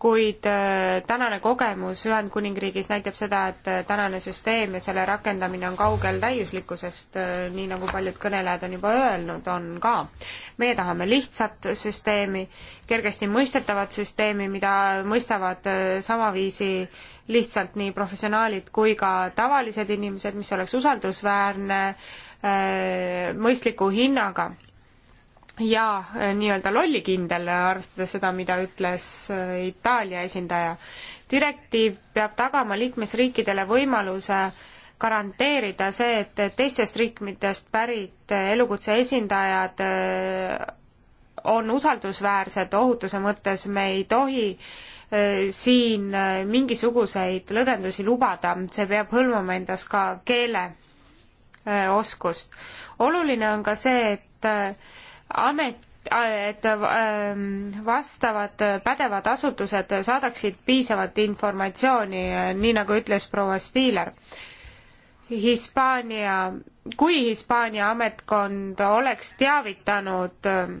kuid äh, tänane kogemus Ühendkuningriigis näitab seda, et äh, tänane süsteem ja selle rakendamine on kaugel täiuslikkusest, äh, nii nagu paljud kõnelejad on juba öelnud, on ka. meie tahame lihtsat süsteemi, kergesti mõistetavat süsteemi, mida mõistavad samaviisi lihtsalt nii professionaalid kui ka tavalised inimesed, mis oleks usaldusväärne, mõistliku hinnaga ja äh, nii-öelda lollikindel, arvestades seda, mida ütles äh, Itaalia esindaja. direktiiv peab tagama liikmesriikidele võimaluse garanteerida see, et teistest riikidest pärit elukutse esindajad äh, on usaldusväärsed ohutuse mõttes, me ei tohi siin mingisuguseid lõdvendusi lubada, see peab hõlmama endas ka keeleoskust. oluline on ka see, et amet, et ähm, vastavad pädevad asutused saadaksid piisavat informatsiooni, nii nagu ütles proua Stiiler. Hispaania, kui Hispaania ametkond oleks teavitanud ähm,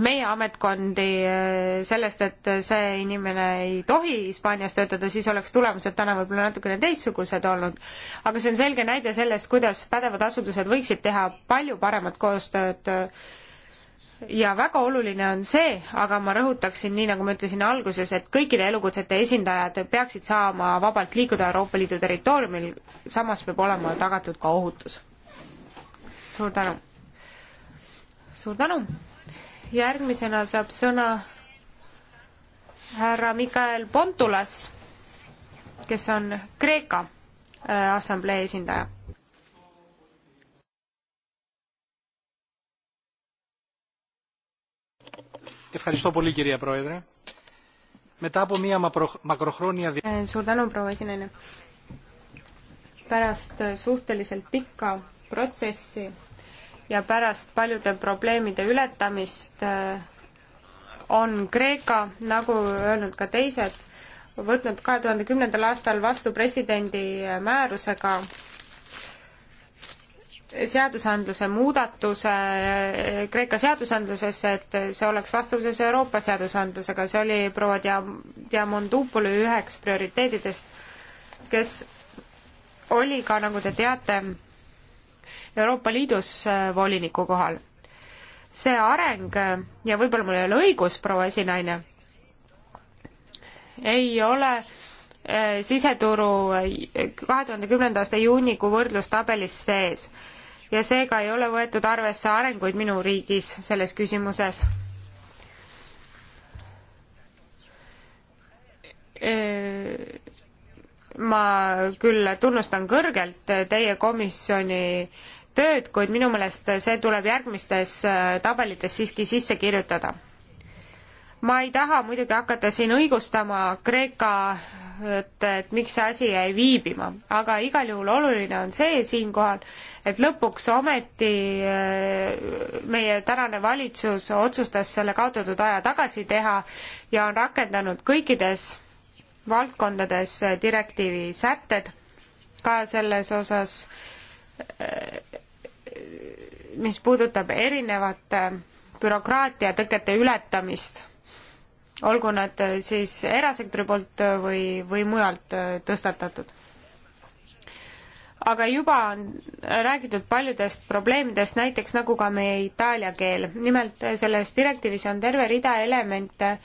meie ametkondi äh, sellest, et see inimene ei tohi Hispaanias töötada, siis oleks tulemused täna võib-olla natukene teistsugused olnud. aga see on selge näide sellest, kuidas pädevad asutused võiksid teha palju paremat koostööd äh, ja väga oluline on see, aga ma rõhutaksin, nii nagu ma ütlesin alguses, et kõikide elukutsete esindajad peaksid saama vabalt liikuda Euroopa Liidu territooriumil, samas peab olema tagatud ka ohutus. suur tänu! suur tänu! järgmisena saab sõna härra Mikael Pontulas, kes on Kreeka äh, Assamblee esindaja Ευχαριστώ πολύ κυρία Πρόεδρε. Μετά από μία μακροχρόνια... Suur tänu, proua esineja. Pärast suhteliselt pikka protsessi ja pärast paljude probleemide ületamist äh, on Kreeka, nagu öelnud ka teised, võtnud kahe tuhande kümnendal aastal vastu presidendi äh, määrusega seadusandluse muudatuse Kreeka seadusandlusesse, et see oleks vastuses Euroopa seadusandlusega, see oli proua Diamandupoli üheks prioriteedidest, kes oli ka, nagu te teate, Euroopa Liidus äh, voliniku kohal. see areng äh, ja võib-olla mul ei ole õigus, proua esinaine, ei ole äh, siseturu kahe tuhande kümnenda aasta juunikuu võrdlustabelis sees ja seega ei ole võetud arvesse arenguid minu riigis selles küsimuses. ma küll tunnustan kõrgelt teie komisjoni tööd, kuid minu meelest see tuleb järgmistes äh, tabelites siiski sisse kirjutada ma ei taha muidugi hakata siin õigustama Kreeka et, et miks see asi jäi viibima, aga igal juhul oluline on see siinkohal, et lõpuks ometi äh, meie tänane valitsus otsustas selle kaotatud aja tagasi teha ja on rakendanud kõikides valdkondades äh, direktiivi sätted ka selles osas, äh, mis puudutab erinevate bürokraatiatõkete ületamist olgu nad äh, siis erasektori poolt äh, või, või mujalt äh, tõstatatud. aga juba on räägitud paljudest probleemidest, näiteks nagu ka meie itaalia keel. nimelt selles direktiivis on terve rida elemente,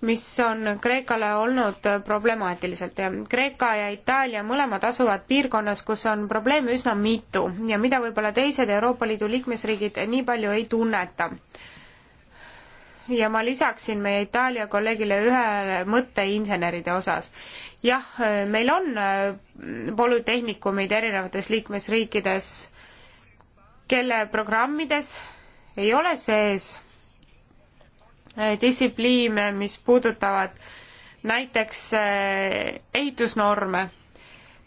mis on Kreekale olnud problemaatiliselt ja Kreeka ja Itaalia mõlemad asuvad piirkonnas, kus on probleeme üsna mitu ja mida võib-olla teised Euroopa Liidu liikmesriigid nii palju ei tunneta ja ma lisaksin meie Itaalia kolleegile ühe mõtte inseneride osas. jah, meil on äh, polütehnikumid erinevates liikmesriikides, kelle programmides ei ole sees äh, distsipliine, mis puudutavad näiteks äh, ehitusnorme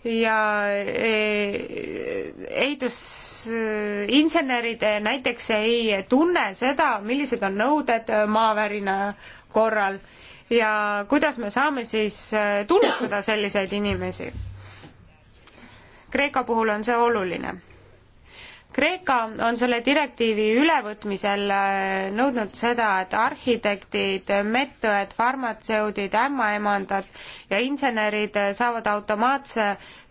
ja e, ehitusinsenerid e, näiteks ei tunne seda, millised on nõuded maavärina korral ja kuidas me saame siis e, tunnustada selliseid inimesi. Kreeka puhul on see oluline Kreeka on selle direktiivi ülevõtmisel äh, nõudnud seda, et arhitektid, medõed, farmatseudid, ämmaemandad ja insenerid äh, saavad automaatse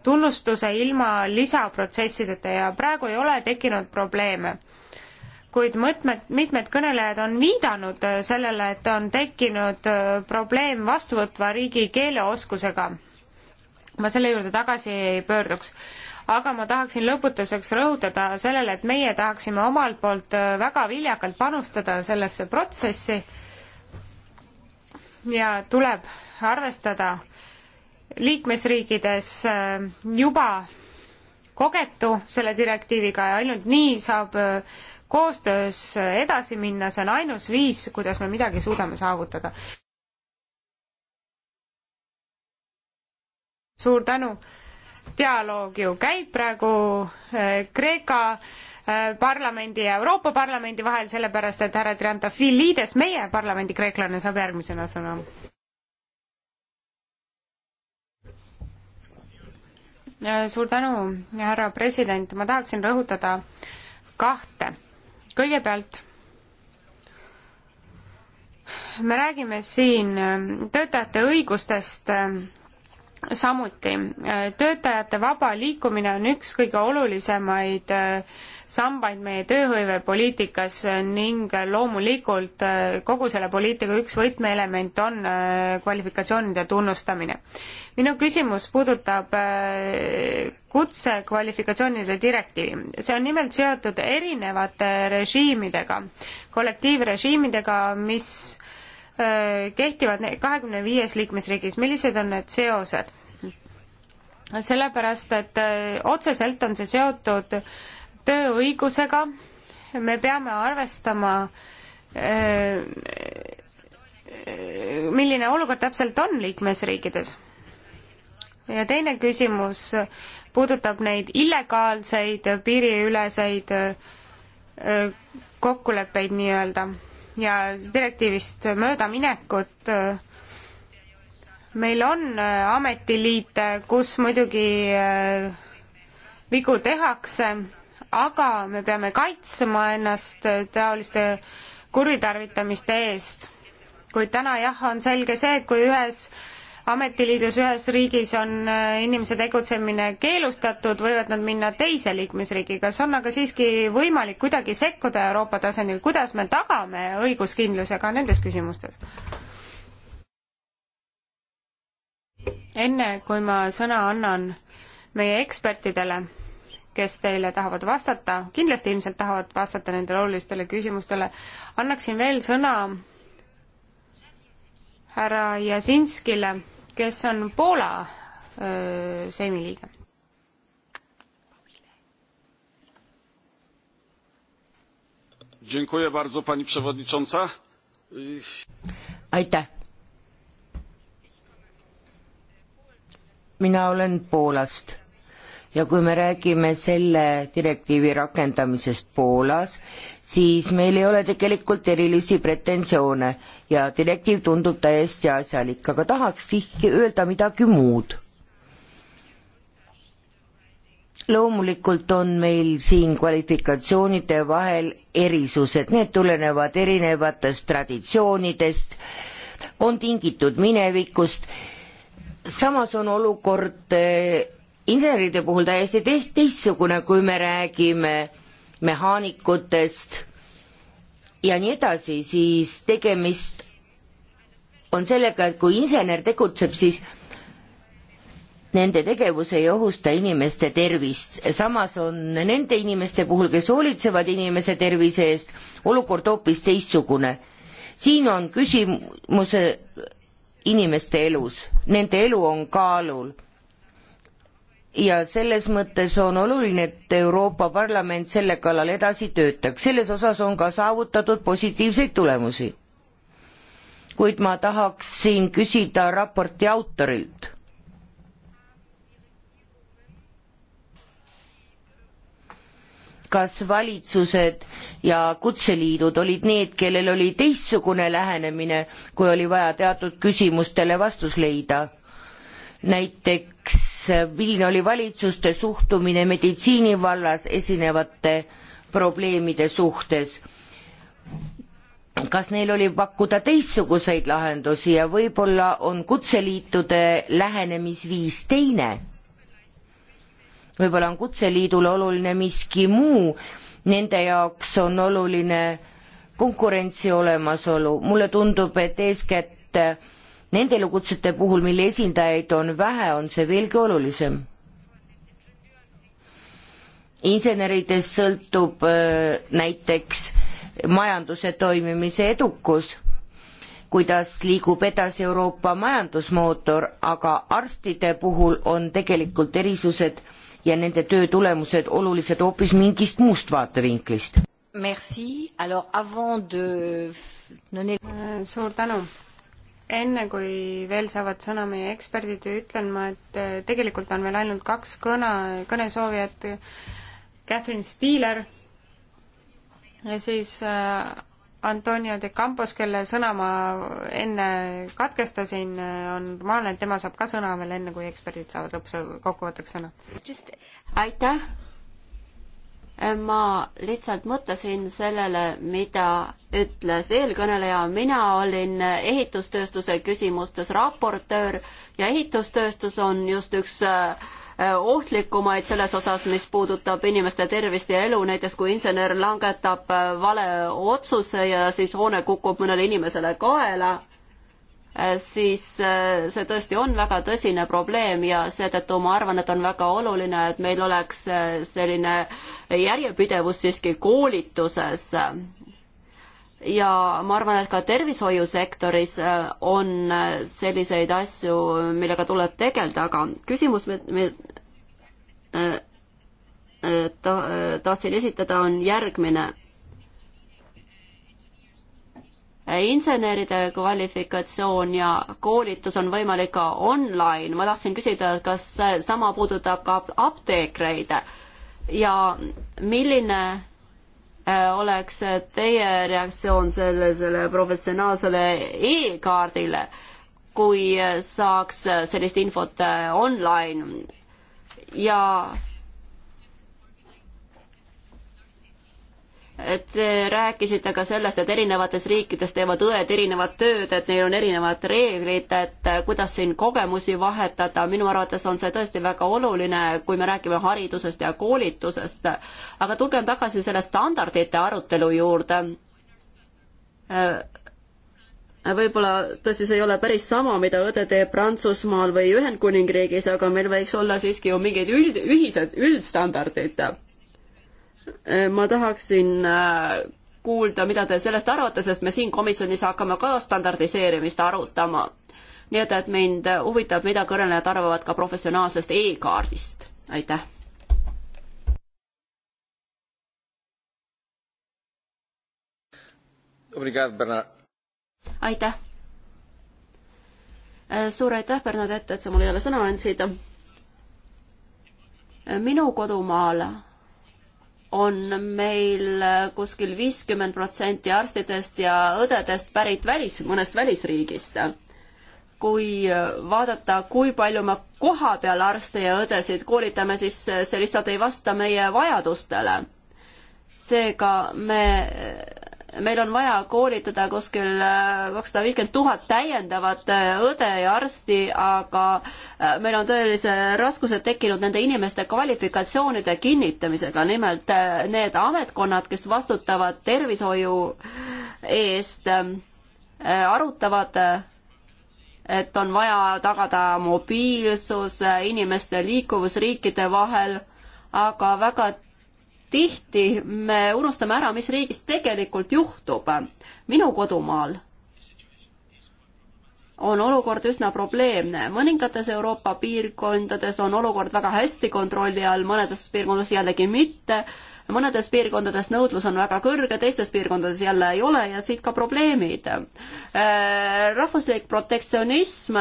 tunnustuse ilma lisaprotsessideta ja praegu ei ole tekkinud probleeme. kuid mõtmed, mitmed kõnelejad on viidanud äh, sellele, et on tekkinud probleem vastuvõtva riigi keeleoskusega. ma selle juurde tagasi ei pöörduks aga ma tahaksin lõputuseks rõhutada sellele, et meie tahaksime omalt poolt äh, väga viljakalt panustada sellesse protsessi ja tuleb arvestada liikmesriikides äh, juba kogetu selle direktiiviga ja ainult nii saab äh, koostöös edasi minna, see on ainus viis, kuidas me midagi suudame saavutada. suur tänu dialoog ju käib praegu eh, Kreeka eh, parlamendi ja Euroopa Parlamendi vahel, sellepärast et härra Triantafilides, meie parlamendi kreeklane, saab järgmisena sõna. Eh, suur tänu, härra president, ma tahaksin rõhutada kahte. kõigepealt me räägime siin töötajate õigustest samuti. Äh, töötajate vaba liikumine on üks kõige olulisemaid äh, sambaid meie tööhõivepoliitikas äh, ning loomulikult kogu selle poliitika üks võtmeelement on kvalifikatsioonide tunnustamine. minu küsimus puudutab kutsekvalifikatsioonide direktiivi. see on nimelt seotud erinevate režiimidega, kollektiivrežiimidega, mis kehtivad kahekümne viies liikmesriigis, millised on need seosed? sellepärast, et otseselt on see seotud tööõigusega, me peame arvestama, milline olukord täpselt on liikmesriikides. ja teine küsimus puudutab neid illegaalseid piiriüleseid kokkuleppeid nii-öelda ja direktiivist möödaminekut. meil on äh, ametiliite, kus muidugi äh, vigu tehakse, aga me peame kaitsema ennast äh, taoliste kuritarvitamiste eest. kuid täna jah, on selge see, et kui ühes ametiliidus ühes riigis on äh, inimese tegutsemine keelustatud, võivad nad minna teise liikmesriigi, kas on aga siiski võimalik kuidagi sekkuda Euroopa tasemel, kuidas me tagame õiguskindluse ka nendes küsimustes? enne kui ma sõna annan meie ekspertidele, kes teile tahavad vastata, kindlasti ilmselt tahavad vastata nendele olulistele küsimustele, annaksin veel sõna härra Jasinskile kes on Poola seimi liige. aitäh. mina olen Poolast ja kui me räägime selle direktiivi rakendamisest Poolas, siis meil ei ole tegelikult erilisi pretensioone ja direktiiv tundub täiesti asjalik, aga tahaks siiski öelda midagi muud. loomulikult on meil siin kvalifikatsioonide vahel erisused, need tulenevad erinevatest traditsioonidest, on tingitud minevikust, samas on olukord eh, inseneride puhul täiesti teht-, teistsugune, kui me räägime mehaanikutest ja nii edasi, siis tegemist on sellega, et kui insener tegutseb, siis nende tegevus ei ohusta inimeste tervist. samas on nende inimeste puhul, kes hoolitsevad inimese tervise eest, olukord hoopis teistsugune. siin on küsimus inimeste elus, nende elu on kaalul ja selles mõttes on oluline, et Euroopa Parlament selle kallal edasi töötaks, selles osas on ka saavutatud positiivseid tulemusi. kuid ma tahaksin küsida raporti autorilt. kas valitsused ja kutseliidud olid need, kellel oli teistsugune lähenemine, kui oli vaja teatud küsimustele vastus leida? näiteks milline oli valitsuste suhtumine meditsiini vallas esinevate probleemide suhtes. kas neil oli pakkuda teistsuguseid lahendusi ja võib-olla on kutseliitude lähenemisviis teine? võib-olla on kutseliidule oluline miski muu, nende jaoks on oluline konkurentsi olemasolu, mulle tundub, et eeskätt Nende elukutsete puhul, mille esindajaid on vähe, on see veelgi olulisem. inseneridest sõltub äh, näiteks majanduse toimimise edukus, kuidas liigub edasi Euroopa majandusmootor, aga arstide puhul on tegelikult erisused ja nende töö tulemused olulised hoopis mingist muust vaatevinklist. Merci, alors avant de donner suur tänu, enne kui veel saavad sõna meie eksperdid, ütlen ma, et äh, tegelikult on veel ainult kaks kõne, kõnesoovijat, Catherine Steeler ja siis äh, Antonio de Campos, kelle sõna ma enne katkestasin, äh, on normaalne, et tema saab ka sõna veel enne, kui eksperdid saavad lõpus kokkuvõtteks sõna. aitäh ma lihtsalt mõtlesin sellele, mida ütles eelkõneleja, mina olin ehitustööstuse küsimustes raportöör ja ehitustööstus on just üks äh, ohtlikumaid selles osas, mis puudutab inimeste tervist ja elu, näiteks kui insener langetab äh, vale otsuse ja siis hoone kukub mõnele inimesele kaela Äh, siis äh, see tõesti on väga tõsine probleem ja seetõttu ma arvan, et on väga oluline, et meil oleks äh, selline järjepidevus siiski koolituses. ja ma arvan, et ka tervishoiusektoris on selliseid asju, millega tuleb tegeleda, aga küsimus, mida tahtsin esitada, on järgmine inseneride kvalifikatsioon ja koolitus on võimalik ka online. ma tahtsin küsida, kas sama puudutab ka apteekreid ja milline äh, oleks teie reaktsioon sellisele professionaalsele e-kaardile, kui saaks sellist infot äh, online ja et te rääkisite ka sellest, et erinevates riikides teevad õed erinevat tööd, et neil on erinevad reeglid, et äh, kuidas siin kogemusi vahetada, minu arvates on see tõesti väga oluline, kui me räägime haridusest ja koolitusest. aga tulgem tagasi selle standardite arutelu juurde. Äh, võib-olla tõesti see ei ole päris sama, mida õde teeb Prantsusmaal või Ühendkuningriigis, aga meil võiks olla siiski ju mingid üld, ühised üldstandardid Äh, ma tahaksin äh, kuulda, mida te sellest arvate, sest me siin komisjonis hakkame ka standardiseerimist arutama. nii et, et mind huvitab, mida kõnelejad arvavad ka professionaalsest e-kaardist. aitäh. aitäh. Äh, suur aitäh, Bernadette, et sa mulle jälle sõna andsid. minu kodumaal on meil kuskil viiskümmend protsenti arstidest ja õdedest pärit välis, mõnest välisriigist. kui vaadata, kui palju me koha peal arste ja õdesid koolitame, siis see lihtsalt ei vasta meie vajadustele. seega me meil on vaja koolitada kuskil äh, kakssada viiskümmend tuhat täiendavat äh, õde ja arsti, aga äh, meil on tõelise raskused tekkinud nende inimeste kvalifikatsioonide kinnitamisega, nimelt need ametkonnad, kes vastutavad tervishoiu eest, arutavad et on vaja tagada mobiilsus, inimeste liikuvus riikide vahel, aga väga tihti me unustame ära, mis riigis tegelikult juhtub. minu kodumaal on olukord üsna probleemne. mõningates Euroopa piirkondades on olukord väga hästi kontrolli all, mõnedes piirkondades jällegi mitte, mõnedes piirkondades nõudlus on väga kõrge, teistes piirkondades jälle ei ole ja siit ka probleemid. Äh, rahvuslik protektsionism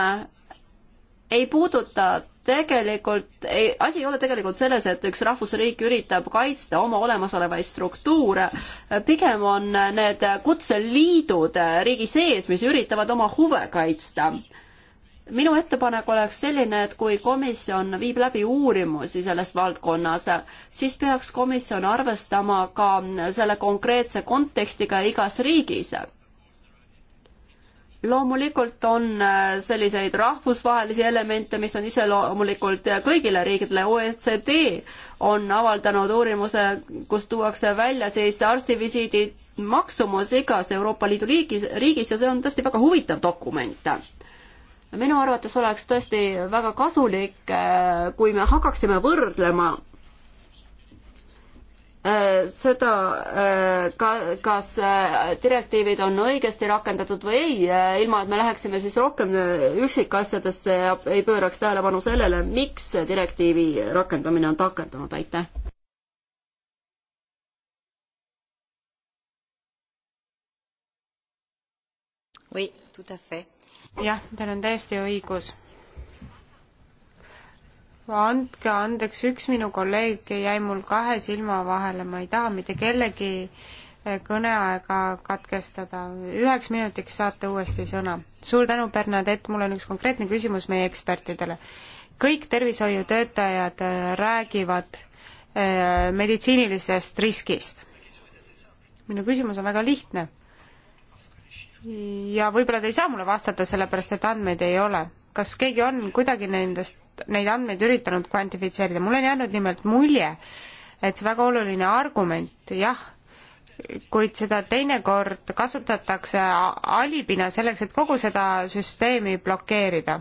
ei puuduta tegelikult ei, asi ei ole tegelikult selles, et üks rahvusriik üritab kaitsta oma olemasolevaid struktuure, pigem on need kutseliidud riigi sees, mis üritavad oma huve kaitsta. minu ettepanek oleks selline, et kui komisjon viib läbi uurimusi selles valdkonnas, siis peaks komisjon arvestama ka selle konkreetse kontekstiga igas riigis loomulikult on äh, selliseid rahvusvahelisi elemente, mis on iseloomulikult äh, kõigile riikidele. OECD on avaldanud uurimuse, kus tuuakse välja siis arstivisiidi maksumus igas Euroopa Liidu liigis, riigis ja see on tõesti väga huvitav dokument minu arvates oleks tõesti väga kasulik, äh, kui me hakkaksime võrdlema Äh, seda, äh, ka, kas äh, direktiivid on õigesti rakendatud või ei, ilma et me läheksime siis rohkem üksikasjadesse ja ei pööraks tähelepanu sellele, miks direktiivi rakendamine on takerdunud, aitäh. jah, teil on täiesti õigus andke andeks, üks minu kolleeg jäi mul kahe silma vahele, ma ei taha mitte kellegi eh, kõneaega katkestada. üheks minutiks saate uuesti sõna. suur tänu, Bernadette, mul on üks konkreetne küsimus meie ekspertidele. kõik tervishoiutöötajad eh, räägivad eh, meditsiinilisest riskist. minu küsimus on väga lihtne. ja võib-olla te ei saa mulle vastata, sellepärast et andmeid ei ole kas keegi on kuidagi nendest, neid andmeid üritanud kvantifitseerida, mul on jäänud nimelt mulje, et see väga oluline argument, jah, kuid seda teinekord kasutatakse alibina selleks, et kogu seda süsteemi blokeerida.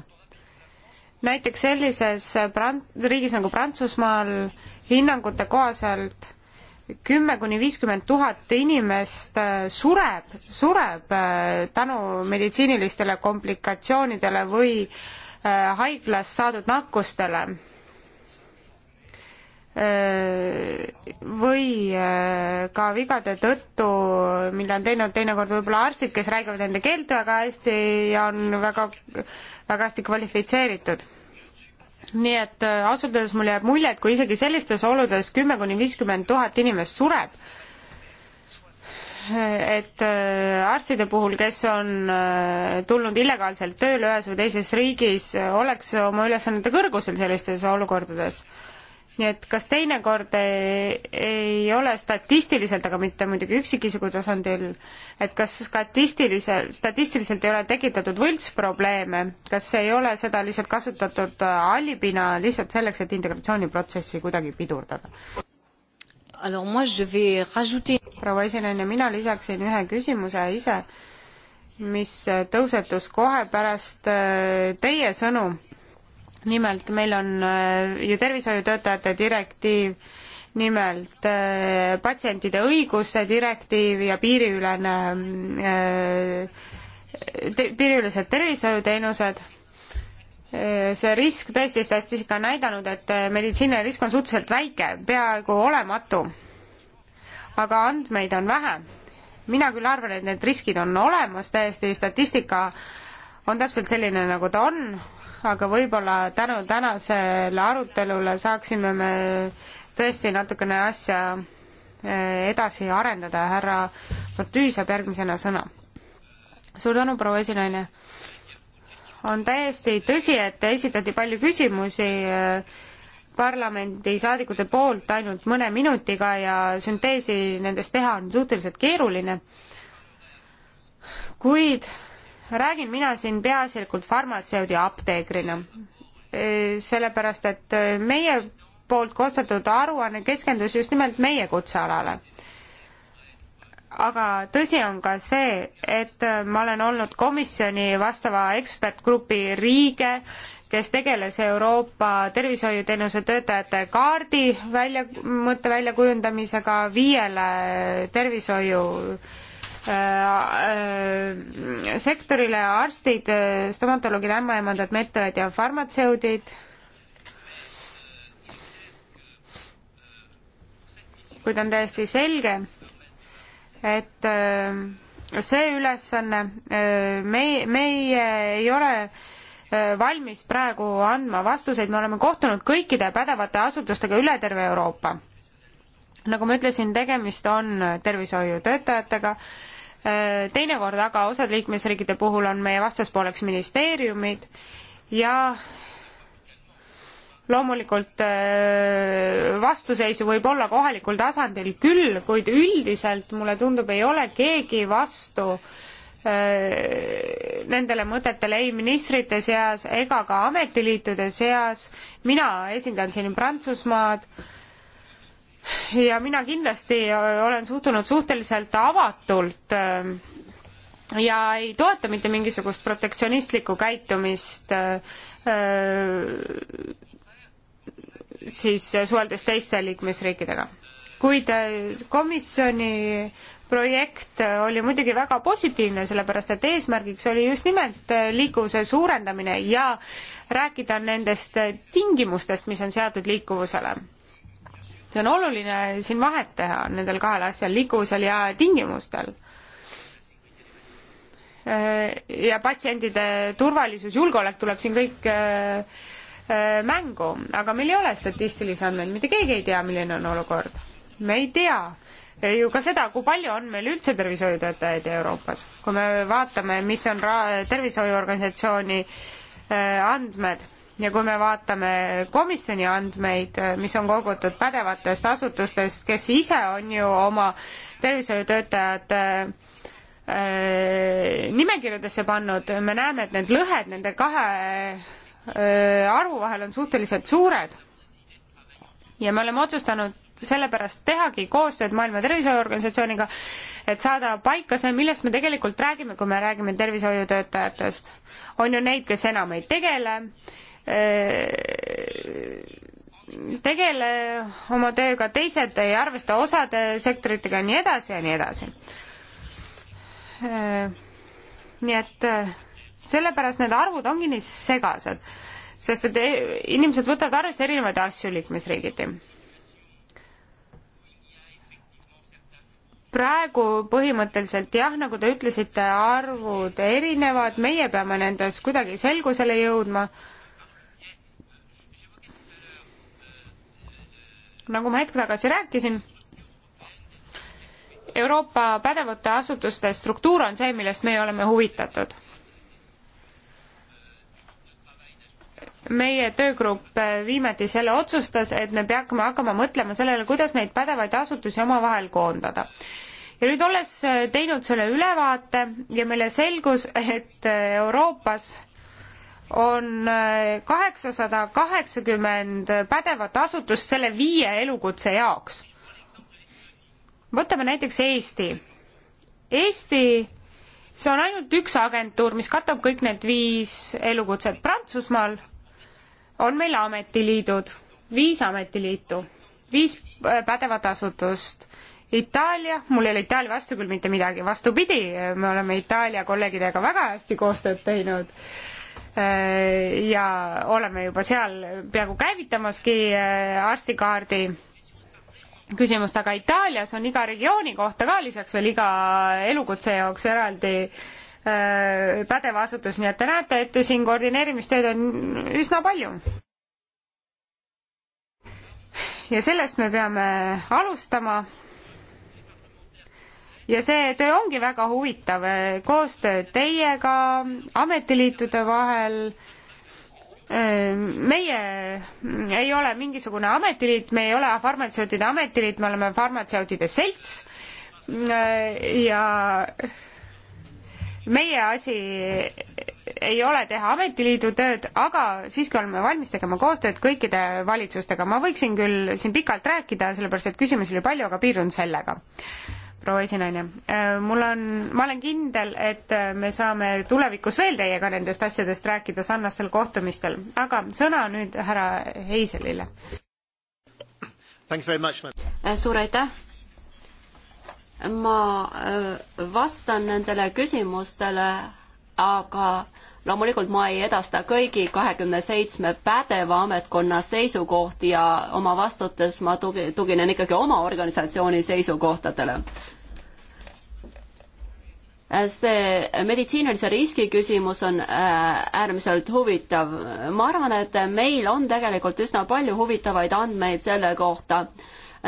näiteks sellises prant-, riigis nagu Prantsusmaal hinnangute kohaselt kümme kuni viiskümmend tuhat inimest äh, sureb, sureb äh, tänu meditsiinilistele komplikatsioonidele või äh, haiglast saadud nakkustele. või ka vigade tõttu, mille on teinud teinekord võib-olla arstid, kes räägivad nende keelt väga hästi ja on väga, väga hästi kvalifitseeritud nii et äh, ausalt öeldes mul jääb mulje, et kui isegi sellistes oludes kümme kuni viiskümmend tuhat inimest sureb, et äh, arstide puhul, kes on äh, tulnud illegaalselt tööle ühes või teises riigis, oleks oma ülesannete kõrgusel sellistes olukordades nii et kas teinekord ei, ei ole statistiliselt, aga mitte muidugi üksikisiku tasandil, et kas statistiliselt, statistiliselt ei ole tekitatud võltsprobleeme, kas ei ole seda lihtsalt kasutatud allipina lihtsalt selleks, et integratsiooniprotsessi kuidagi pidurdada? proua esineja, mina lisaksin ühe küsimuse ise, mis tõusetus kohe pärast äh, teie sõnu nimelt meil on äh, ju tervishoiutöötajate direktiiv, nimelt äh, patsientide õiguste direktiiv ja piiriülene, äh, piiriülesed tervishoiuteenused see risk tõesti, statistika on näidanud, et meditsiiniline risk on suhteliselt väike, peaaegu olematu. aga andmeid on vähe. mina küll arvan, et need riskid on olemas täiesti, statistika on täpselt selline, nagu ta on, aga võib-olla tänu tänasele arutelule saaksime me tõesti natukene asja eh, edasi arendada, härra Fortüü saab järgmisena sõna. suur tänu, proua esinaine! on täiesti tõsi, et esitati palju küsimusi eh, parlamendisaadikute poolt ainult mõne minutiga ja sünteesi nendest teha on suhteliselt keeruline, kuid räägin mina siin peaasjalikult farmatseudi apteekrina, e, sellepärast et e, meie poolt koostatud aruanne keskendus just nimelt meie kutsealale. aga tõsi on ka see, et e, ma olen olnud komisjoni vastava ekspertgrupi liige, kes tegeles Euroopa tervishoiuteenuse töötajate kaardi välja, mõtte väljakujundamisega viiele tervishoiu Äh, äh, sektorile arstid, stomatoloogid, ämmaemandad, medõed ja farmatseudid. kuid on täiesti selge, et äh, see ülesanne, meie, meie ei ole valmis praegu andma vastuseid, me oleme kohtunud kõikide pädevate asutustega üle terve Euroopa nagu ma ütlesin, tegemist on tervishoiutöötajatega, äh, teinekord aga osad liikmesriikide puhul on meie vastaspooleks ministeeriumid ja loomulikult äh, vastuseisu võib olla kohalikul tasandil küll, kuid üldiselt mulle tundub, ei ole keegi vastu äh, nendele mõtetele ei ministrite seas ega ka ametiliitude seas. mina esindan siin Prantsusmaad ja mina kindlasti äh, olen suhtunud suhteliselt avatult äh, ja ei toeta mitte mingisugust protektsionistlikku käitumist äh, siis suheldes teiste liikmesriikidega. kuid komisjoni projekt oli muidugi väga positiivne, sellepärast et eesmärgiks oli just nimelt liikuvuse suurendamine ja rääkida nendest tingimustest, mis on seatud liikuvusele see on oluline siin vahet teha nendel kahel asjal, liiguvusel ja tingimustel. Äh, ja patsientide turvalisus, julgeolek tuleb siin kõik äh, äh, mängu, aga meil ei ole statistilisi andmeid, mitte keegi ei tea, milline on olukord. me ei tea ju ka seda, kui palju on meil üldse tervishoiutöötajaid Euroopas. kui me vaatame, mis on ra-, tervishoiuorganisatsiooni andmed ja kui me vaatame komisjoni andmeid, mis on kogutud pädevatest asutustest, kes ise on ju oma tervishoiutöötajad äh, nimekirjadesse pannud, me näeme, et need lõhed nende kahe äh, arvu vahel on suhteliselt suured. ja me oleme otsustanud sellepärast tehagi koostööd Maailma Tervishoiuorganisatsiooniga, et saada paika see, millest me tegelikult räägime, kui me räägime tervishoiutöötajatest. on ju neid, kes enam ei tegele Äh, tegele oma tööga, teised ei arvesta osade sektoritega ja nii edasi ja nii edasi. Äh, nii et äh, sellepärast need arvud ongi nii segased, sest et inimesed võtavad arvesse erinevaid asju liikmesriigiti. praegu põhimõtteliselt jah, nagu te ütlesite, arvud erinevad, meie peame nendes kuidagi selgusele jõudma nagu ma hetk tagasi rääkisin, Euroopa pädevate asutuste struktuur on see, millest meie oleme huvitatud. meie töögrupp viimati selle otsustas, et me peame hakkama mõtlema sellele, kuidas neid pädevaid asutusi omavahel koondada. ja nüüd olles teinud selle ülevaate ja meile selgus, et Euroopas on äh, kaheksasada kaheksakümmend pädevat asutust selle viie elukutse jaoks. võtame näiteks Eesti. Eesti see on ainult üks agentuur, mis katab kõik need viis elukutset. Prantsusmaal on meil ametiliidud, viis ametiliitu, viis äh, pädevat asutust. Itaalia, mul ei ole Itaalia vastu küll mitte midagi, vastupidi, me oleme Itaalia kolleegidega väga hästi koostööd teinud. Äh, ja oleme juba seal peaaegu käivitamaski äh, arstikaardi küsimust, aga Itaalias on iga regiooni kohta ka lisaks veel iga elukutse jaoks eraldi äh, pädev asutus, nii et te näete, et siin koordineerimistööd on üsna palju. ja sellest me peame alustama ja see töö ongi väga huvitav, eh, koostöö teiega, ametiliitude vahel, eh, meie ei ole mingisugune ametiliit, me ei ole farmatseutide ametiliit, me oleme farmatseutide selts eh, ja meie asi ei ole teha ametiliidu tööd, aga siiski oleme valmis tegema koostööd kõikide valitsustega. ma võiksin küll siin pikalt rääkida, sellepärast et küsimusi oli palju, aga piirdun sellega proua esinaine. Äh, mul on, ma olen kindel, et äh, me saame tulevikus veel teiega nendest asjadest rääkida sarnastel kohtumistel, aga sõna nüüd härra Heiselile. Äh, suur aitäh! ma vastan nendele küsimustele, aga loomulikult ma ei edasta kõigi kahekümne seitsme pädeva ametkonna seisukohti ja oma vastutes ma tugi, tuginen ikkagi oma organisatsiooni seisukohtadele. see meditsiinilise riski küsimus on äh, äärmiselt huvitav. ma arvan, et meil on tegelikult üsna palju huvitavaid andmeid selle kohta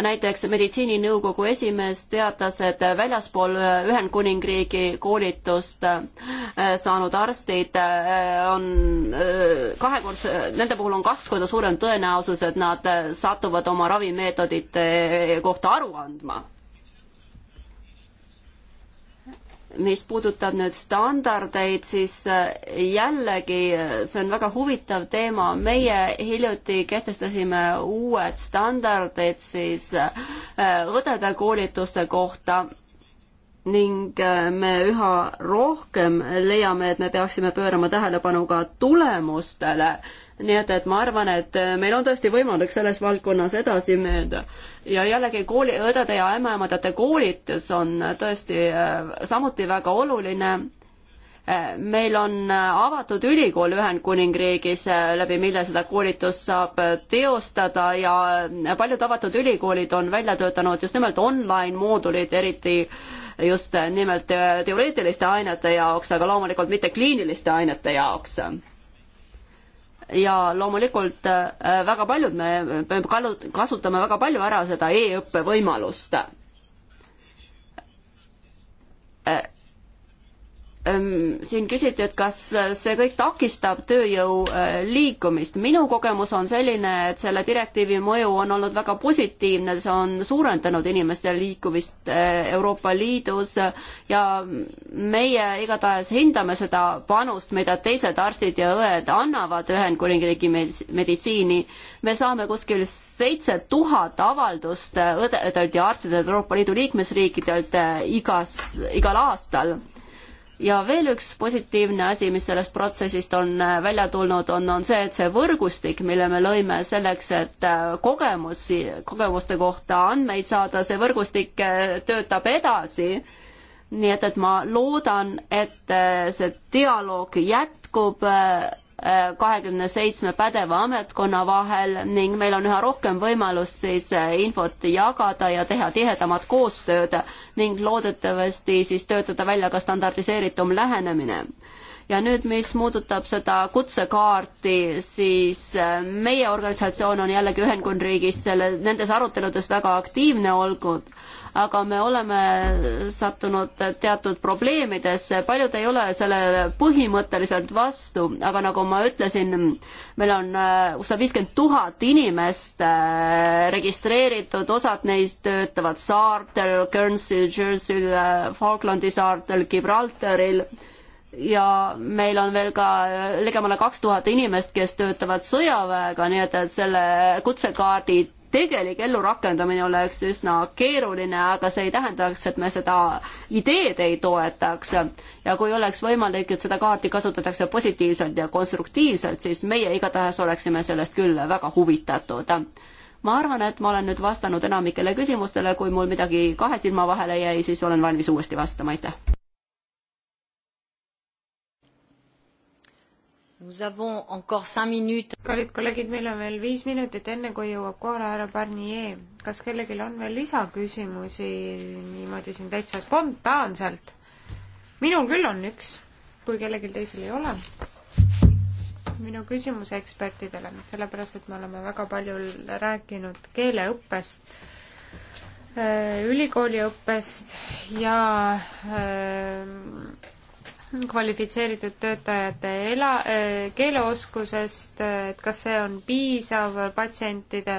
näiteks meditsiininõukogu esimees teatas, et väljaspool Ühendkuningriigi koolitust äh, saanud arstid äh, on äh, kahekordse, nende puhul on kaks korda suurem tõenäosus, et nad satuvad oma ravimeetodite kohta aru andma mis puudutab nüüd standardeid, siis äh, jällegi äh, see on väga huvitav teema. meie hiljuti kehtestasime uued standardid siis äh, õdede koolituste kohta ning me üha rohkem leiame, et me peaksime pöörama tähelepanu ka tulemustele nii et, et ma arvan, et äh, meil on tõesti võimalik selles valdkonnas edasi mööda. ja jällegi kooli, õdede ja ämmaemadete koolitus on tõesti äh, samuti väga oluline äh, meil on avatud ülikool Ühendkuningriigis, läbi mille seda koolitust saab teostada ja paljud avatud ülikoolid on välja töötanud just nimelt online moodulid, eriti just nimelt teoreetiliste ainete jaoks, aga loomulikult mitte kliiniliste ainete jaoks ja loomulikult äh, väga paljud me, me kasutame väga palju ära seda e-õppe võimalust äh, siin küsiti, et kas see kõik takistab tööjõu äh, liikumist. minu kogemus on selline, et selle direktiivi mõju on olnud väga positiivne, see on suurendanud inimeste liikumist äh, Euroopa Liidus ja meie igatahes hindame seda panust, mida teised arstid ja õed annavad Ühendkuningriigi meditsiini. me saame kuskil seitse tuhat avaldust õdedelt ja arstidelt Euroopa Liidu liikmesriikidelt äh, igas, igal aastal ja veel üks positiivne asi, mis sellest protsessist on äh, välja tulnud, on, on see, et see võrgustik, mille me lõime selleks, et äh, kogemusi, kogemuste kohta andmeid saada, see võrgustik äh, töötab edasi. nii et, et ma loodan, et see dialoog jätkub kahekümne seitsme pädeva ametkonna vahel ning meil on üha rohkem võimalust siis eh, infot jagada ja teha tihedamat koostööd ning loodetavasti siis töötada välja ka standardiseeritum lähenemine ja nüüd, mis muudutab seda kutsekaarti, siis äh, meie organisatsioon on jällegi Ühendkuningriigis selle, nendes aruteludes väga aktiivne olnud, aga me oleme sattunud teatud probleemidesse, paljud ei ole sellele põhimõtteliselt vastu, aga nagu ma ütlesin, meil on äh, sada viiskümmend tuhat inimest äh, registreeritud, osad neist töötavad saartel, Guernsey, Jersey'l, Falklandi saartel, Gibraltaril ja meil on veel ka ligemale kaks tuhat inimest, kes töötavad sõjaväega, nii et, et selle kutsekaardi tegelik ellurakendamine oleks üsna keeruline, aga see ei tähendaks, et me seda ideed ei toetaks. ja kui oleks võimalik, et seda kaarti kasutatakse positiivselt ja konstruktiivselt, siis meie igatahes oleksime sellest küll väga huvitatud. ma arvan, et ma olen nüüd vastanud enamikele küsimustele, kui mul midagi kahe silma vahele jäi, siis olen valmis uuesti vastama, aitäh! kallid kolleegid, meil on veel viis minutit, enne kui jõuab kohale härra Barnier. kas kellelgi on veel lisaküsimusi niimoodi siin täitsa spontaanselt? minul küll on üks, kui kellelgi teisel ei ole. minu küsimus ekspertidele, sellepärast et me oleme väga palju rääkinud keeleõppest, äh, ülikooliõppest ja öö, äh, kvalifitseeritud töötajate ela-, eh, keeleoskusest, et kas see on piisav patsientide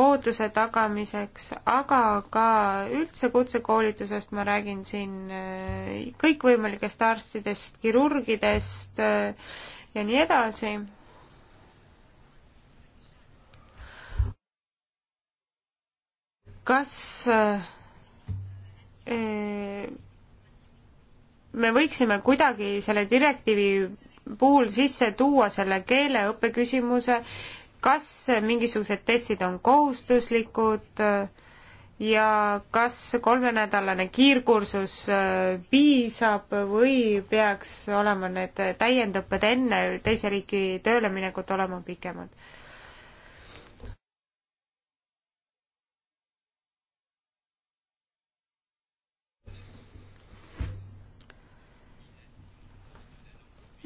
ootuse tagamiseks, aga ka üldse kutsekoolitusest ma räägin siin eh, kõikvõimalikest arstidest, kirurgidest eh, ja nii edasi kas äh, me võiksime kuidagi selle direktiivi puhul sisse tuua selle keeleõppe küsimuse, kas mingisugused testid on kohustuslikud äh, ja kas kolmenädalane kiirkursus äh, piisab või peaks olema need täiendõpped enne teise riiki tööle minekut olema pikemad?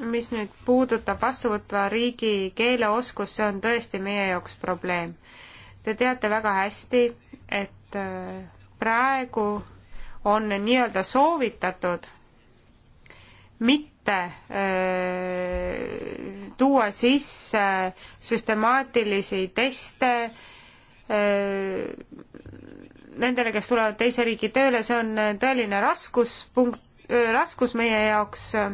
mis nüüd puudutab vastuvõtva riigi keeleoskust, see on tõesti meie jaoks probleem. Te teate väga hästi, et äh, praegu on nii-öelda soovitatud mitte öö, äh, tuua sisse süstemaatilisi teste öö, äh, nendele, kes tulevad teise riigi tööle, see on tõeline raskuspunkt, raskus meie jaoks öö,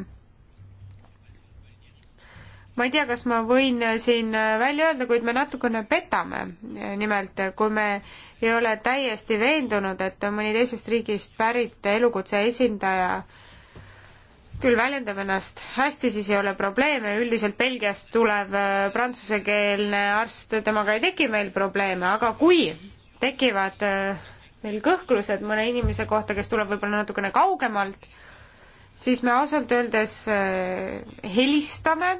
ma ei tea, kas ma võin siin välja öelda, kuid me natukene petame. nimelt, kui me ei ole täiesti veendunud, et mõni teisest riigist pärit elukutse esindaja küll väljendab ennast hästi, siis ei ole probleeme, üldiselt Belgiast tulev äh, prantsusekeelne arst, temaga ei teki meil probleeme, aga kui tekivad äh, meil kõhklused mõne inimese kohta, kes tuleb võib-olla natukene kaugemalt, siis me ausalt öeldes äh, helistame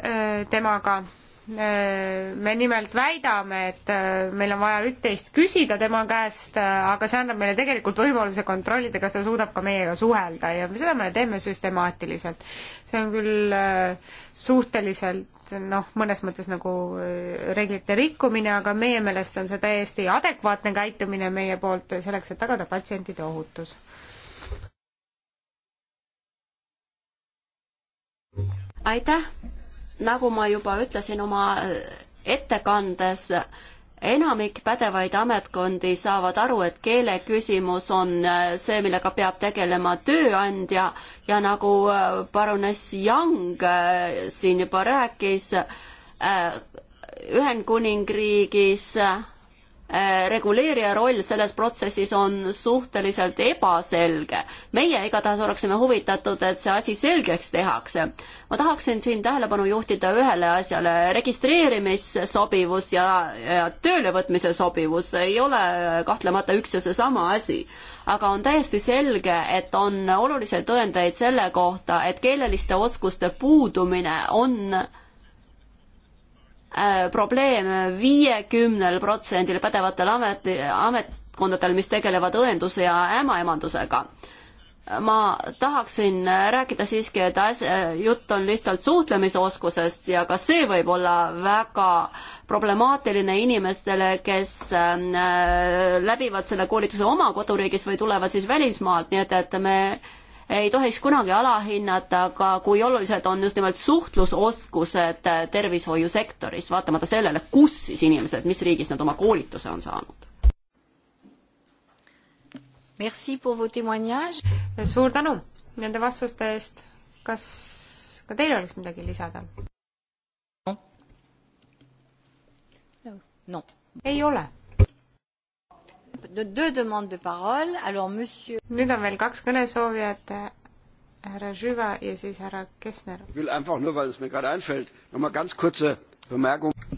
Äh, temaga. Äh, me nimelt väidame, et äh, meil on vaja üht-teist küsida tema käest, aga see annab meile tegelikult võimaluse kontrollida, kas ta suudab ka meiega suhelda ja seda me teeme süstemaatiliselt. see on küll suhteliselt noh, mõnes mõttes nagu reeglite rikkumine, aga meie meelest on see täiesti adekvaatne käitumine meie poolt selleks, et tagada patsientide ohutus aitäh nagu ma juba ütlesin oma äh, ettekandes, enamik pädevaid ametkondi saavad aru, et keeleküsimus on äh, see, millega peab tegelema tööandja ja nagu paruness äh, Young siin juba rääkis, Ühendkuningriigis Äh, reguleerija roll selles protsessis on suhteliselt ebaselge. meie igatahes oleksime huvitatud, et see asi selgeks tehakse. ma tahaksin siin tähelepanu juhtida ühele asjale, registreerimissobivus ja, ja töölevõtmise sobivus ei ole kahtlemata üks ja seesama asi, aga on täiesti selge, et on olulisi tõendeid selle kohta, et keeleliste oskuste puudumine on Äh, probleem viiekümnel protsendil pädevatel ameti, ametkondadel, mis tegelevad õenduse ja ämaemandusega. ma tahaksin rääkida siiski, et asja, jutt on lihtsalt suhtlemisoskusest ja ka see võib olla väga problemaatiline inimestele, kes ähm, äh, läbivad selle koolituse oma koduriigis või tulevad siis välismaalt, nii et, et me ei tohiks kunagi alahinnata ka, kui olulised on just nimelt suhtlusoskused eh, tervishoiusektoris, vaatamata sellele, kus siis inimesed, mis riigis nad oma koolituse on saanud. suur tänu nende vastuste eest. kas ka teil oleks midagi lisada? no, no.. ei ole nüüd on veel kaks kõnesoovijat, härra Žüva ja siis härra Kessner.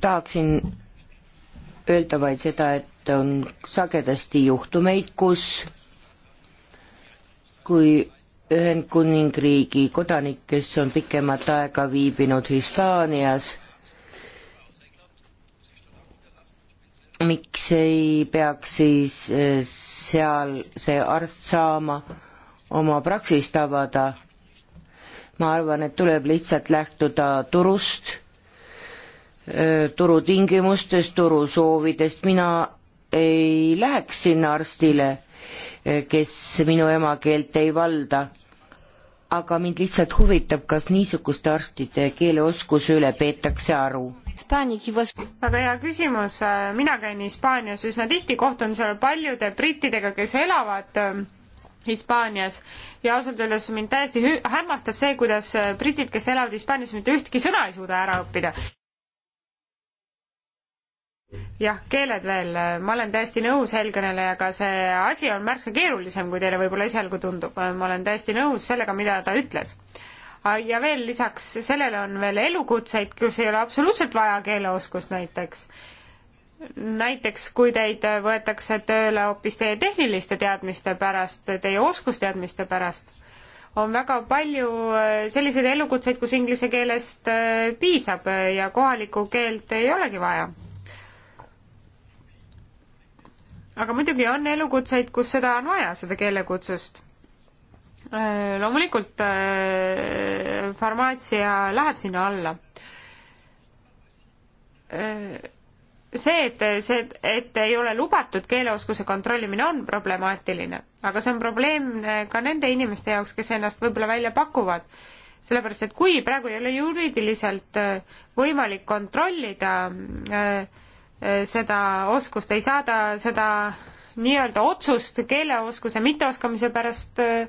tahaksin öelda vaid seda, et on sagedasti juhtumeid, kus kui Ühendkuningriigi kodanik, kes on pikemat aega viibinud Hispaanias, ei peaks siis eh, seal see arst saama oma praksist avada. ma arvan, et tuleb lihtsalt lähtuda turust, eh, turutingimustest, turusoovidest, mina ei läheks sinna arstile, eh, kes minu emakeelt ei valda aga mind lihtsalt huvitab, kas niisuguste arstide keeleoskuse üle peetakse aru? väga hea küsimus, mina käin Hispaanias üsna tihti, kohtun seal paljude brittidega, kes elavad ähm, Hispaanias ja ausalt öeldes mind täiesti hämmastab see, kuidas äh, britid, kes elavad Hispaanias, mitte ühtki sõna ei suuda ära õppida jah, keeled veel, ma olen täiesti nõus eelkõnelejaga, see asi on märksa keerulisem, kui teile võib-olla esialgu tundub, ma olen täiesti nõus sellega, mida ta ütles. ja veel lisaks sellele on veel elukutseid, kus ei ole absoluutselt vaja keeleoskust näiteks. näiteks kui teid võetakse tööle hoopis teie tehniliste teadmiste pärast, teie oskusteadmiste pärast, on väga palju e, selliseid elukutseid, kus inglise keelest e, piisab ja kohalikku keelt ei olegi vaja aga muidugi on elukutseid, kus seda on vaja, seda keelekutsust. Äh, loomulikult äh, farmaatsia läheb sinna alla. Äh, see, et see, et ei ole lubatud keeleoskuse kontrollimine, on problemaatiline, aga see on probleemne ka nende inimeste jaoks, kes ennast võib-olla välja pakuvad sellepärast, et kui praegu ei ole juriidiliselt võimalik kontrollida äh, Äh, seda oskust ei saada, seda nii-öelda otsust keeleoskuse mitteoskamise pärast äh,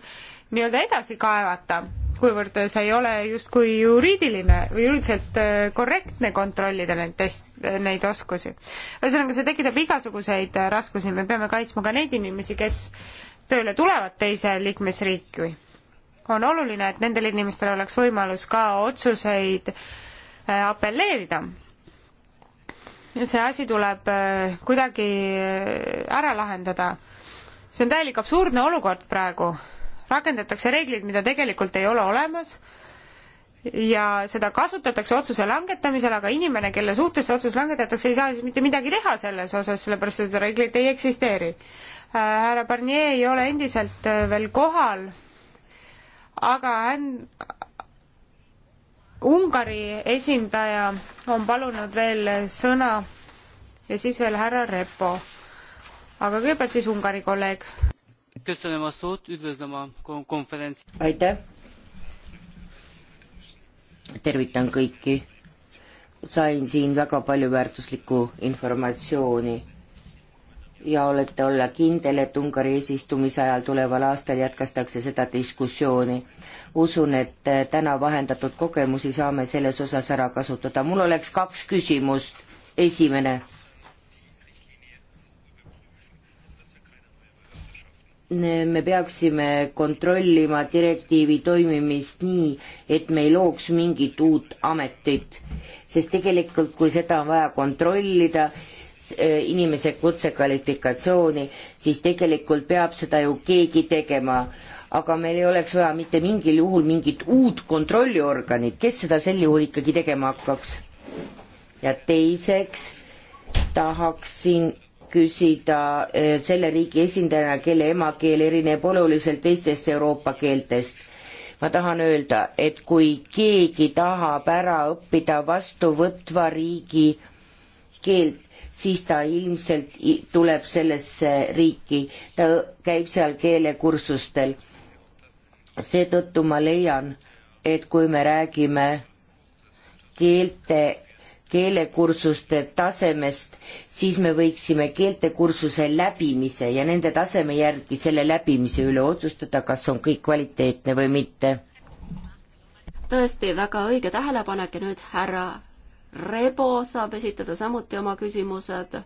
nii-öelda edasi kaevata, kuivõrd see ei ole justkui juriidiline või juriidiliselt äh, korrektne kontrollida neid test, neid oskusi. ühesõnaga, see tekitab igasuguseid raskusi, me peame kaitsma ka neid inimesi, kes tööle tulevad teise liikmesriiki. on oluline, et nendel inimestel oleks võimalus ka otsuseid apelleerida see asi tuleb äh, kuidagi äh, ära lahendada. see on täielik absurdne olukord praegu. rakendatakse reeglid, mida tegelikult ei ole olemas ja seda kasutatakse otsuse langetamisel, aga inimene, kelle suhtes see otsus langetatakse, ei saa siis mitte midagi teha selles osas, sellepärast et reeglit ei eksisteeri. Äh, härra Barnier ei ole endiselt veel kohal, aga hän-, Ungari esindaja on palunud veel sõna ja siis veel härra Repo. aga kõigepealt siis Ungari kolleeg. aitäh. tervitan kõiki. sain siin väga palju väärtuslikku informatsiooni ja olete olla kindel, et Ungari eesistumise ajal tuleval aastal jätkatakse seda diskussiooni usun, et äh, täna vahendatud kogemusi saame selles osas ära kasutada. mul oleks kaks küsimust. esimene. me peaksime kontrollima direktiivi toimimist nii, et me ei looks mingit uut ametit, sest tegelikult, kui seda on vaja kontrollida, äh, inimese kutsekvalifikatsiooni, siis tegelikult peab seda ju keegi tegema aga meil ei oleks vaja mitte mingil juhul mingit uut kontrolliorganit, kes seda sel juhul ikkagi tegema hakkaks. ja teiseks tahaksin küsida eh, selle riigi esindajana, kelle emakeel erineb oluliselt teistest Euroopa keeltest. ma tahan öelda, et kui keegi tahab ära õppida vastuvõtva riigi keelt, siis ta ilmselt tuleb sellesse riiki, ta käib seal keelekursustel seetõttu ma leian, et kui me räägime keelte, keelekursuste tasemest, siis me võiksime keeltekursuse läbimise ja nende taseme järgi selle läbimise üle otsustada, kas on kõik kvaliteetne või mitte. tõesti, väga õige tähelepanek ja nüüd härra Rebo saab esitada samuti oma küsimused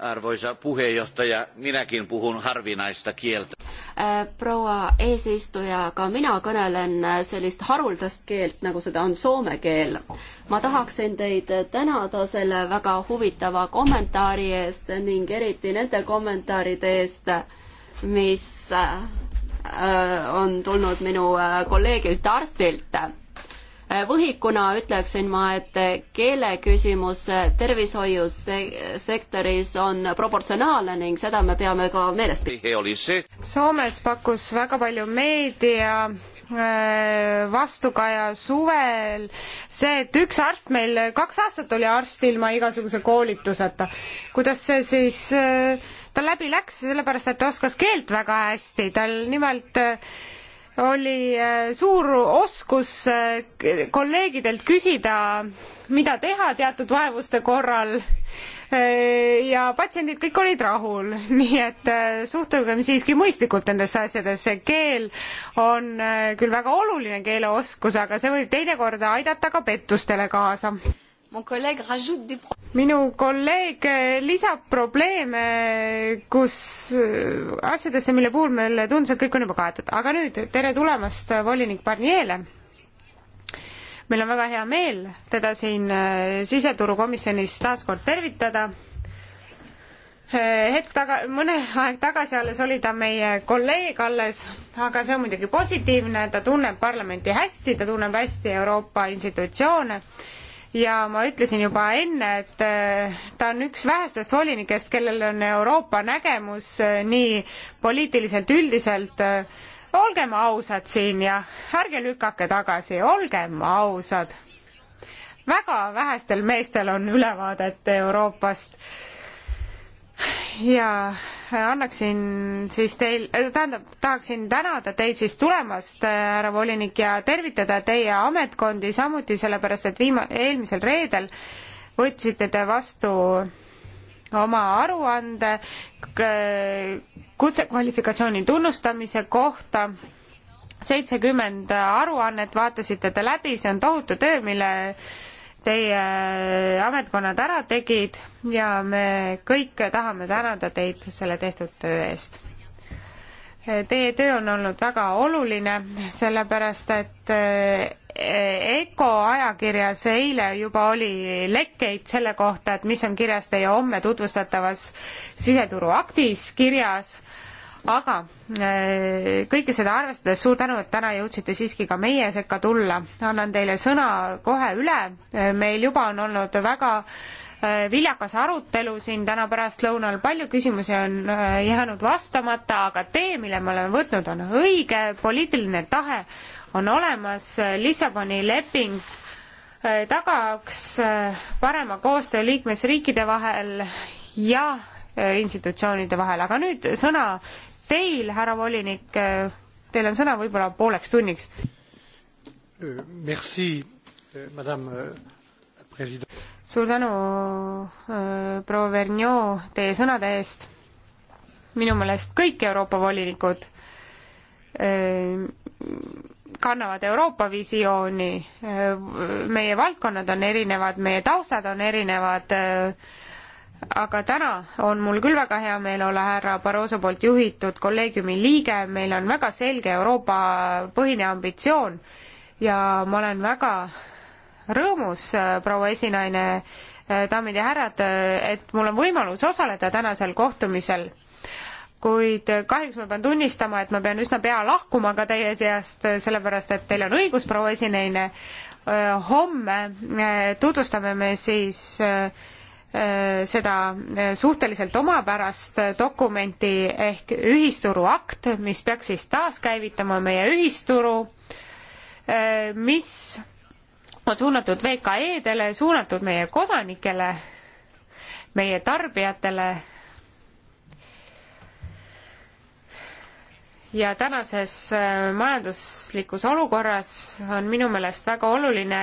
Arvoisa puheenjohtaja, minäkin puhun harvinaista kieltä. proua eesistuja, ka mina kõnelen sellist haruldast keelt, nagu seda on soome keel. ma tahaksin teid tänada selle väga huvitava kommentaari eest ning eriti nende kommentaaride eest, mis on tulnud minu kolleegilt arstilt võhikuna ütleksin ma, et keeleküsimus tervishoiusektoris on proportsionaalne ning seda me peame ka meeles pidama. Soomes pakkus väga palju meedia äh, vastukaja suvel see, et üks arst meil, kaks aastat oli arst ilma igasuguse koolituseta. kuidas see siis äh, tal läbi läks, sellepärast et ta oskas keelt väga hästi, tal nimelt äh, oli äh, suur oskus äh, kolleegidelt küsida, mida teha teatud vaevuste korral äh, ja patsiendid kõik olid rahul, nii et suhtugem siiski mõistlikult nendesse asjadesse. keel on küll väga oluline keeleoskus, aga see võib teinekord aidata ka pettustele kaasa minu kolleeg lisab probleeme, kus äh, asjadesse, mille puhul meile tundus, et kõik on juba kaetud, aga nüüd tere tulemast volinik Barnierile. meil on väga hea meel teda siin äh, siseturukomisjonis taas kord tervitada äh, hetk taga, mõne aeg tagasi alles oli ta meie kolleeg alles, aga see on muidugi positiivne, ta tunneb parlamenti hästi, ta tunneb hästi Euroopa institutsioone ja ma ütlesin juba enne, et äh, ta on üks vähestest volinikest, kellel on Euroopa nägemus äh, nii poliitiliselt üldiselt, äh, olgem ausad siin ja ärge lükake tagasi, olgem ausad. väga vähestel meestel on ülevaadet Euroopast ja äh, annaksin siis teil, äh, tähendab, tahaksin tänada teid siis tulemast, äh, härra volinik, ja tervitada teie ametkondi samuti, sellepärast et viima-, eelmisel reedel võtsite te vastu oma aruande kutsekvalifikatsiooni tunnustamise kohta, seitsekümmend aruannet vaatasite te läbi, see on tohutu töö, mille teie ametkonnad ära tegid ja me kõik tahame tänada teid selle tehtud töö eest. Teie töö on olnud väga oluline, sellepärast et eh, EKO ajakirjas eile juba oli lekkeid selle kohta, et mis on kirjas teie homme tutvustatavas siseturuaktis kirjas äh, aga äh, kõike seda arvestades suur tänu, et täna jõudsite siiski ka meie sekka tulla. annan teile sõna kohe üle, äh, meil juba on olnud väga äh, viljakas arutelu siin täna pärastlõunal, palju küsimusi on jäänud vastamata, aga tee, mille me oleme võtnud, on õige, poliitiline tahe on olemas, Lissaboni leping tagaks parema koostöö liikmesriikide vahel ja institutsioonide vahel, aga nüüd sõna teil, härra volinik, teil on sõna võib-olla pooleks tunniks. Euh, merci, euh, madame euh, president. suur tänu, äh, proua Verniot, teie sõnade eest. minu meelest kõik Euroopa volinikud äh, kannavad Euroopa visiooni, äh, meie valdkonnad on erinevad, meie taustad on erinevad aga täna on mul küll väga hea meel olla härra Barroso poolt juhitud kolleegiumi liige, meil on väga selge Euroopa põhine ambitsioon ja ma olen väga rõõmus, äh, proua esinaine, äh, daamid ja härrad, äh, et mul on võimalus osaleda tänasel kohtumisel. kuid kahjuks ma pean tunnistama, et ma pean üsna pea lahkuma ka teie seast, sellepärast et teil on õigus, proua esinaine, homme tutvustame me siis äh, Äh, seda äh, suhteliselt omapärast dokumenti ehk ühisturu akt, mis peaks siis taaskäivitama meie ühisturu, äh, mis on suunatud VKE-dele, suunatud meie kodanikele, meie tarbijatele ja tänases äh, majanduslikus olukorras on minu meelest väga oluline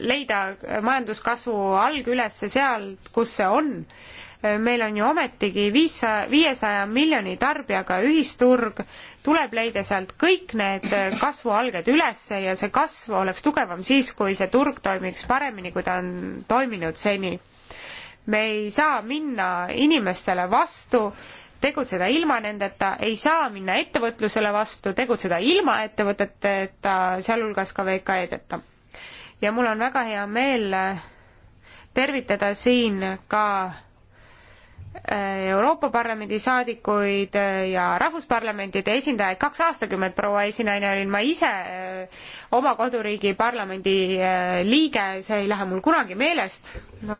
leida äh, majanduskasvu alg üles seal, kus see on. Äh, meil on ju ometigi viissada, viiesaja miljoni tarbijaga ühisturg, tuleb leida sealt kõik need kasvualged üles ja see kasv oleks tugevam siis, kui see turg toimiks paremini, kui ta on toiminud seni. me ei saa minna inimestele vastu tegutseda ilma nendeta, ei saa minna ettevõtlusele vastu, tegutseda ilma ettevõteteta, sealhulgas ka VKE-deta. ja mul on väga hea meel äh, tervitada siin ka äh, Euroopa Parlamendi saadikuid äh, ja rahvusparlamentide esindajaid, kaks aastakümmet proua esinaine olin ma ise oma koduriigi parlamendi liige, see ei lähe mul kunagi meelest no..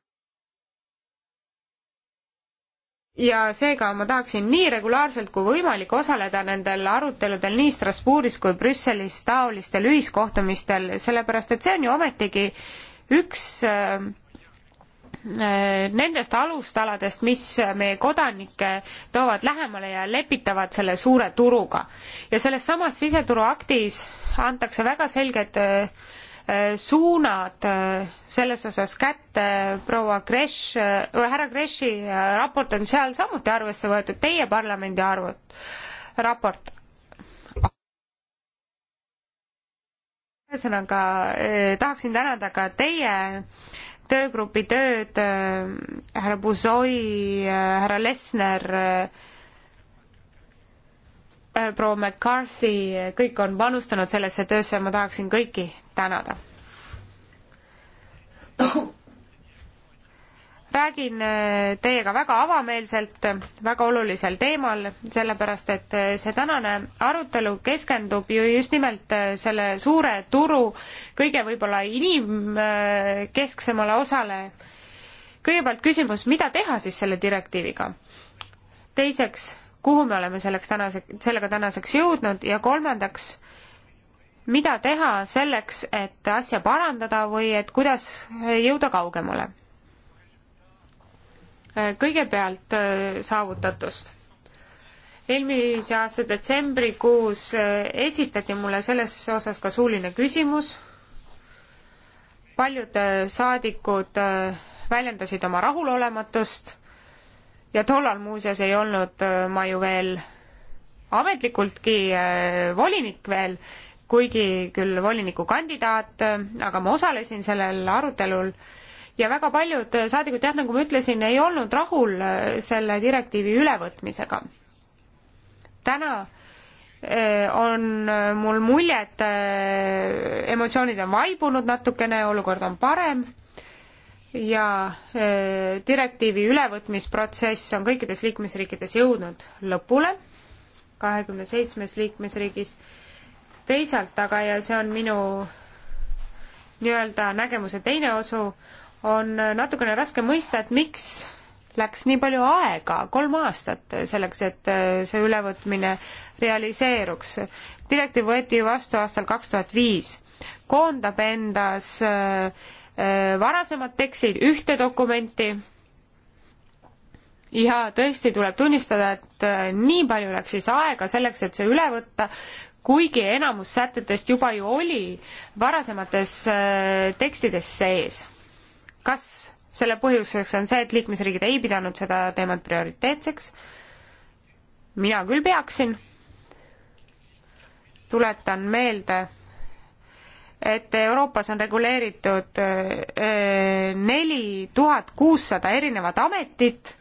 ja seega ma tahaksin nii regulaarselt kui võimalik osaleda nendel aruteludel nii Strasbourgis kui Brüsselis taolistel ühiskohtumistel, sellepärast et see on ju ometigi üks äh, äh nendest alustaladest, mis meie kodanikke toovad lähemale ja lepitavad selle suure turuga. ja selles samas siseturuaktis antakse väga selged äh, Äh, suunad äh, selles osas kätte, proua Kresh, äh, härra Kreshi raport on seal samuti arvesse võetud, teie parlamendi arvut, raport. ühesõnaga tahaksin tänada ka teie töögrupi tööd, härra Buzoi, härra Lesner äh,, Äh, proua McCarthy, kõik on panustanud sellesse töösse ja ma tahaksin kõiki tänada. räägin äh, teiega väga avameelselt, väga olulisel teemal, sellepärast et äh, see tänane arutelu keskendub ju just nimelt selle suure turu kõige võib-olla inimkesksemale osale. kõigepealt küsimus, mida teha siis selle direktiiviga? teiseks kuhu me oleme selleks tänase, sellega tänaseks jõudnud ja kolmandaks, mida teha selleks, et asja parandada või et kuidas jõuda kaugemale? kõigepealt äh, saavutatust. eelmise aasta detsembrikuus äh, esitati mulle selles osas ka suuline küsimus. paljud äh, saadikud väljendasid oma rahulolematust ja tollal muuseas ei olnud äh, ma ju veel ametlikultki äh, volinik veel, kuigi küll volinikukandidaat, äh, aga ma osalesin sellel arutelul ja väga paljud saadikud jah, nagu ma ütlesin, ei olnud rahul selle direktiivi ülevõtmisega. täna on mul mulje, et emotsioonid on vaibunud natukene, olukord on parem ja e, direktiivi ülevõtmisprotsess on kõikides liikmesriikides jõudnud lõpule, kahekümne seitsmes liikmesriigis. teisalt aga, ja see on minu nii-öelda nägemuse teine osu, on natukene raske mõista, et miks läks nii palju aega, kolm aastat, selleks, et e, see ülevõtmine realiseeruks. direktiiv võeti ju vastu aastal kaks tuhat viis, koondab endas äh, Äh, varasemad tekstid ühte dokumenti ja tõesti tuleb tunnistada, et äh, nii palju läks siis aega selleks, et see üle võtta, kuigi enamus sätetest juba ju oli varasemates äh, tekstides sees. kas selle põhjuseks on see, et liikmesriigid ei pidanud seda teemat prioriteetseks? mina küll peaksin. tuletan meelde et Euroopas on reguleeritud eh, neli tuhat kuussada erinevat ametit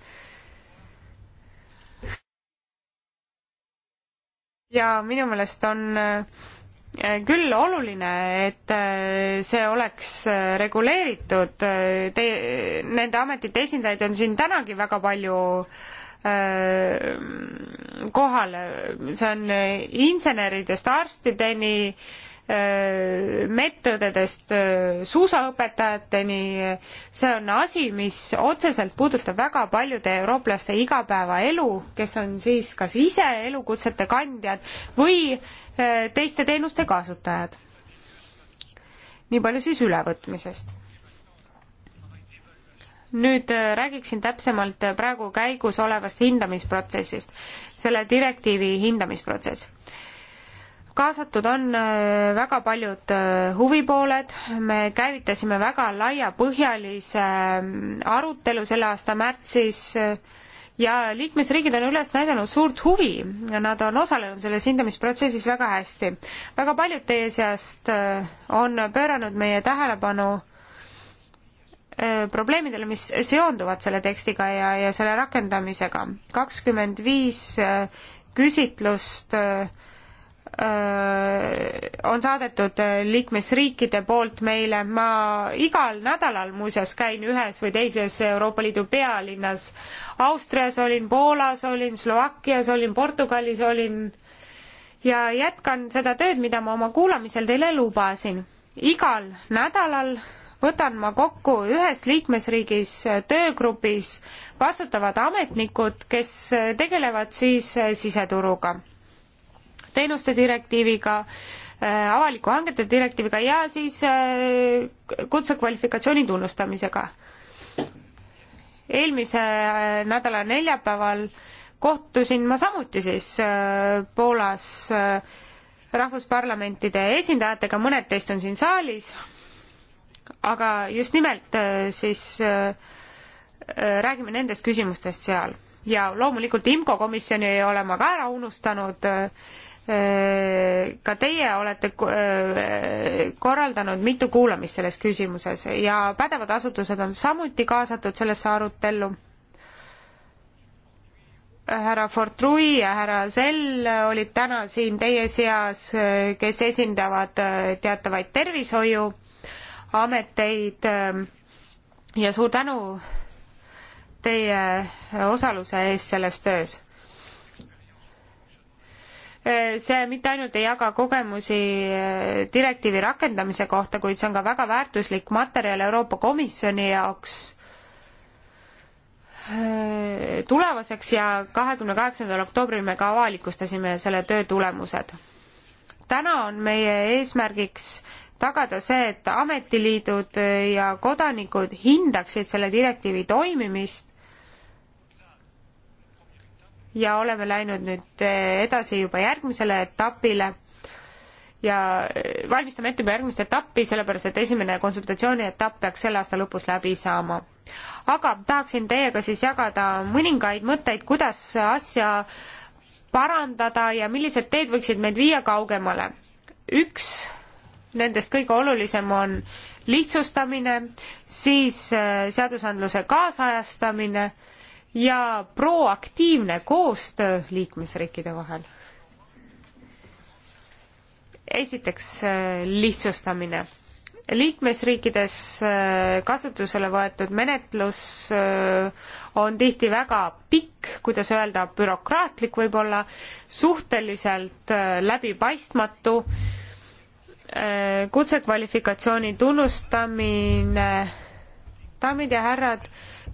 ja minu meelest on eh, küll oluline, et eh, see oleks reguleeritud, te, nende ametite esindajaid on siin tänagi väga palju kohal, see on inseneridest arstideni, Äh, meetodidest äh, suusaõpetajateni, see on asi, mis otseselt puudutab väga paljude eurooplaste igapäevaelu, kes on siis kas ise elukutsete kandjad või äh, teiste teenuste kasutajad. nii palju siis ülevõtmisest. nüüd räägiksin täpsemalt praegu käigus olevast hindamisprotsessist, selle direktiivi hindamisprotsess kaasatud on äh, väga paljud äh, huvipooled, me käivitasime väga laiapõhjalise äh, arutelu selle aasta märtsis ja liikmesriigid on üles näidanud suurt huvi ja nad on osalenud selles hindamisprotsessis väga hästi. väga paljud teie seast on pööranud meie tähelepanu probleemidele, mis seonduvad selle tekstiga ja, ja selle rakendamisega. kakskümmend viis küsitlust äh, Äh, on saadetud äh, liikmesriikide poolt meile. ma igal nädalal muuseas käin ühes või teises Euroopa Liidu pealinnas. Austrias olin, Poolas olin, Slovakkias olin, Portugalis olin ja jätkan seda tööd, mida ma oma kuulamisel teile lubasin. igal nädalal võtan ma kokku ühes liikmesriigis äh, töögrupis vastutavad ametnikud, kes tegelevad siis siseturuga teenuste direktiiviga, äh, avaliku hangete direktiiviga ja siis äh, kutsekvalifikatsiooni tunnustamisega. eelmise äh, nädala neljapäeval kohtusin ma samuti siis Poolas rahvusparlamentide esindajatega, mõned teist on siin saalis, aga just nimelt siis räägime nendest küsimustest seal. ja loomulikult IMCO komisjoni ei ole ma ka ära unustanud, Äh, ka teie olete äh, korraldanud mitu kuulamist selles küsimuses ja pädevad asutused on samuti kaasatud sellesse arutellu. härra Fortrui ja härra Sell olid täna siin teie seas, kes esindavad äh, teatavaid tervishoiuameteid ja suur tänu teie osaluse eest selles töös Äh, see mitte ainult ei jaga kogemusi äh, direktiivi rakendamise kohta, kuid see on ka väga väärtuslik materjal Euroopa Komisjoni jaoks äh, tulevaseks ja kahekümne kaheksandal oktoobril me ka avalikustasime selle töö tulemused. täna on meie eesmärgiks tagada see, et ametiliidud ja kodanikud hindaksid selle direktiivi toimimist ja oleme läinud nüüd eh, edasi juba järgmisele etapile ja eh, valmistame ette juba järgmist etappi, sellepärast et esimene konsultatsiooni etapp peaks selle aasta lõpus läbi saama. aga tahaksin teiega siis jagada mõningaid mõtteid, kuidas asja parandada ja millised teed võiksid meid viia kaugemale. üks nendest kõige olulisem on lihtsustamine, siis eh, seadusandluse kaasajastamine ja proaktiivne koostöö liikmesriikide vahel. esiteks äh, lihtsustamine. liikmesriikides äh, kasutusele võetud menetlus äh, on tihti väga pikk, kuidas öelda, bürokraatlik võib-olla, suhteliselt läbipaistmatu, kutsekvalifikatsiooni tunnustamine, daamid ja härrad,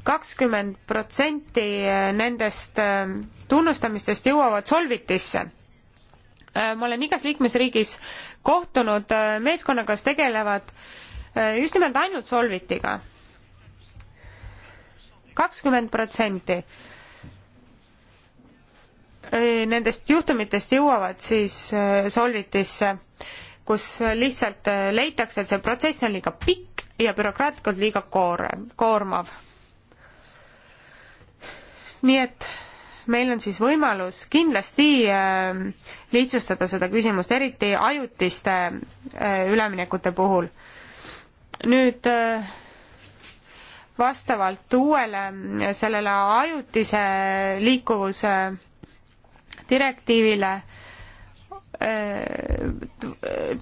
kakskümmend protsenti nendest äh, tunnustamistest jõuavad Solvitisse. Äh, ma olen igas liikmesriigis kohtunud äh, meeskonnaga, kes tegelevad just nimelt ainult Solvitiga. kakskümmend protsenti nendest juhtumitest jõuavad siis Solvitisse, kus lihtsalt leitakse, et see protsess on liiga pikk ja bürokraatlikult liiga koor-, koormav nii et meil on siis võimalus kindlasti ähm, lihtsustada seda küsimust, eriti ajutiste äh, üleminekute puhul. nüüd äh, vastavalt uuele äh, sellele ajutise liikuvuse direktiivile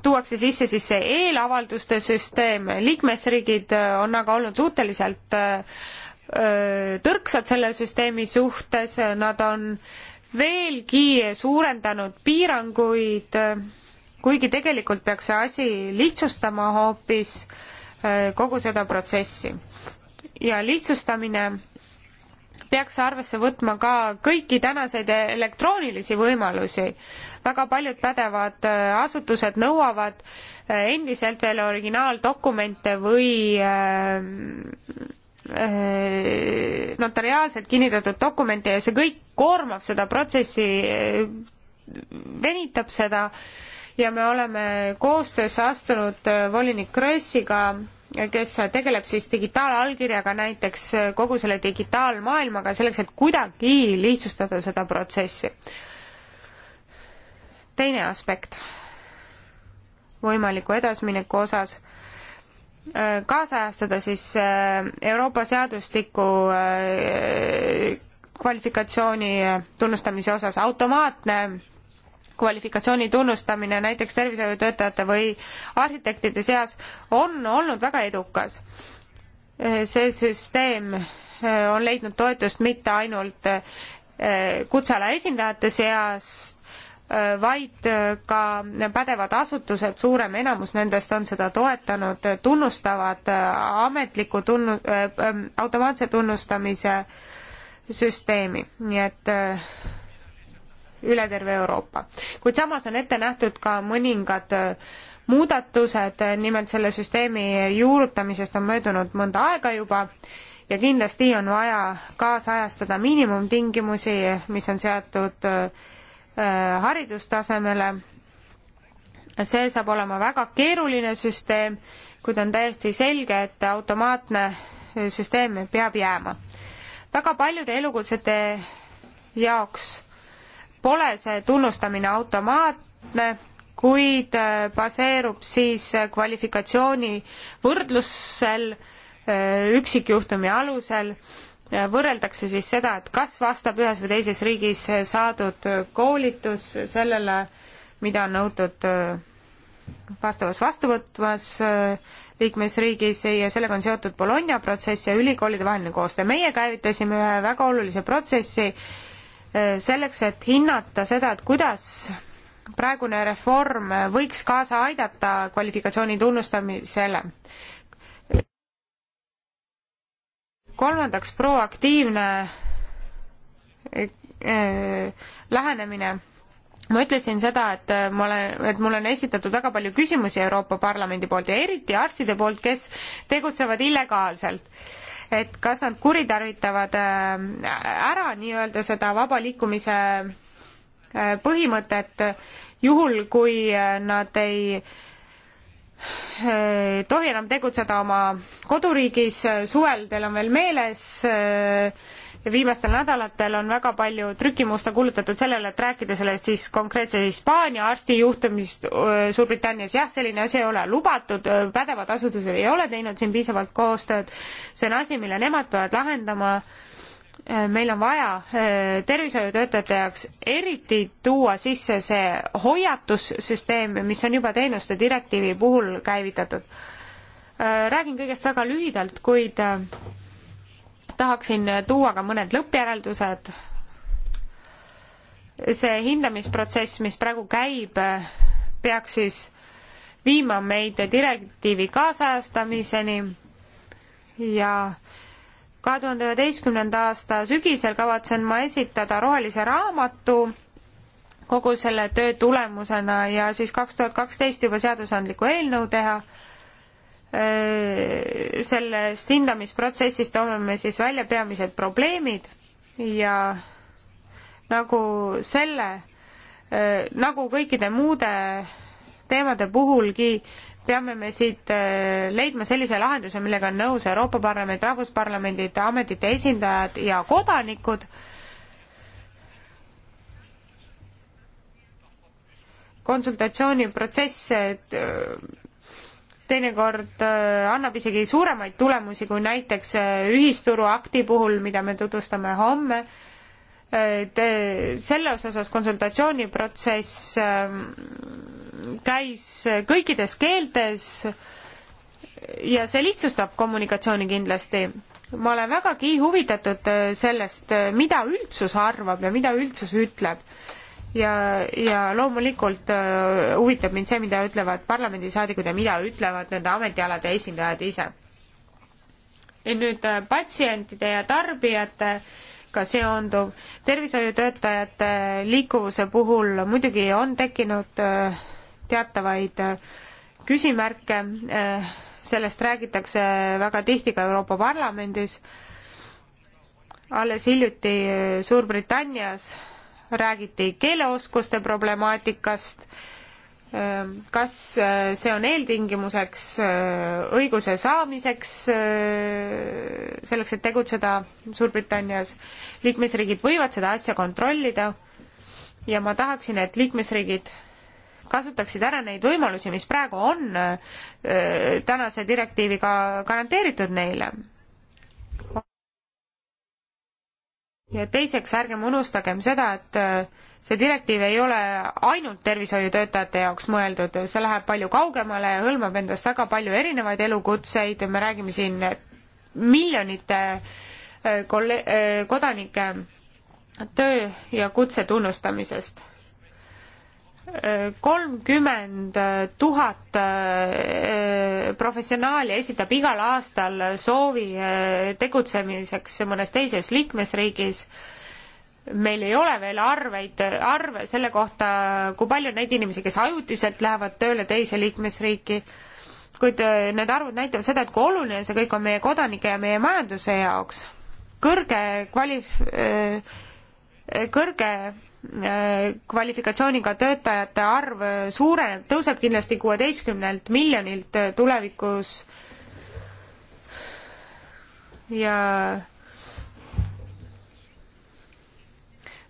tuuakse sisse siis see eelavalduste süsteem, liikmesriigid on aga olnud suhteliselt äh, tõrksad selle süsteemi suhtes, nad on veelgi suurendanud piiranguid, kuigi tegelikult peaks see asi lihtsustama hoopis kogu seda protsessi. ja lihtsustamine peaks arvesse võtma ka kõiki tänaseid elektroonilisi võimalusi. väga paljud pädevad asutused nõuavad endiselt veel originaaldokumente või Eh, notariaalselt kinnitatud dokumente ja see kõik koormab seda protsessi, eh, venitab seda ja me oleme koostöösse astunud eh, volinik Krossiga, kes tegeleb siis digitaalallkirjaga näiteks kogu selle digitaalmaailmaga selleks, et kuidagi lihtsustada seda protsessi. teine aspekt võimaliku edasimineku osas Äh, kaasajastada siis äh, Euroopa seadustiku äh, kvalifikatsiooni tunnustamise osas automaatne kvalifikatsiooni tunnustamine näiteks tervishoiutöötajate või arhitektide seas on olnud väga edukas. see süsteem on leidnud toetust mitte ainult kutseala esindajate seast, vaid äh, ka pädevad asutused, suurem enamus nendest on seda toetanud, tunnustavad äh, ametliku tunnu-, äh, ähm, automaatse tunnustamise süsteemi, nii et üle terve Euroopa. kuid samas on ette nähtud ka mõningad muudatused, nimelt selle süsteemi juurutamisest on möödunud mõnda aega juba ja kindlasti on vaja kaasajastada miinimumtingimusi, mis on seatud äh, Äh, haridustasemele. see saab olema väga keeruline süsteem, kuid on täiesti selge, et automaatne süsteem peab jääma. väga paljude elukutsete jaoks pole see tunnustamine automaatne, kuid äh, baseerub siis kvalifikatsiooni võrdlusel äh, üksikjuhtumi alusel võrreldakse siis seda, et kas vastab ühes või teises riigis saadud koolitus sellele, mida on nõutud äh, vastavas vastuvõtvas äh, liikmesriigis ja sellega on seotud Bologna protsess ja ülikoolide vaheline koostöö. meie käivitasime ühe väga olulise protsessi äh, selleks, et hinnata seda, et kuidas praegune reform võiks kaasa aidata kvalifikatsiooni tunnustamisele kolmandaks, proaktiivne eh, lähenemine. ma ütlesin seda, et eh, ma olen, et mulle on esitatud väga palju küsimusi Euroopa Parlamendi poolt ja eriti arstide poolt, kes tegutsevad illegaalselt et kas nad kuritarvitavad eh, ära nii-öelda seda vaba liikumise põhimõtet, juhul kui nad ei äh, ei tohi enam tegutseda oma koduriigis, suvel teil on veel meeles viimastel nädalatel on väga palju trükimusta kuulutatud sellele, et rääkida sellest siis konkreetse Hispaania arsti juhtumist Suurbritannias. jah, selline asi ei ole lubatud, pädevad asutused ei ole teinud siin piisavalt koostööd. see on asi, mille nemad peavad lahendama meil on vaja äh, tervishoiutöötajate jaoks eriti tuua sisse see hoiatussüsteem, mis on juba teenuste direktiivi puhul käivitatud. Äh, räägin kõigest väga lühidalt, kuid äh, tahaksin tuua ka mõned lõppjäreldused. see hindamisprotsess, mis praegu käib, peaks siis viima meid direktiivi kaasajastamiseni ja äh, kahe tuhande üheteistkümnenda aasta sügisel kavatsen ma esitada rohelise raamatu kogu selle töö tulemusena ja siis kaks tuhat kaksteist juba seadusandliku eelnõu teha. sellest hindamisprotsessist toome me siis välja peamised probleemid ja nagu selle, nagu kõikide muude teemade puhulgi peame me siit äh, leidma sellise lahenduse, millega on nõus Euroopa Parlament, rahvusparlamendid, ametite esindajad ja kodanikud. konsultatsiooniprotsess äh, teinekord äh, annab isegi suuremaid tulemusi kui näiteks ühisturuakti puhul, mida me tutvustame homme. et selles osas konsultatsiooniprotsess käis kõikides keeltes ja see lihtsustab kommunikatsiooni kindlasti. ma olen vägagi huvitatud äh, sellest, äh, mida üldsus arvab ja mida üldsus ütleb. ja, ja loomulikult äh, huvitab mind see, mida ütlevad parlamendisaadikud ja mida ütlevad nende ametialade esindajad ise. nüüd patsientide ja tarbijate ka seonduv tervishoiutöötajate liikuvuse puhul muidugi on tekkinud äh, teatavaid äh, küsimärke, äh, sellest räägitakse väga tihti ka Euroopa Parlamendis, alles hiljuti äh, Suurbritannias räägiti keeleoskuste problemaatikast, kas see on eeltingimuseks õiguse saamiseks, selleks, et tegutseda Suurbritannias, liikmesriigid võivad seda asja kontrollida ja ma tahaksin, et liikmesriigid kasutaksid ära neid võimalusi, mis praegu on äh, tänase direktiiviga garanteeritud neile. ja teiseks, ärgem unustagem seda, et äh, see direktiiv ei ole ainult tervishoiutöötajate jaoks mõeldud, see läheb palju kaugemale ja hõlmab endast väga palju erinevaid elukutseid, me räägime siin miljonite äh, kolle-, kodanike töö ja kutse tunnustamisest kolmkümmend tuhat äh, professionaali esitab igal aastal soovi äh, tegutsemiseks mõnes teises liikmesriigis. meil ei ole veel arveid, arve selle kohta, kui palju on neid inimesi, kes ajutiselt lähevad tööle teise liikmesriiki, kuid äh, need arvud näitavad seda, et kui oluline see kõik on meie kodanike ja meie majanduse jaoks. kõrge kvalif-, kõrge kvalifikatsiooniga töötajate arv suureneb, tõuseb kindlasti kuueteistkümnelt miljonilt tulevikus ja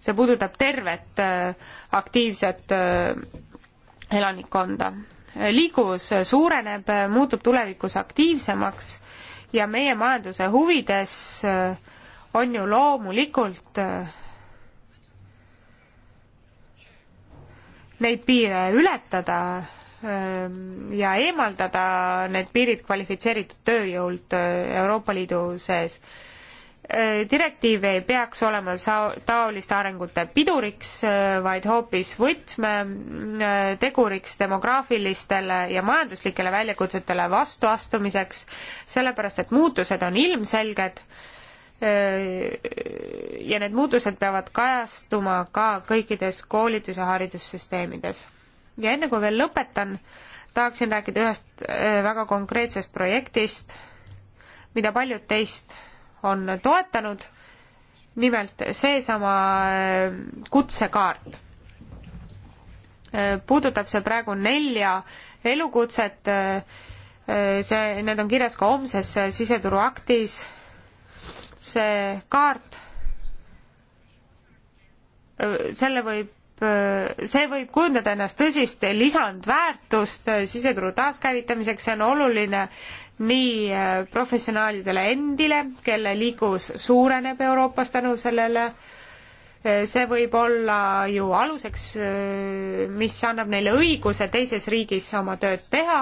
see puudutab tervet äh, aktiivset äh, elanikkonda. liikuvus suureneb, muutub tulevikus aktiivsemaks ja meie majanduse huvides äh, on ju loomulikult äh, neid piire ületada ähm, ja eemaldada need piirid kvalifitseeritud tööjõult äh, Euroopa Liidu sees. Äh, direktiiv ei peaks olema sa-, taoliste arengute piduriks, äh, vaid hoopis võtmeteguriks demograafilistele ja majanduslikele väljakutsetele vastuastumiseks, sellepärast et muutused on ilmselged ja need muutused peavad kajastuma ka kõikides koolitus- ja haridussüsteemides. ja enne kui veel lõpetan, tahaksin rääkida ühest väga konkreetsest projektist, mida paljud teist on toetanud, nimelt seesama kutsekaart. puudutab see praegu nelja elukutset, see, need on kirjas ka homses siseturuaktis see kaart, selle võib, see võib kujundada ennast tõsist lisandväärtust siseturu taaskäivitamiseks, see on oluline nii professionaalidele endile, kelle liiklus suureneb Euroopas tänu sellele, see võib olla ju aluseks, mis annab neile õiguse teises riigis oma tööd teha.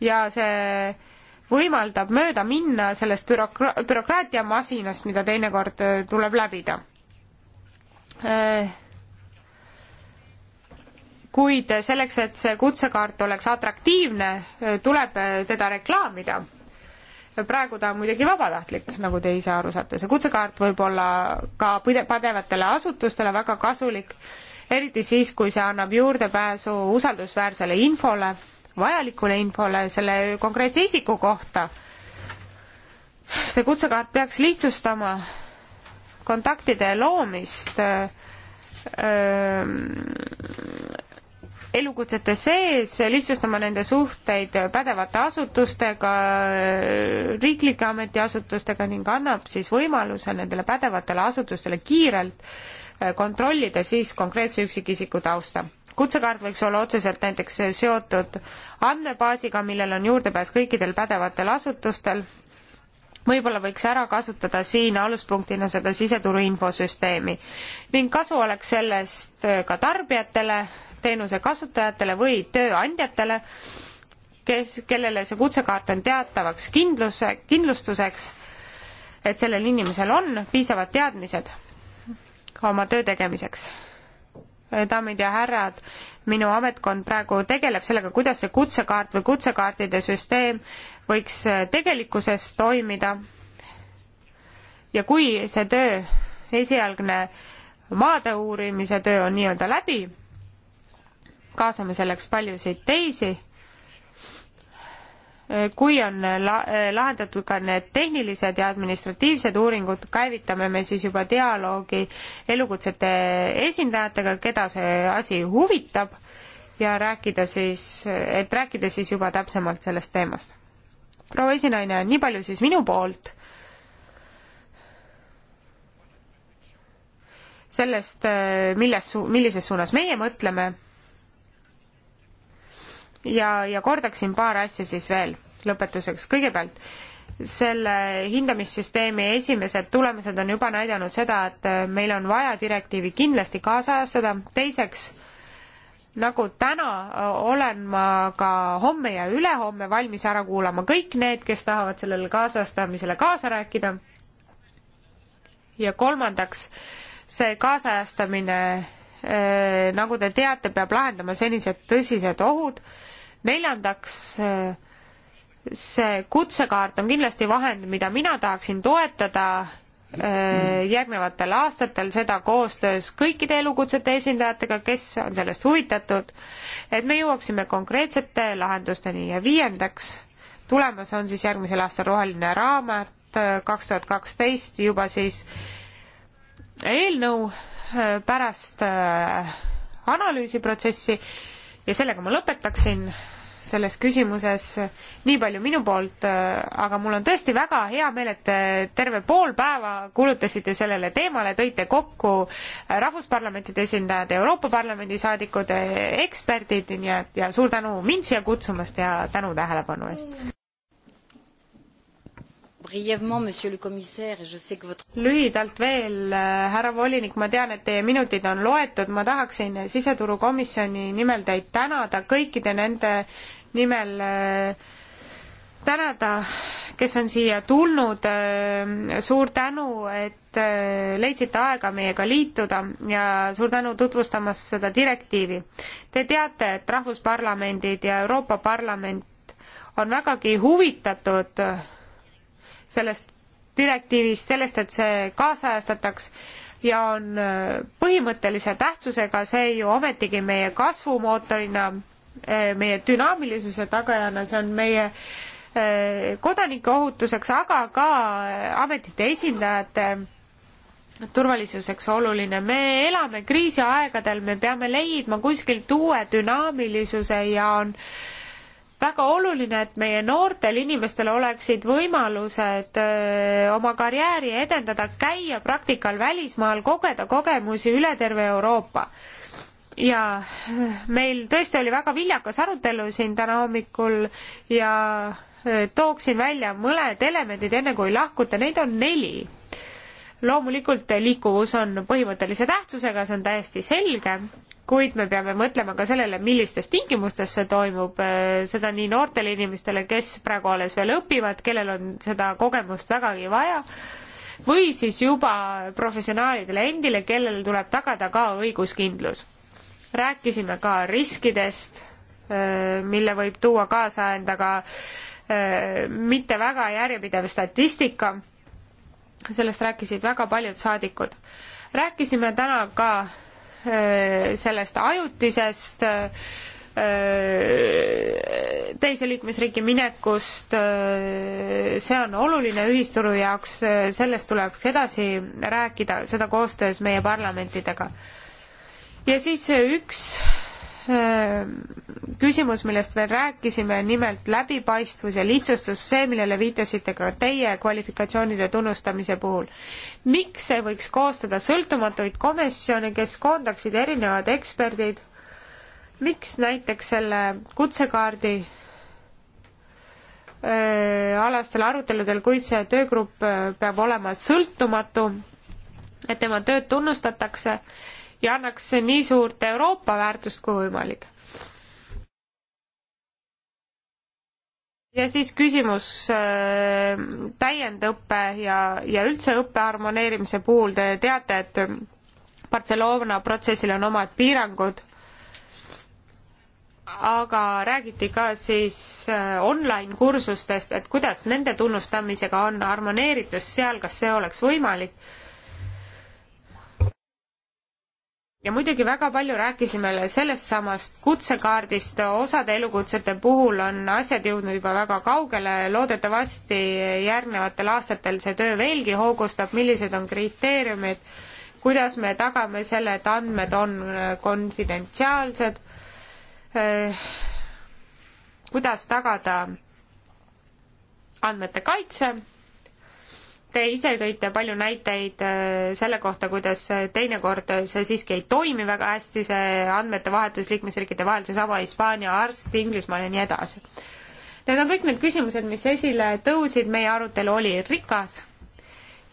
ja see võimaldab mööda minna sellest bürokra-, bürokraatiamasinast, mida teinekord äh, tuleb läbida. Äh, kuid selleks, et see kutsekaart oleks atraktiivne, äh, tuleb teda reklaamida. praegu ta on muidugi vabatahtlik, nagu te ise aru saate, see kutsekaart võib olla ka pädevatele asutustele väga kasulik, eriti siis, kui see annab juurdepääsu usaldusväärsele infole vajalikule infole selle konkreetse isiku kohta. see kutsekaart peaks lihtsustama kontaktide loomist öö, elukutsete sees, lihtsustama nende suhteid pädevate asutustega, riiklike ametiasutustega ning annab siis võimaluse nendele pädevatele asutustele kiirelt kontrollida siis konkreetse üksikisiku tausta kutsekaart võiks olla otseselt näiteks seotud andmebaasiga, millel on juurdepääs kõikidel pädevatel asutustel. võib-olla võiks ära kasutada siin aluspunktina seda siseturu infosüsteemi ning kasu oleks sellest ka tarbijatele, teenuse kasutajatele või tööandjatele, kes, kellele see kutsekaart on teatavaks kindluse, kindlustuseks, et sellel inimesel on piisavad teadmised oma töö tegemiseks Eh, daamid ja härrad, minu ametkond praegu tegeleb sellega, kuidas see kutsekaart või kutsekaartide süsteem võiks eh, tegelikkuses toimida. ja kui see töö, esialgne maade uurimise töö on nii-öelda läbi, kaasame selleks paljusid teisi kui on la-, lahendatud ka need tehnilised ja administratiivsed uuringud, käivitame me siis juba dialoogi elukutsete esindajatega, keda see asi huvitab, ja rääkida siis, et rääkida siis juba täpsemalt sellest teemast. proua esinaine, nii palju siis minu poolt sellest, milles, millises suunas meie mõtleme ja, ja kordaksin paar asja siis veel lõpetuseks. kõigepealt, selle hindamissüsteemi esimesed tulemused on juba näidanud seda, et äh, meil on vaja direktiivi kindlasti kaasajastada, teiseks, nagu täna äh, olen ma ka homme ja ülehomme valmis ära kuulama kõik need, kes tahavad sellele kaasajastamisele kaasa rääkida. ja kolmandaks, see kaasajastamine, äh, nagu te teate, peab lahendama senised tõsised ohud neljandaks, see kutsekaart on kindlasti vahend, mida mina tahaksin toetada eh, järgnevatel aastatel seda koostöös kõikide elukutsete esindajatega, kes on sellest huvitatud, et me jõuaksime konkreetsete lahendusteni ja viiendaks, tulemas on siis järgmisel aastal roheline raamat eh, kaks tuhat kaksteist juba siis eelnõu eh, pärast analüüsiprotsessi ja sellega ma lõpetaksin selles küsimuses, nii palju minu poolt, aga mul on tõesti väga hea meel, et te terve pool päeva kulutasite sellele teemale, tõite kokku rahvusparlamentide esindajad, Euroopa Parlamendi saadikud, eksperdid ja, ja suur tänu mind siia kutsumast ja tänu tähelepanu eest! lühidalt veel, äh, härra volinik, ma tean, et teie minutid on loetud, ma tahaksin siseturukomisjoni nimel teid tänada kõikide nende nimel äh, tänada, kes on siia tulnud, äh, suur tänu, et leidsite aega meiega liituda ja suur tänu tutvustamast seda direktiivi. Te teate, et rahvusparlamendid ja Euroopa Parlament on vägagi huvitatud sellest direktiivist, sellest, et see kaasajastataks ja on äh, põhimõttelise tähtsusega, see ju ometigi meie kasvumootorina, äh, meie dünaamilisuse tagajana, see on meie äh, kodanike ohutuseks, aga ka ametite esindajate turvalisuseks oluline. me elame kriisiaegadel, me peame leidma kuskilt uue dünaamilisuse ja on äh, väga oluline, et meie noortel inimestel oleksid võimalused öö, oma karjääri edendada, käia praktikal välismaal, kogeda kogemusi üle terve Euroopa. ja meil tõesti oli väga viljakas arutelu siin täna hommikul ja öö, tooksin välja mõned elemendid, enne kui lahkute, neid on neli loomulikult liikuvus on põhimõttelise tähtsusega, see on täiesti selge kuid me peame mõtlema ka sellele, millistes tingimustes see toimub, äh, seda nii noortele inimestele, kes praegu alles veel õpivad, kellel on seda kogemust vägagi vaja, või siis juba professionaalidele endile, kellel tuleb tagada ka õiguskindlus. rääkisime ka riskidest, äh, mille võib tuua kaasa endaga äh, mitte väga järjepidev statistika, sellest rääkisid väga paljud saadikud. rääkisime täna ka Äh, sellest ajutisest äh, teise liikmesriigi minekust, äh, see on oluline ühisturu jaoks, sellest tuleks edasi rääkida, seda koostöös meie parlamentidega. ja siis üks Äh, küsimus, millest veel rääkisime, nimelt läbipaistvus ja lihtsustus, see, millele viitasite ka teie kvalifikatsioonide tunnustamise puhul. miks ei võiks koostada sõltumatuid komisjone, kes koondaksid erinevad eksperdid? miks näiteks selle kutsekaardi öö, äh, alastel aruteludel, kuid see töögrupp äh, peab olema sõltumatu, et tema tööd tunnustatakse ja annaks nii suurt Euroopa väärtust kui võimalik. ja siis küsimus äh, täiendõppe ja, ja üldse õppe harmoneerimise puhul te teate, et Barcelona protsessil on omad piirangud, aga räägiti ka siis äh, online kursustest, et kuidas nende tunnustamisega on harmoneeritus seal, kas see oleks võimalik ja muidugi väga palju rääkisime sellest samast kutsekaardist, osade elukutsete puhul on asjad jõudnud juba väga kaugele, loodetavasti järgnevatel aastatel see töö veelgi hoogustab, millised on kriteeriumid, kuidas me tagame selle, et andmed on konfidentsiaalsed, eh, kuidas tagada andmete kaitse Te ise tõite palju näiteid äh, selle kohta, kuidas äh, teinekord äh, see siiski ei toimi väga hästi, see andmete vahetus liikmesriikide vahel, seesama Hispaania arst Inglismaal ja nii edasi. Need on kõik need küsimused, mis esile tõusid, meie arutelu oli rikas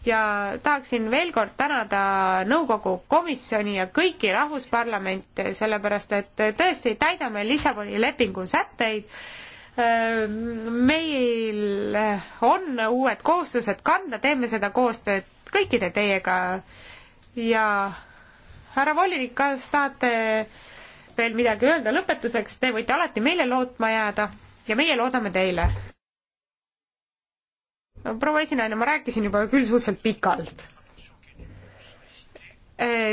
ja tahaksin veel kord tänada nõukogu komisjoni ja kõiki rahvusparlamente, sellepärast et tõesti täidame Lissaboni lepingu sätteid meil on uued kohustused kanda, teeme seda koostööd kõikide teiega ja härra volinik, kas tahate veel midagi öelda lõpetuseks, te võite alati meile lootma jääda ja meie loodame teile. proua esinaine, ma rääkisin juba küll suhteliselt pikalt.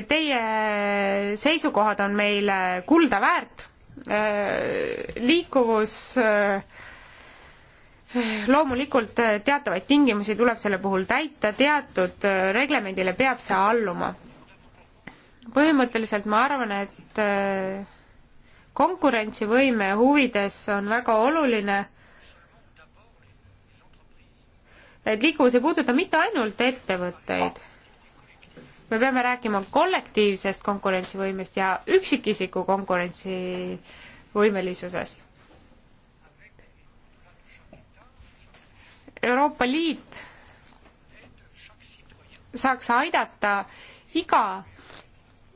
Teie seisukohad on meile kulda väärt Äh, liikuvus äh, loomulikult äh, teatavaid tingimusi tuleb selle puhul täita, teatud reglemendile peab see alluma. põhimõtteliselt ma arvan, et konkurentsivõime huvides on väga oluline, et liikuvus ei puuduta mitte ainult ettevõtteid me peame rääkima kollektiivsest konkurentsivõimest ja üksikisiku konkurentsivõimelisusest. Euroopa Liit saaks aidata iga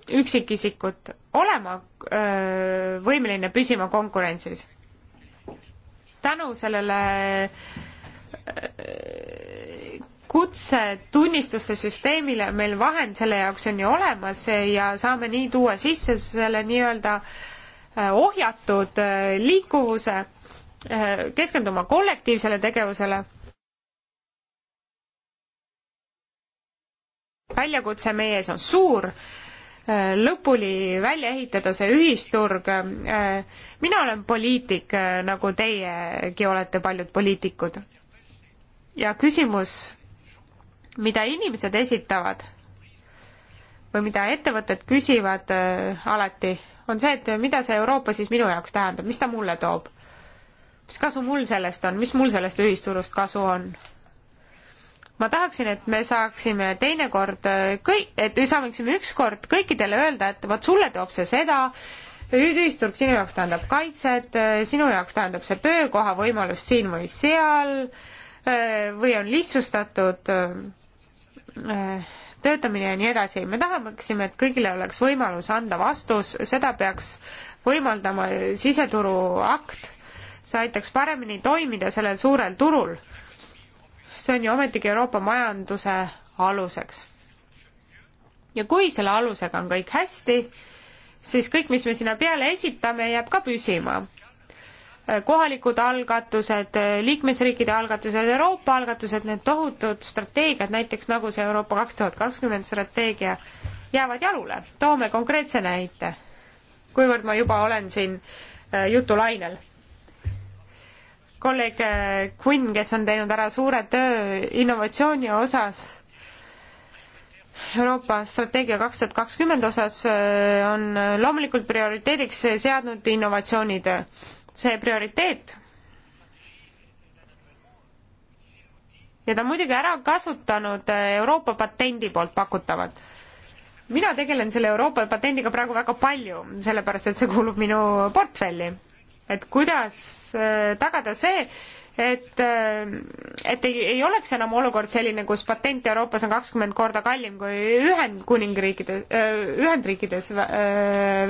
üksikisikut olema öö, võimeline püsima konkurentsis. tänu sellele öö, kutsetunnistuste süsteemile meil vahend selle jaoks on ju olemas ja saame nii tuua sisse selle nii-öelda äh, ohjatud äh, liikuvuse, äh, keskenduma kollektiivsele tegevusele. väljakutse meie ees on suur, lõpuni välja ehitada see ühisturg. mina olen poliitik, nagu teiegi olete paljud poliitikud. ja küsimus mida inimesed esitavad või mida ettevõtted küsivad äh, alati, on see, et mida see Euroopa siis minu jaoks tähendab, mis ta mulle toob? mis kasu mul sellest on, mis mul sellest ühisturust kasu on? ma tahaksin, et me saaksime teinekord äh, kõik, et saaksime ükskord kõikidele öelda, et vot sulle toob see seda, ühisturg sinu jaoks tähendab kaitset, äh, sinu jaoks tähendab see töökoha võimalus siin või seal äh, või on lihtsustatud Äh, töötamine ja nii edasi. me tahaksime, et kõigile oleks võimalus anda vastus, seda peaks võimaldama siseturu akt, see aitaks paremini toimida sellel suurel turul. see on ju ometigi Euroopa majanduse aluseks. ja kui selle alusega on kõik hästi, siis kõik, mis me sinna peale esitame, jääb ka püsima kohalikud algatused, liikmesriikide algatused, Euroopa algatused, need tohutud strateegiad, näiteks nagu see Euroopa kaks tuhat kakskümmend strateegia, jäävad jalule. toome konkreetse näite, kuivõrd ma juba olen siin äh, jutulainel. kolleeg äh, Quinn, kes on teinud ära suure töö innovatsiooni osas, Euroopa strateegia kaks tuhat kakskümmend osas äh, on loomulikult prioriteediks seadnud innovatsioonitöö see prioriteet. ja ta on muidugi ära kasutanud äh, Euroopa patendi poolt pakutavat. mina tegelen selle Euroopa patendiga praegu väga palju, sellepärast et see kuulub minu portfelli. et kuidas äh, tagada see, et, äh, et ei, ei oleks enam olukord selline, kus patent Euroopas on kakskümmend korda kallim kui Ühendkuningriikide, Ühendriikides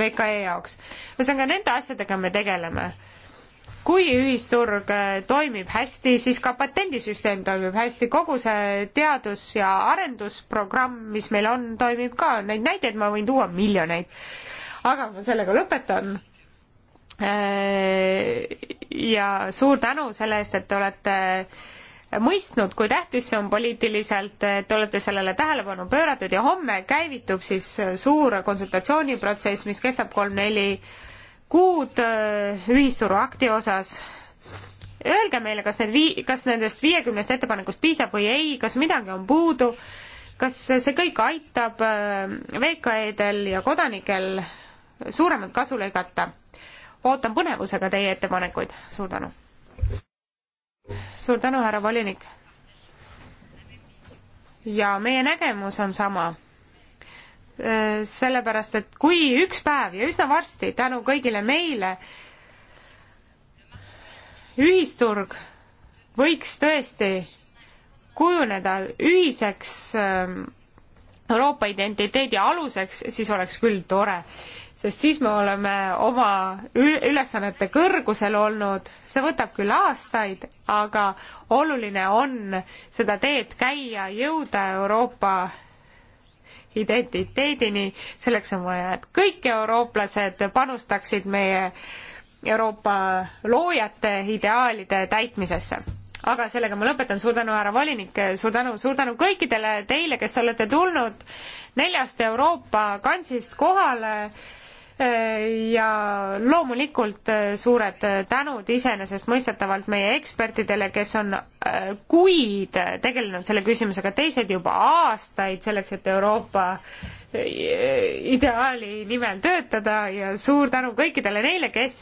VKE jaoks. ühesõnaga nende asjadega me tegeleme kui ühisturg äh, toimib hästi, siis ka patendisüsteem toimib hästi, kogu see teadus- ja arendusprogramm, mis meil on, toimib ka, neid näiteid ma võin tuua miljoneid. aga ma sellega lõpetan. Äh, ja suur tänu selle eest, et te olete mõistnud, kui tähtis see on poliitiliselt, te olete sellele tähelepanu pööratud ja homme käivitub siis suur konsultatsiooniprotsess, mis kestab kolm-neli kuud äh, ühisturuakti osas. Öelge meile, kas need vii-, kas nendest viiekümnest ettepanekust piisab või ei, kas midagi on puudu, kas see kõik aitab äh, VKE-del ja kodanikel suuremat kasu lõigata? ootan põnevusega teie ettepanekuid, suur tänu! suur tänu, härra volinik! ja meie nägemus on sama Äh, sellepärast et kui üks päev ja üsna varsti tänu kõigile meile ühisturg võiks tõesti kujuneda ühiseks ähm, Euroopa identiteedi aluseks, siis oleks küll tore, sest siis me oleme oma ülesannete kõrgusel olnud, see võtab küll aastaid, aga oluline on seda teed käia, jõuda Euroopa identiteedini, selleks on vaja, et kõik eurooplased panustaksid meie Euroopa loojate ideaalide täitmisesse. aga sellega ma lõpetan, suur tänu, härra volinik, suur tänu, suur tänu kõikidele teile, kes olete tulnud neljast Euroopa kansist kohale ja loomulikult äh, suured äh, tänud iseenesestmõistetavalt meie ekspertidele, kes on äh, kuid tegelenud selle küsimusega, teised juba aastaid selleks, et Euroopa ideaali nimel töötada ja suur tänu kõikidele neile, kes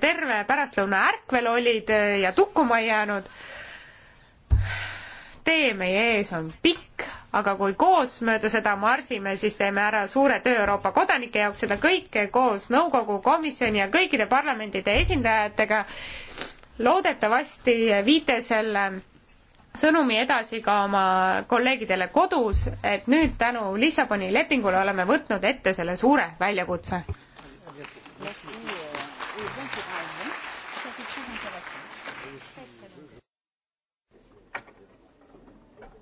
terve pärastlõuna ärkvel olid ja tukkuma ei jäänud. tee meie ees on pikk aga kui koos mööda seda marsime, siis teeme ära suure töö Euroopa kodanike jaoks, seda kõike koos nõukogu, komisjoni ja kõikide parlamendide esindajatega. loodetavasti viite selle sõnumi edasi ka oma kolleegidele kodus, et nüüd tänu Lissaboni lepingule oleme võtnud ette selle suure väljakutse. Merci.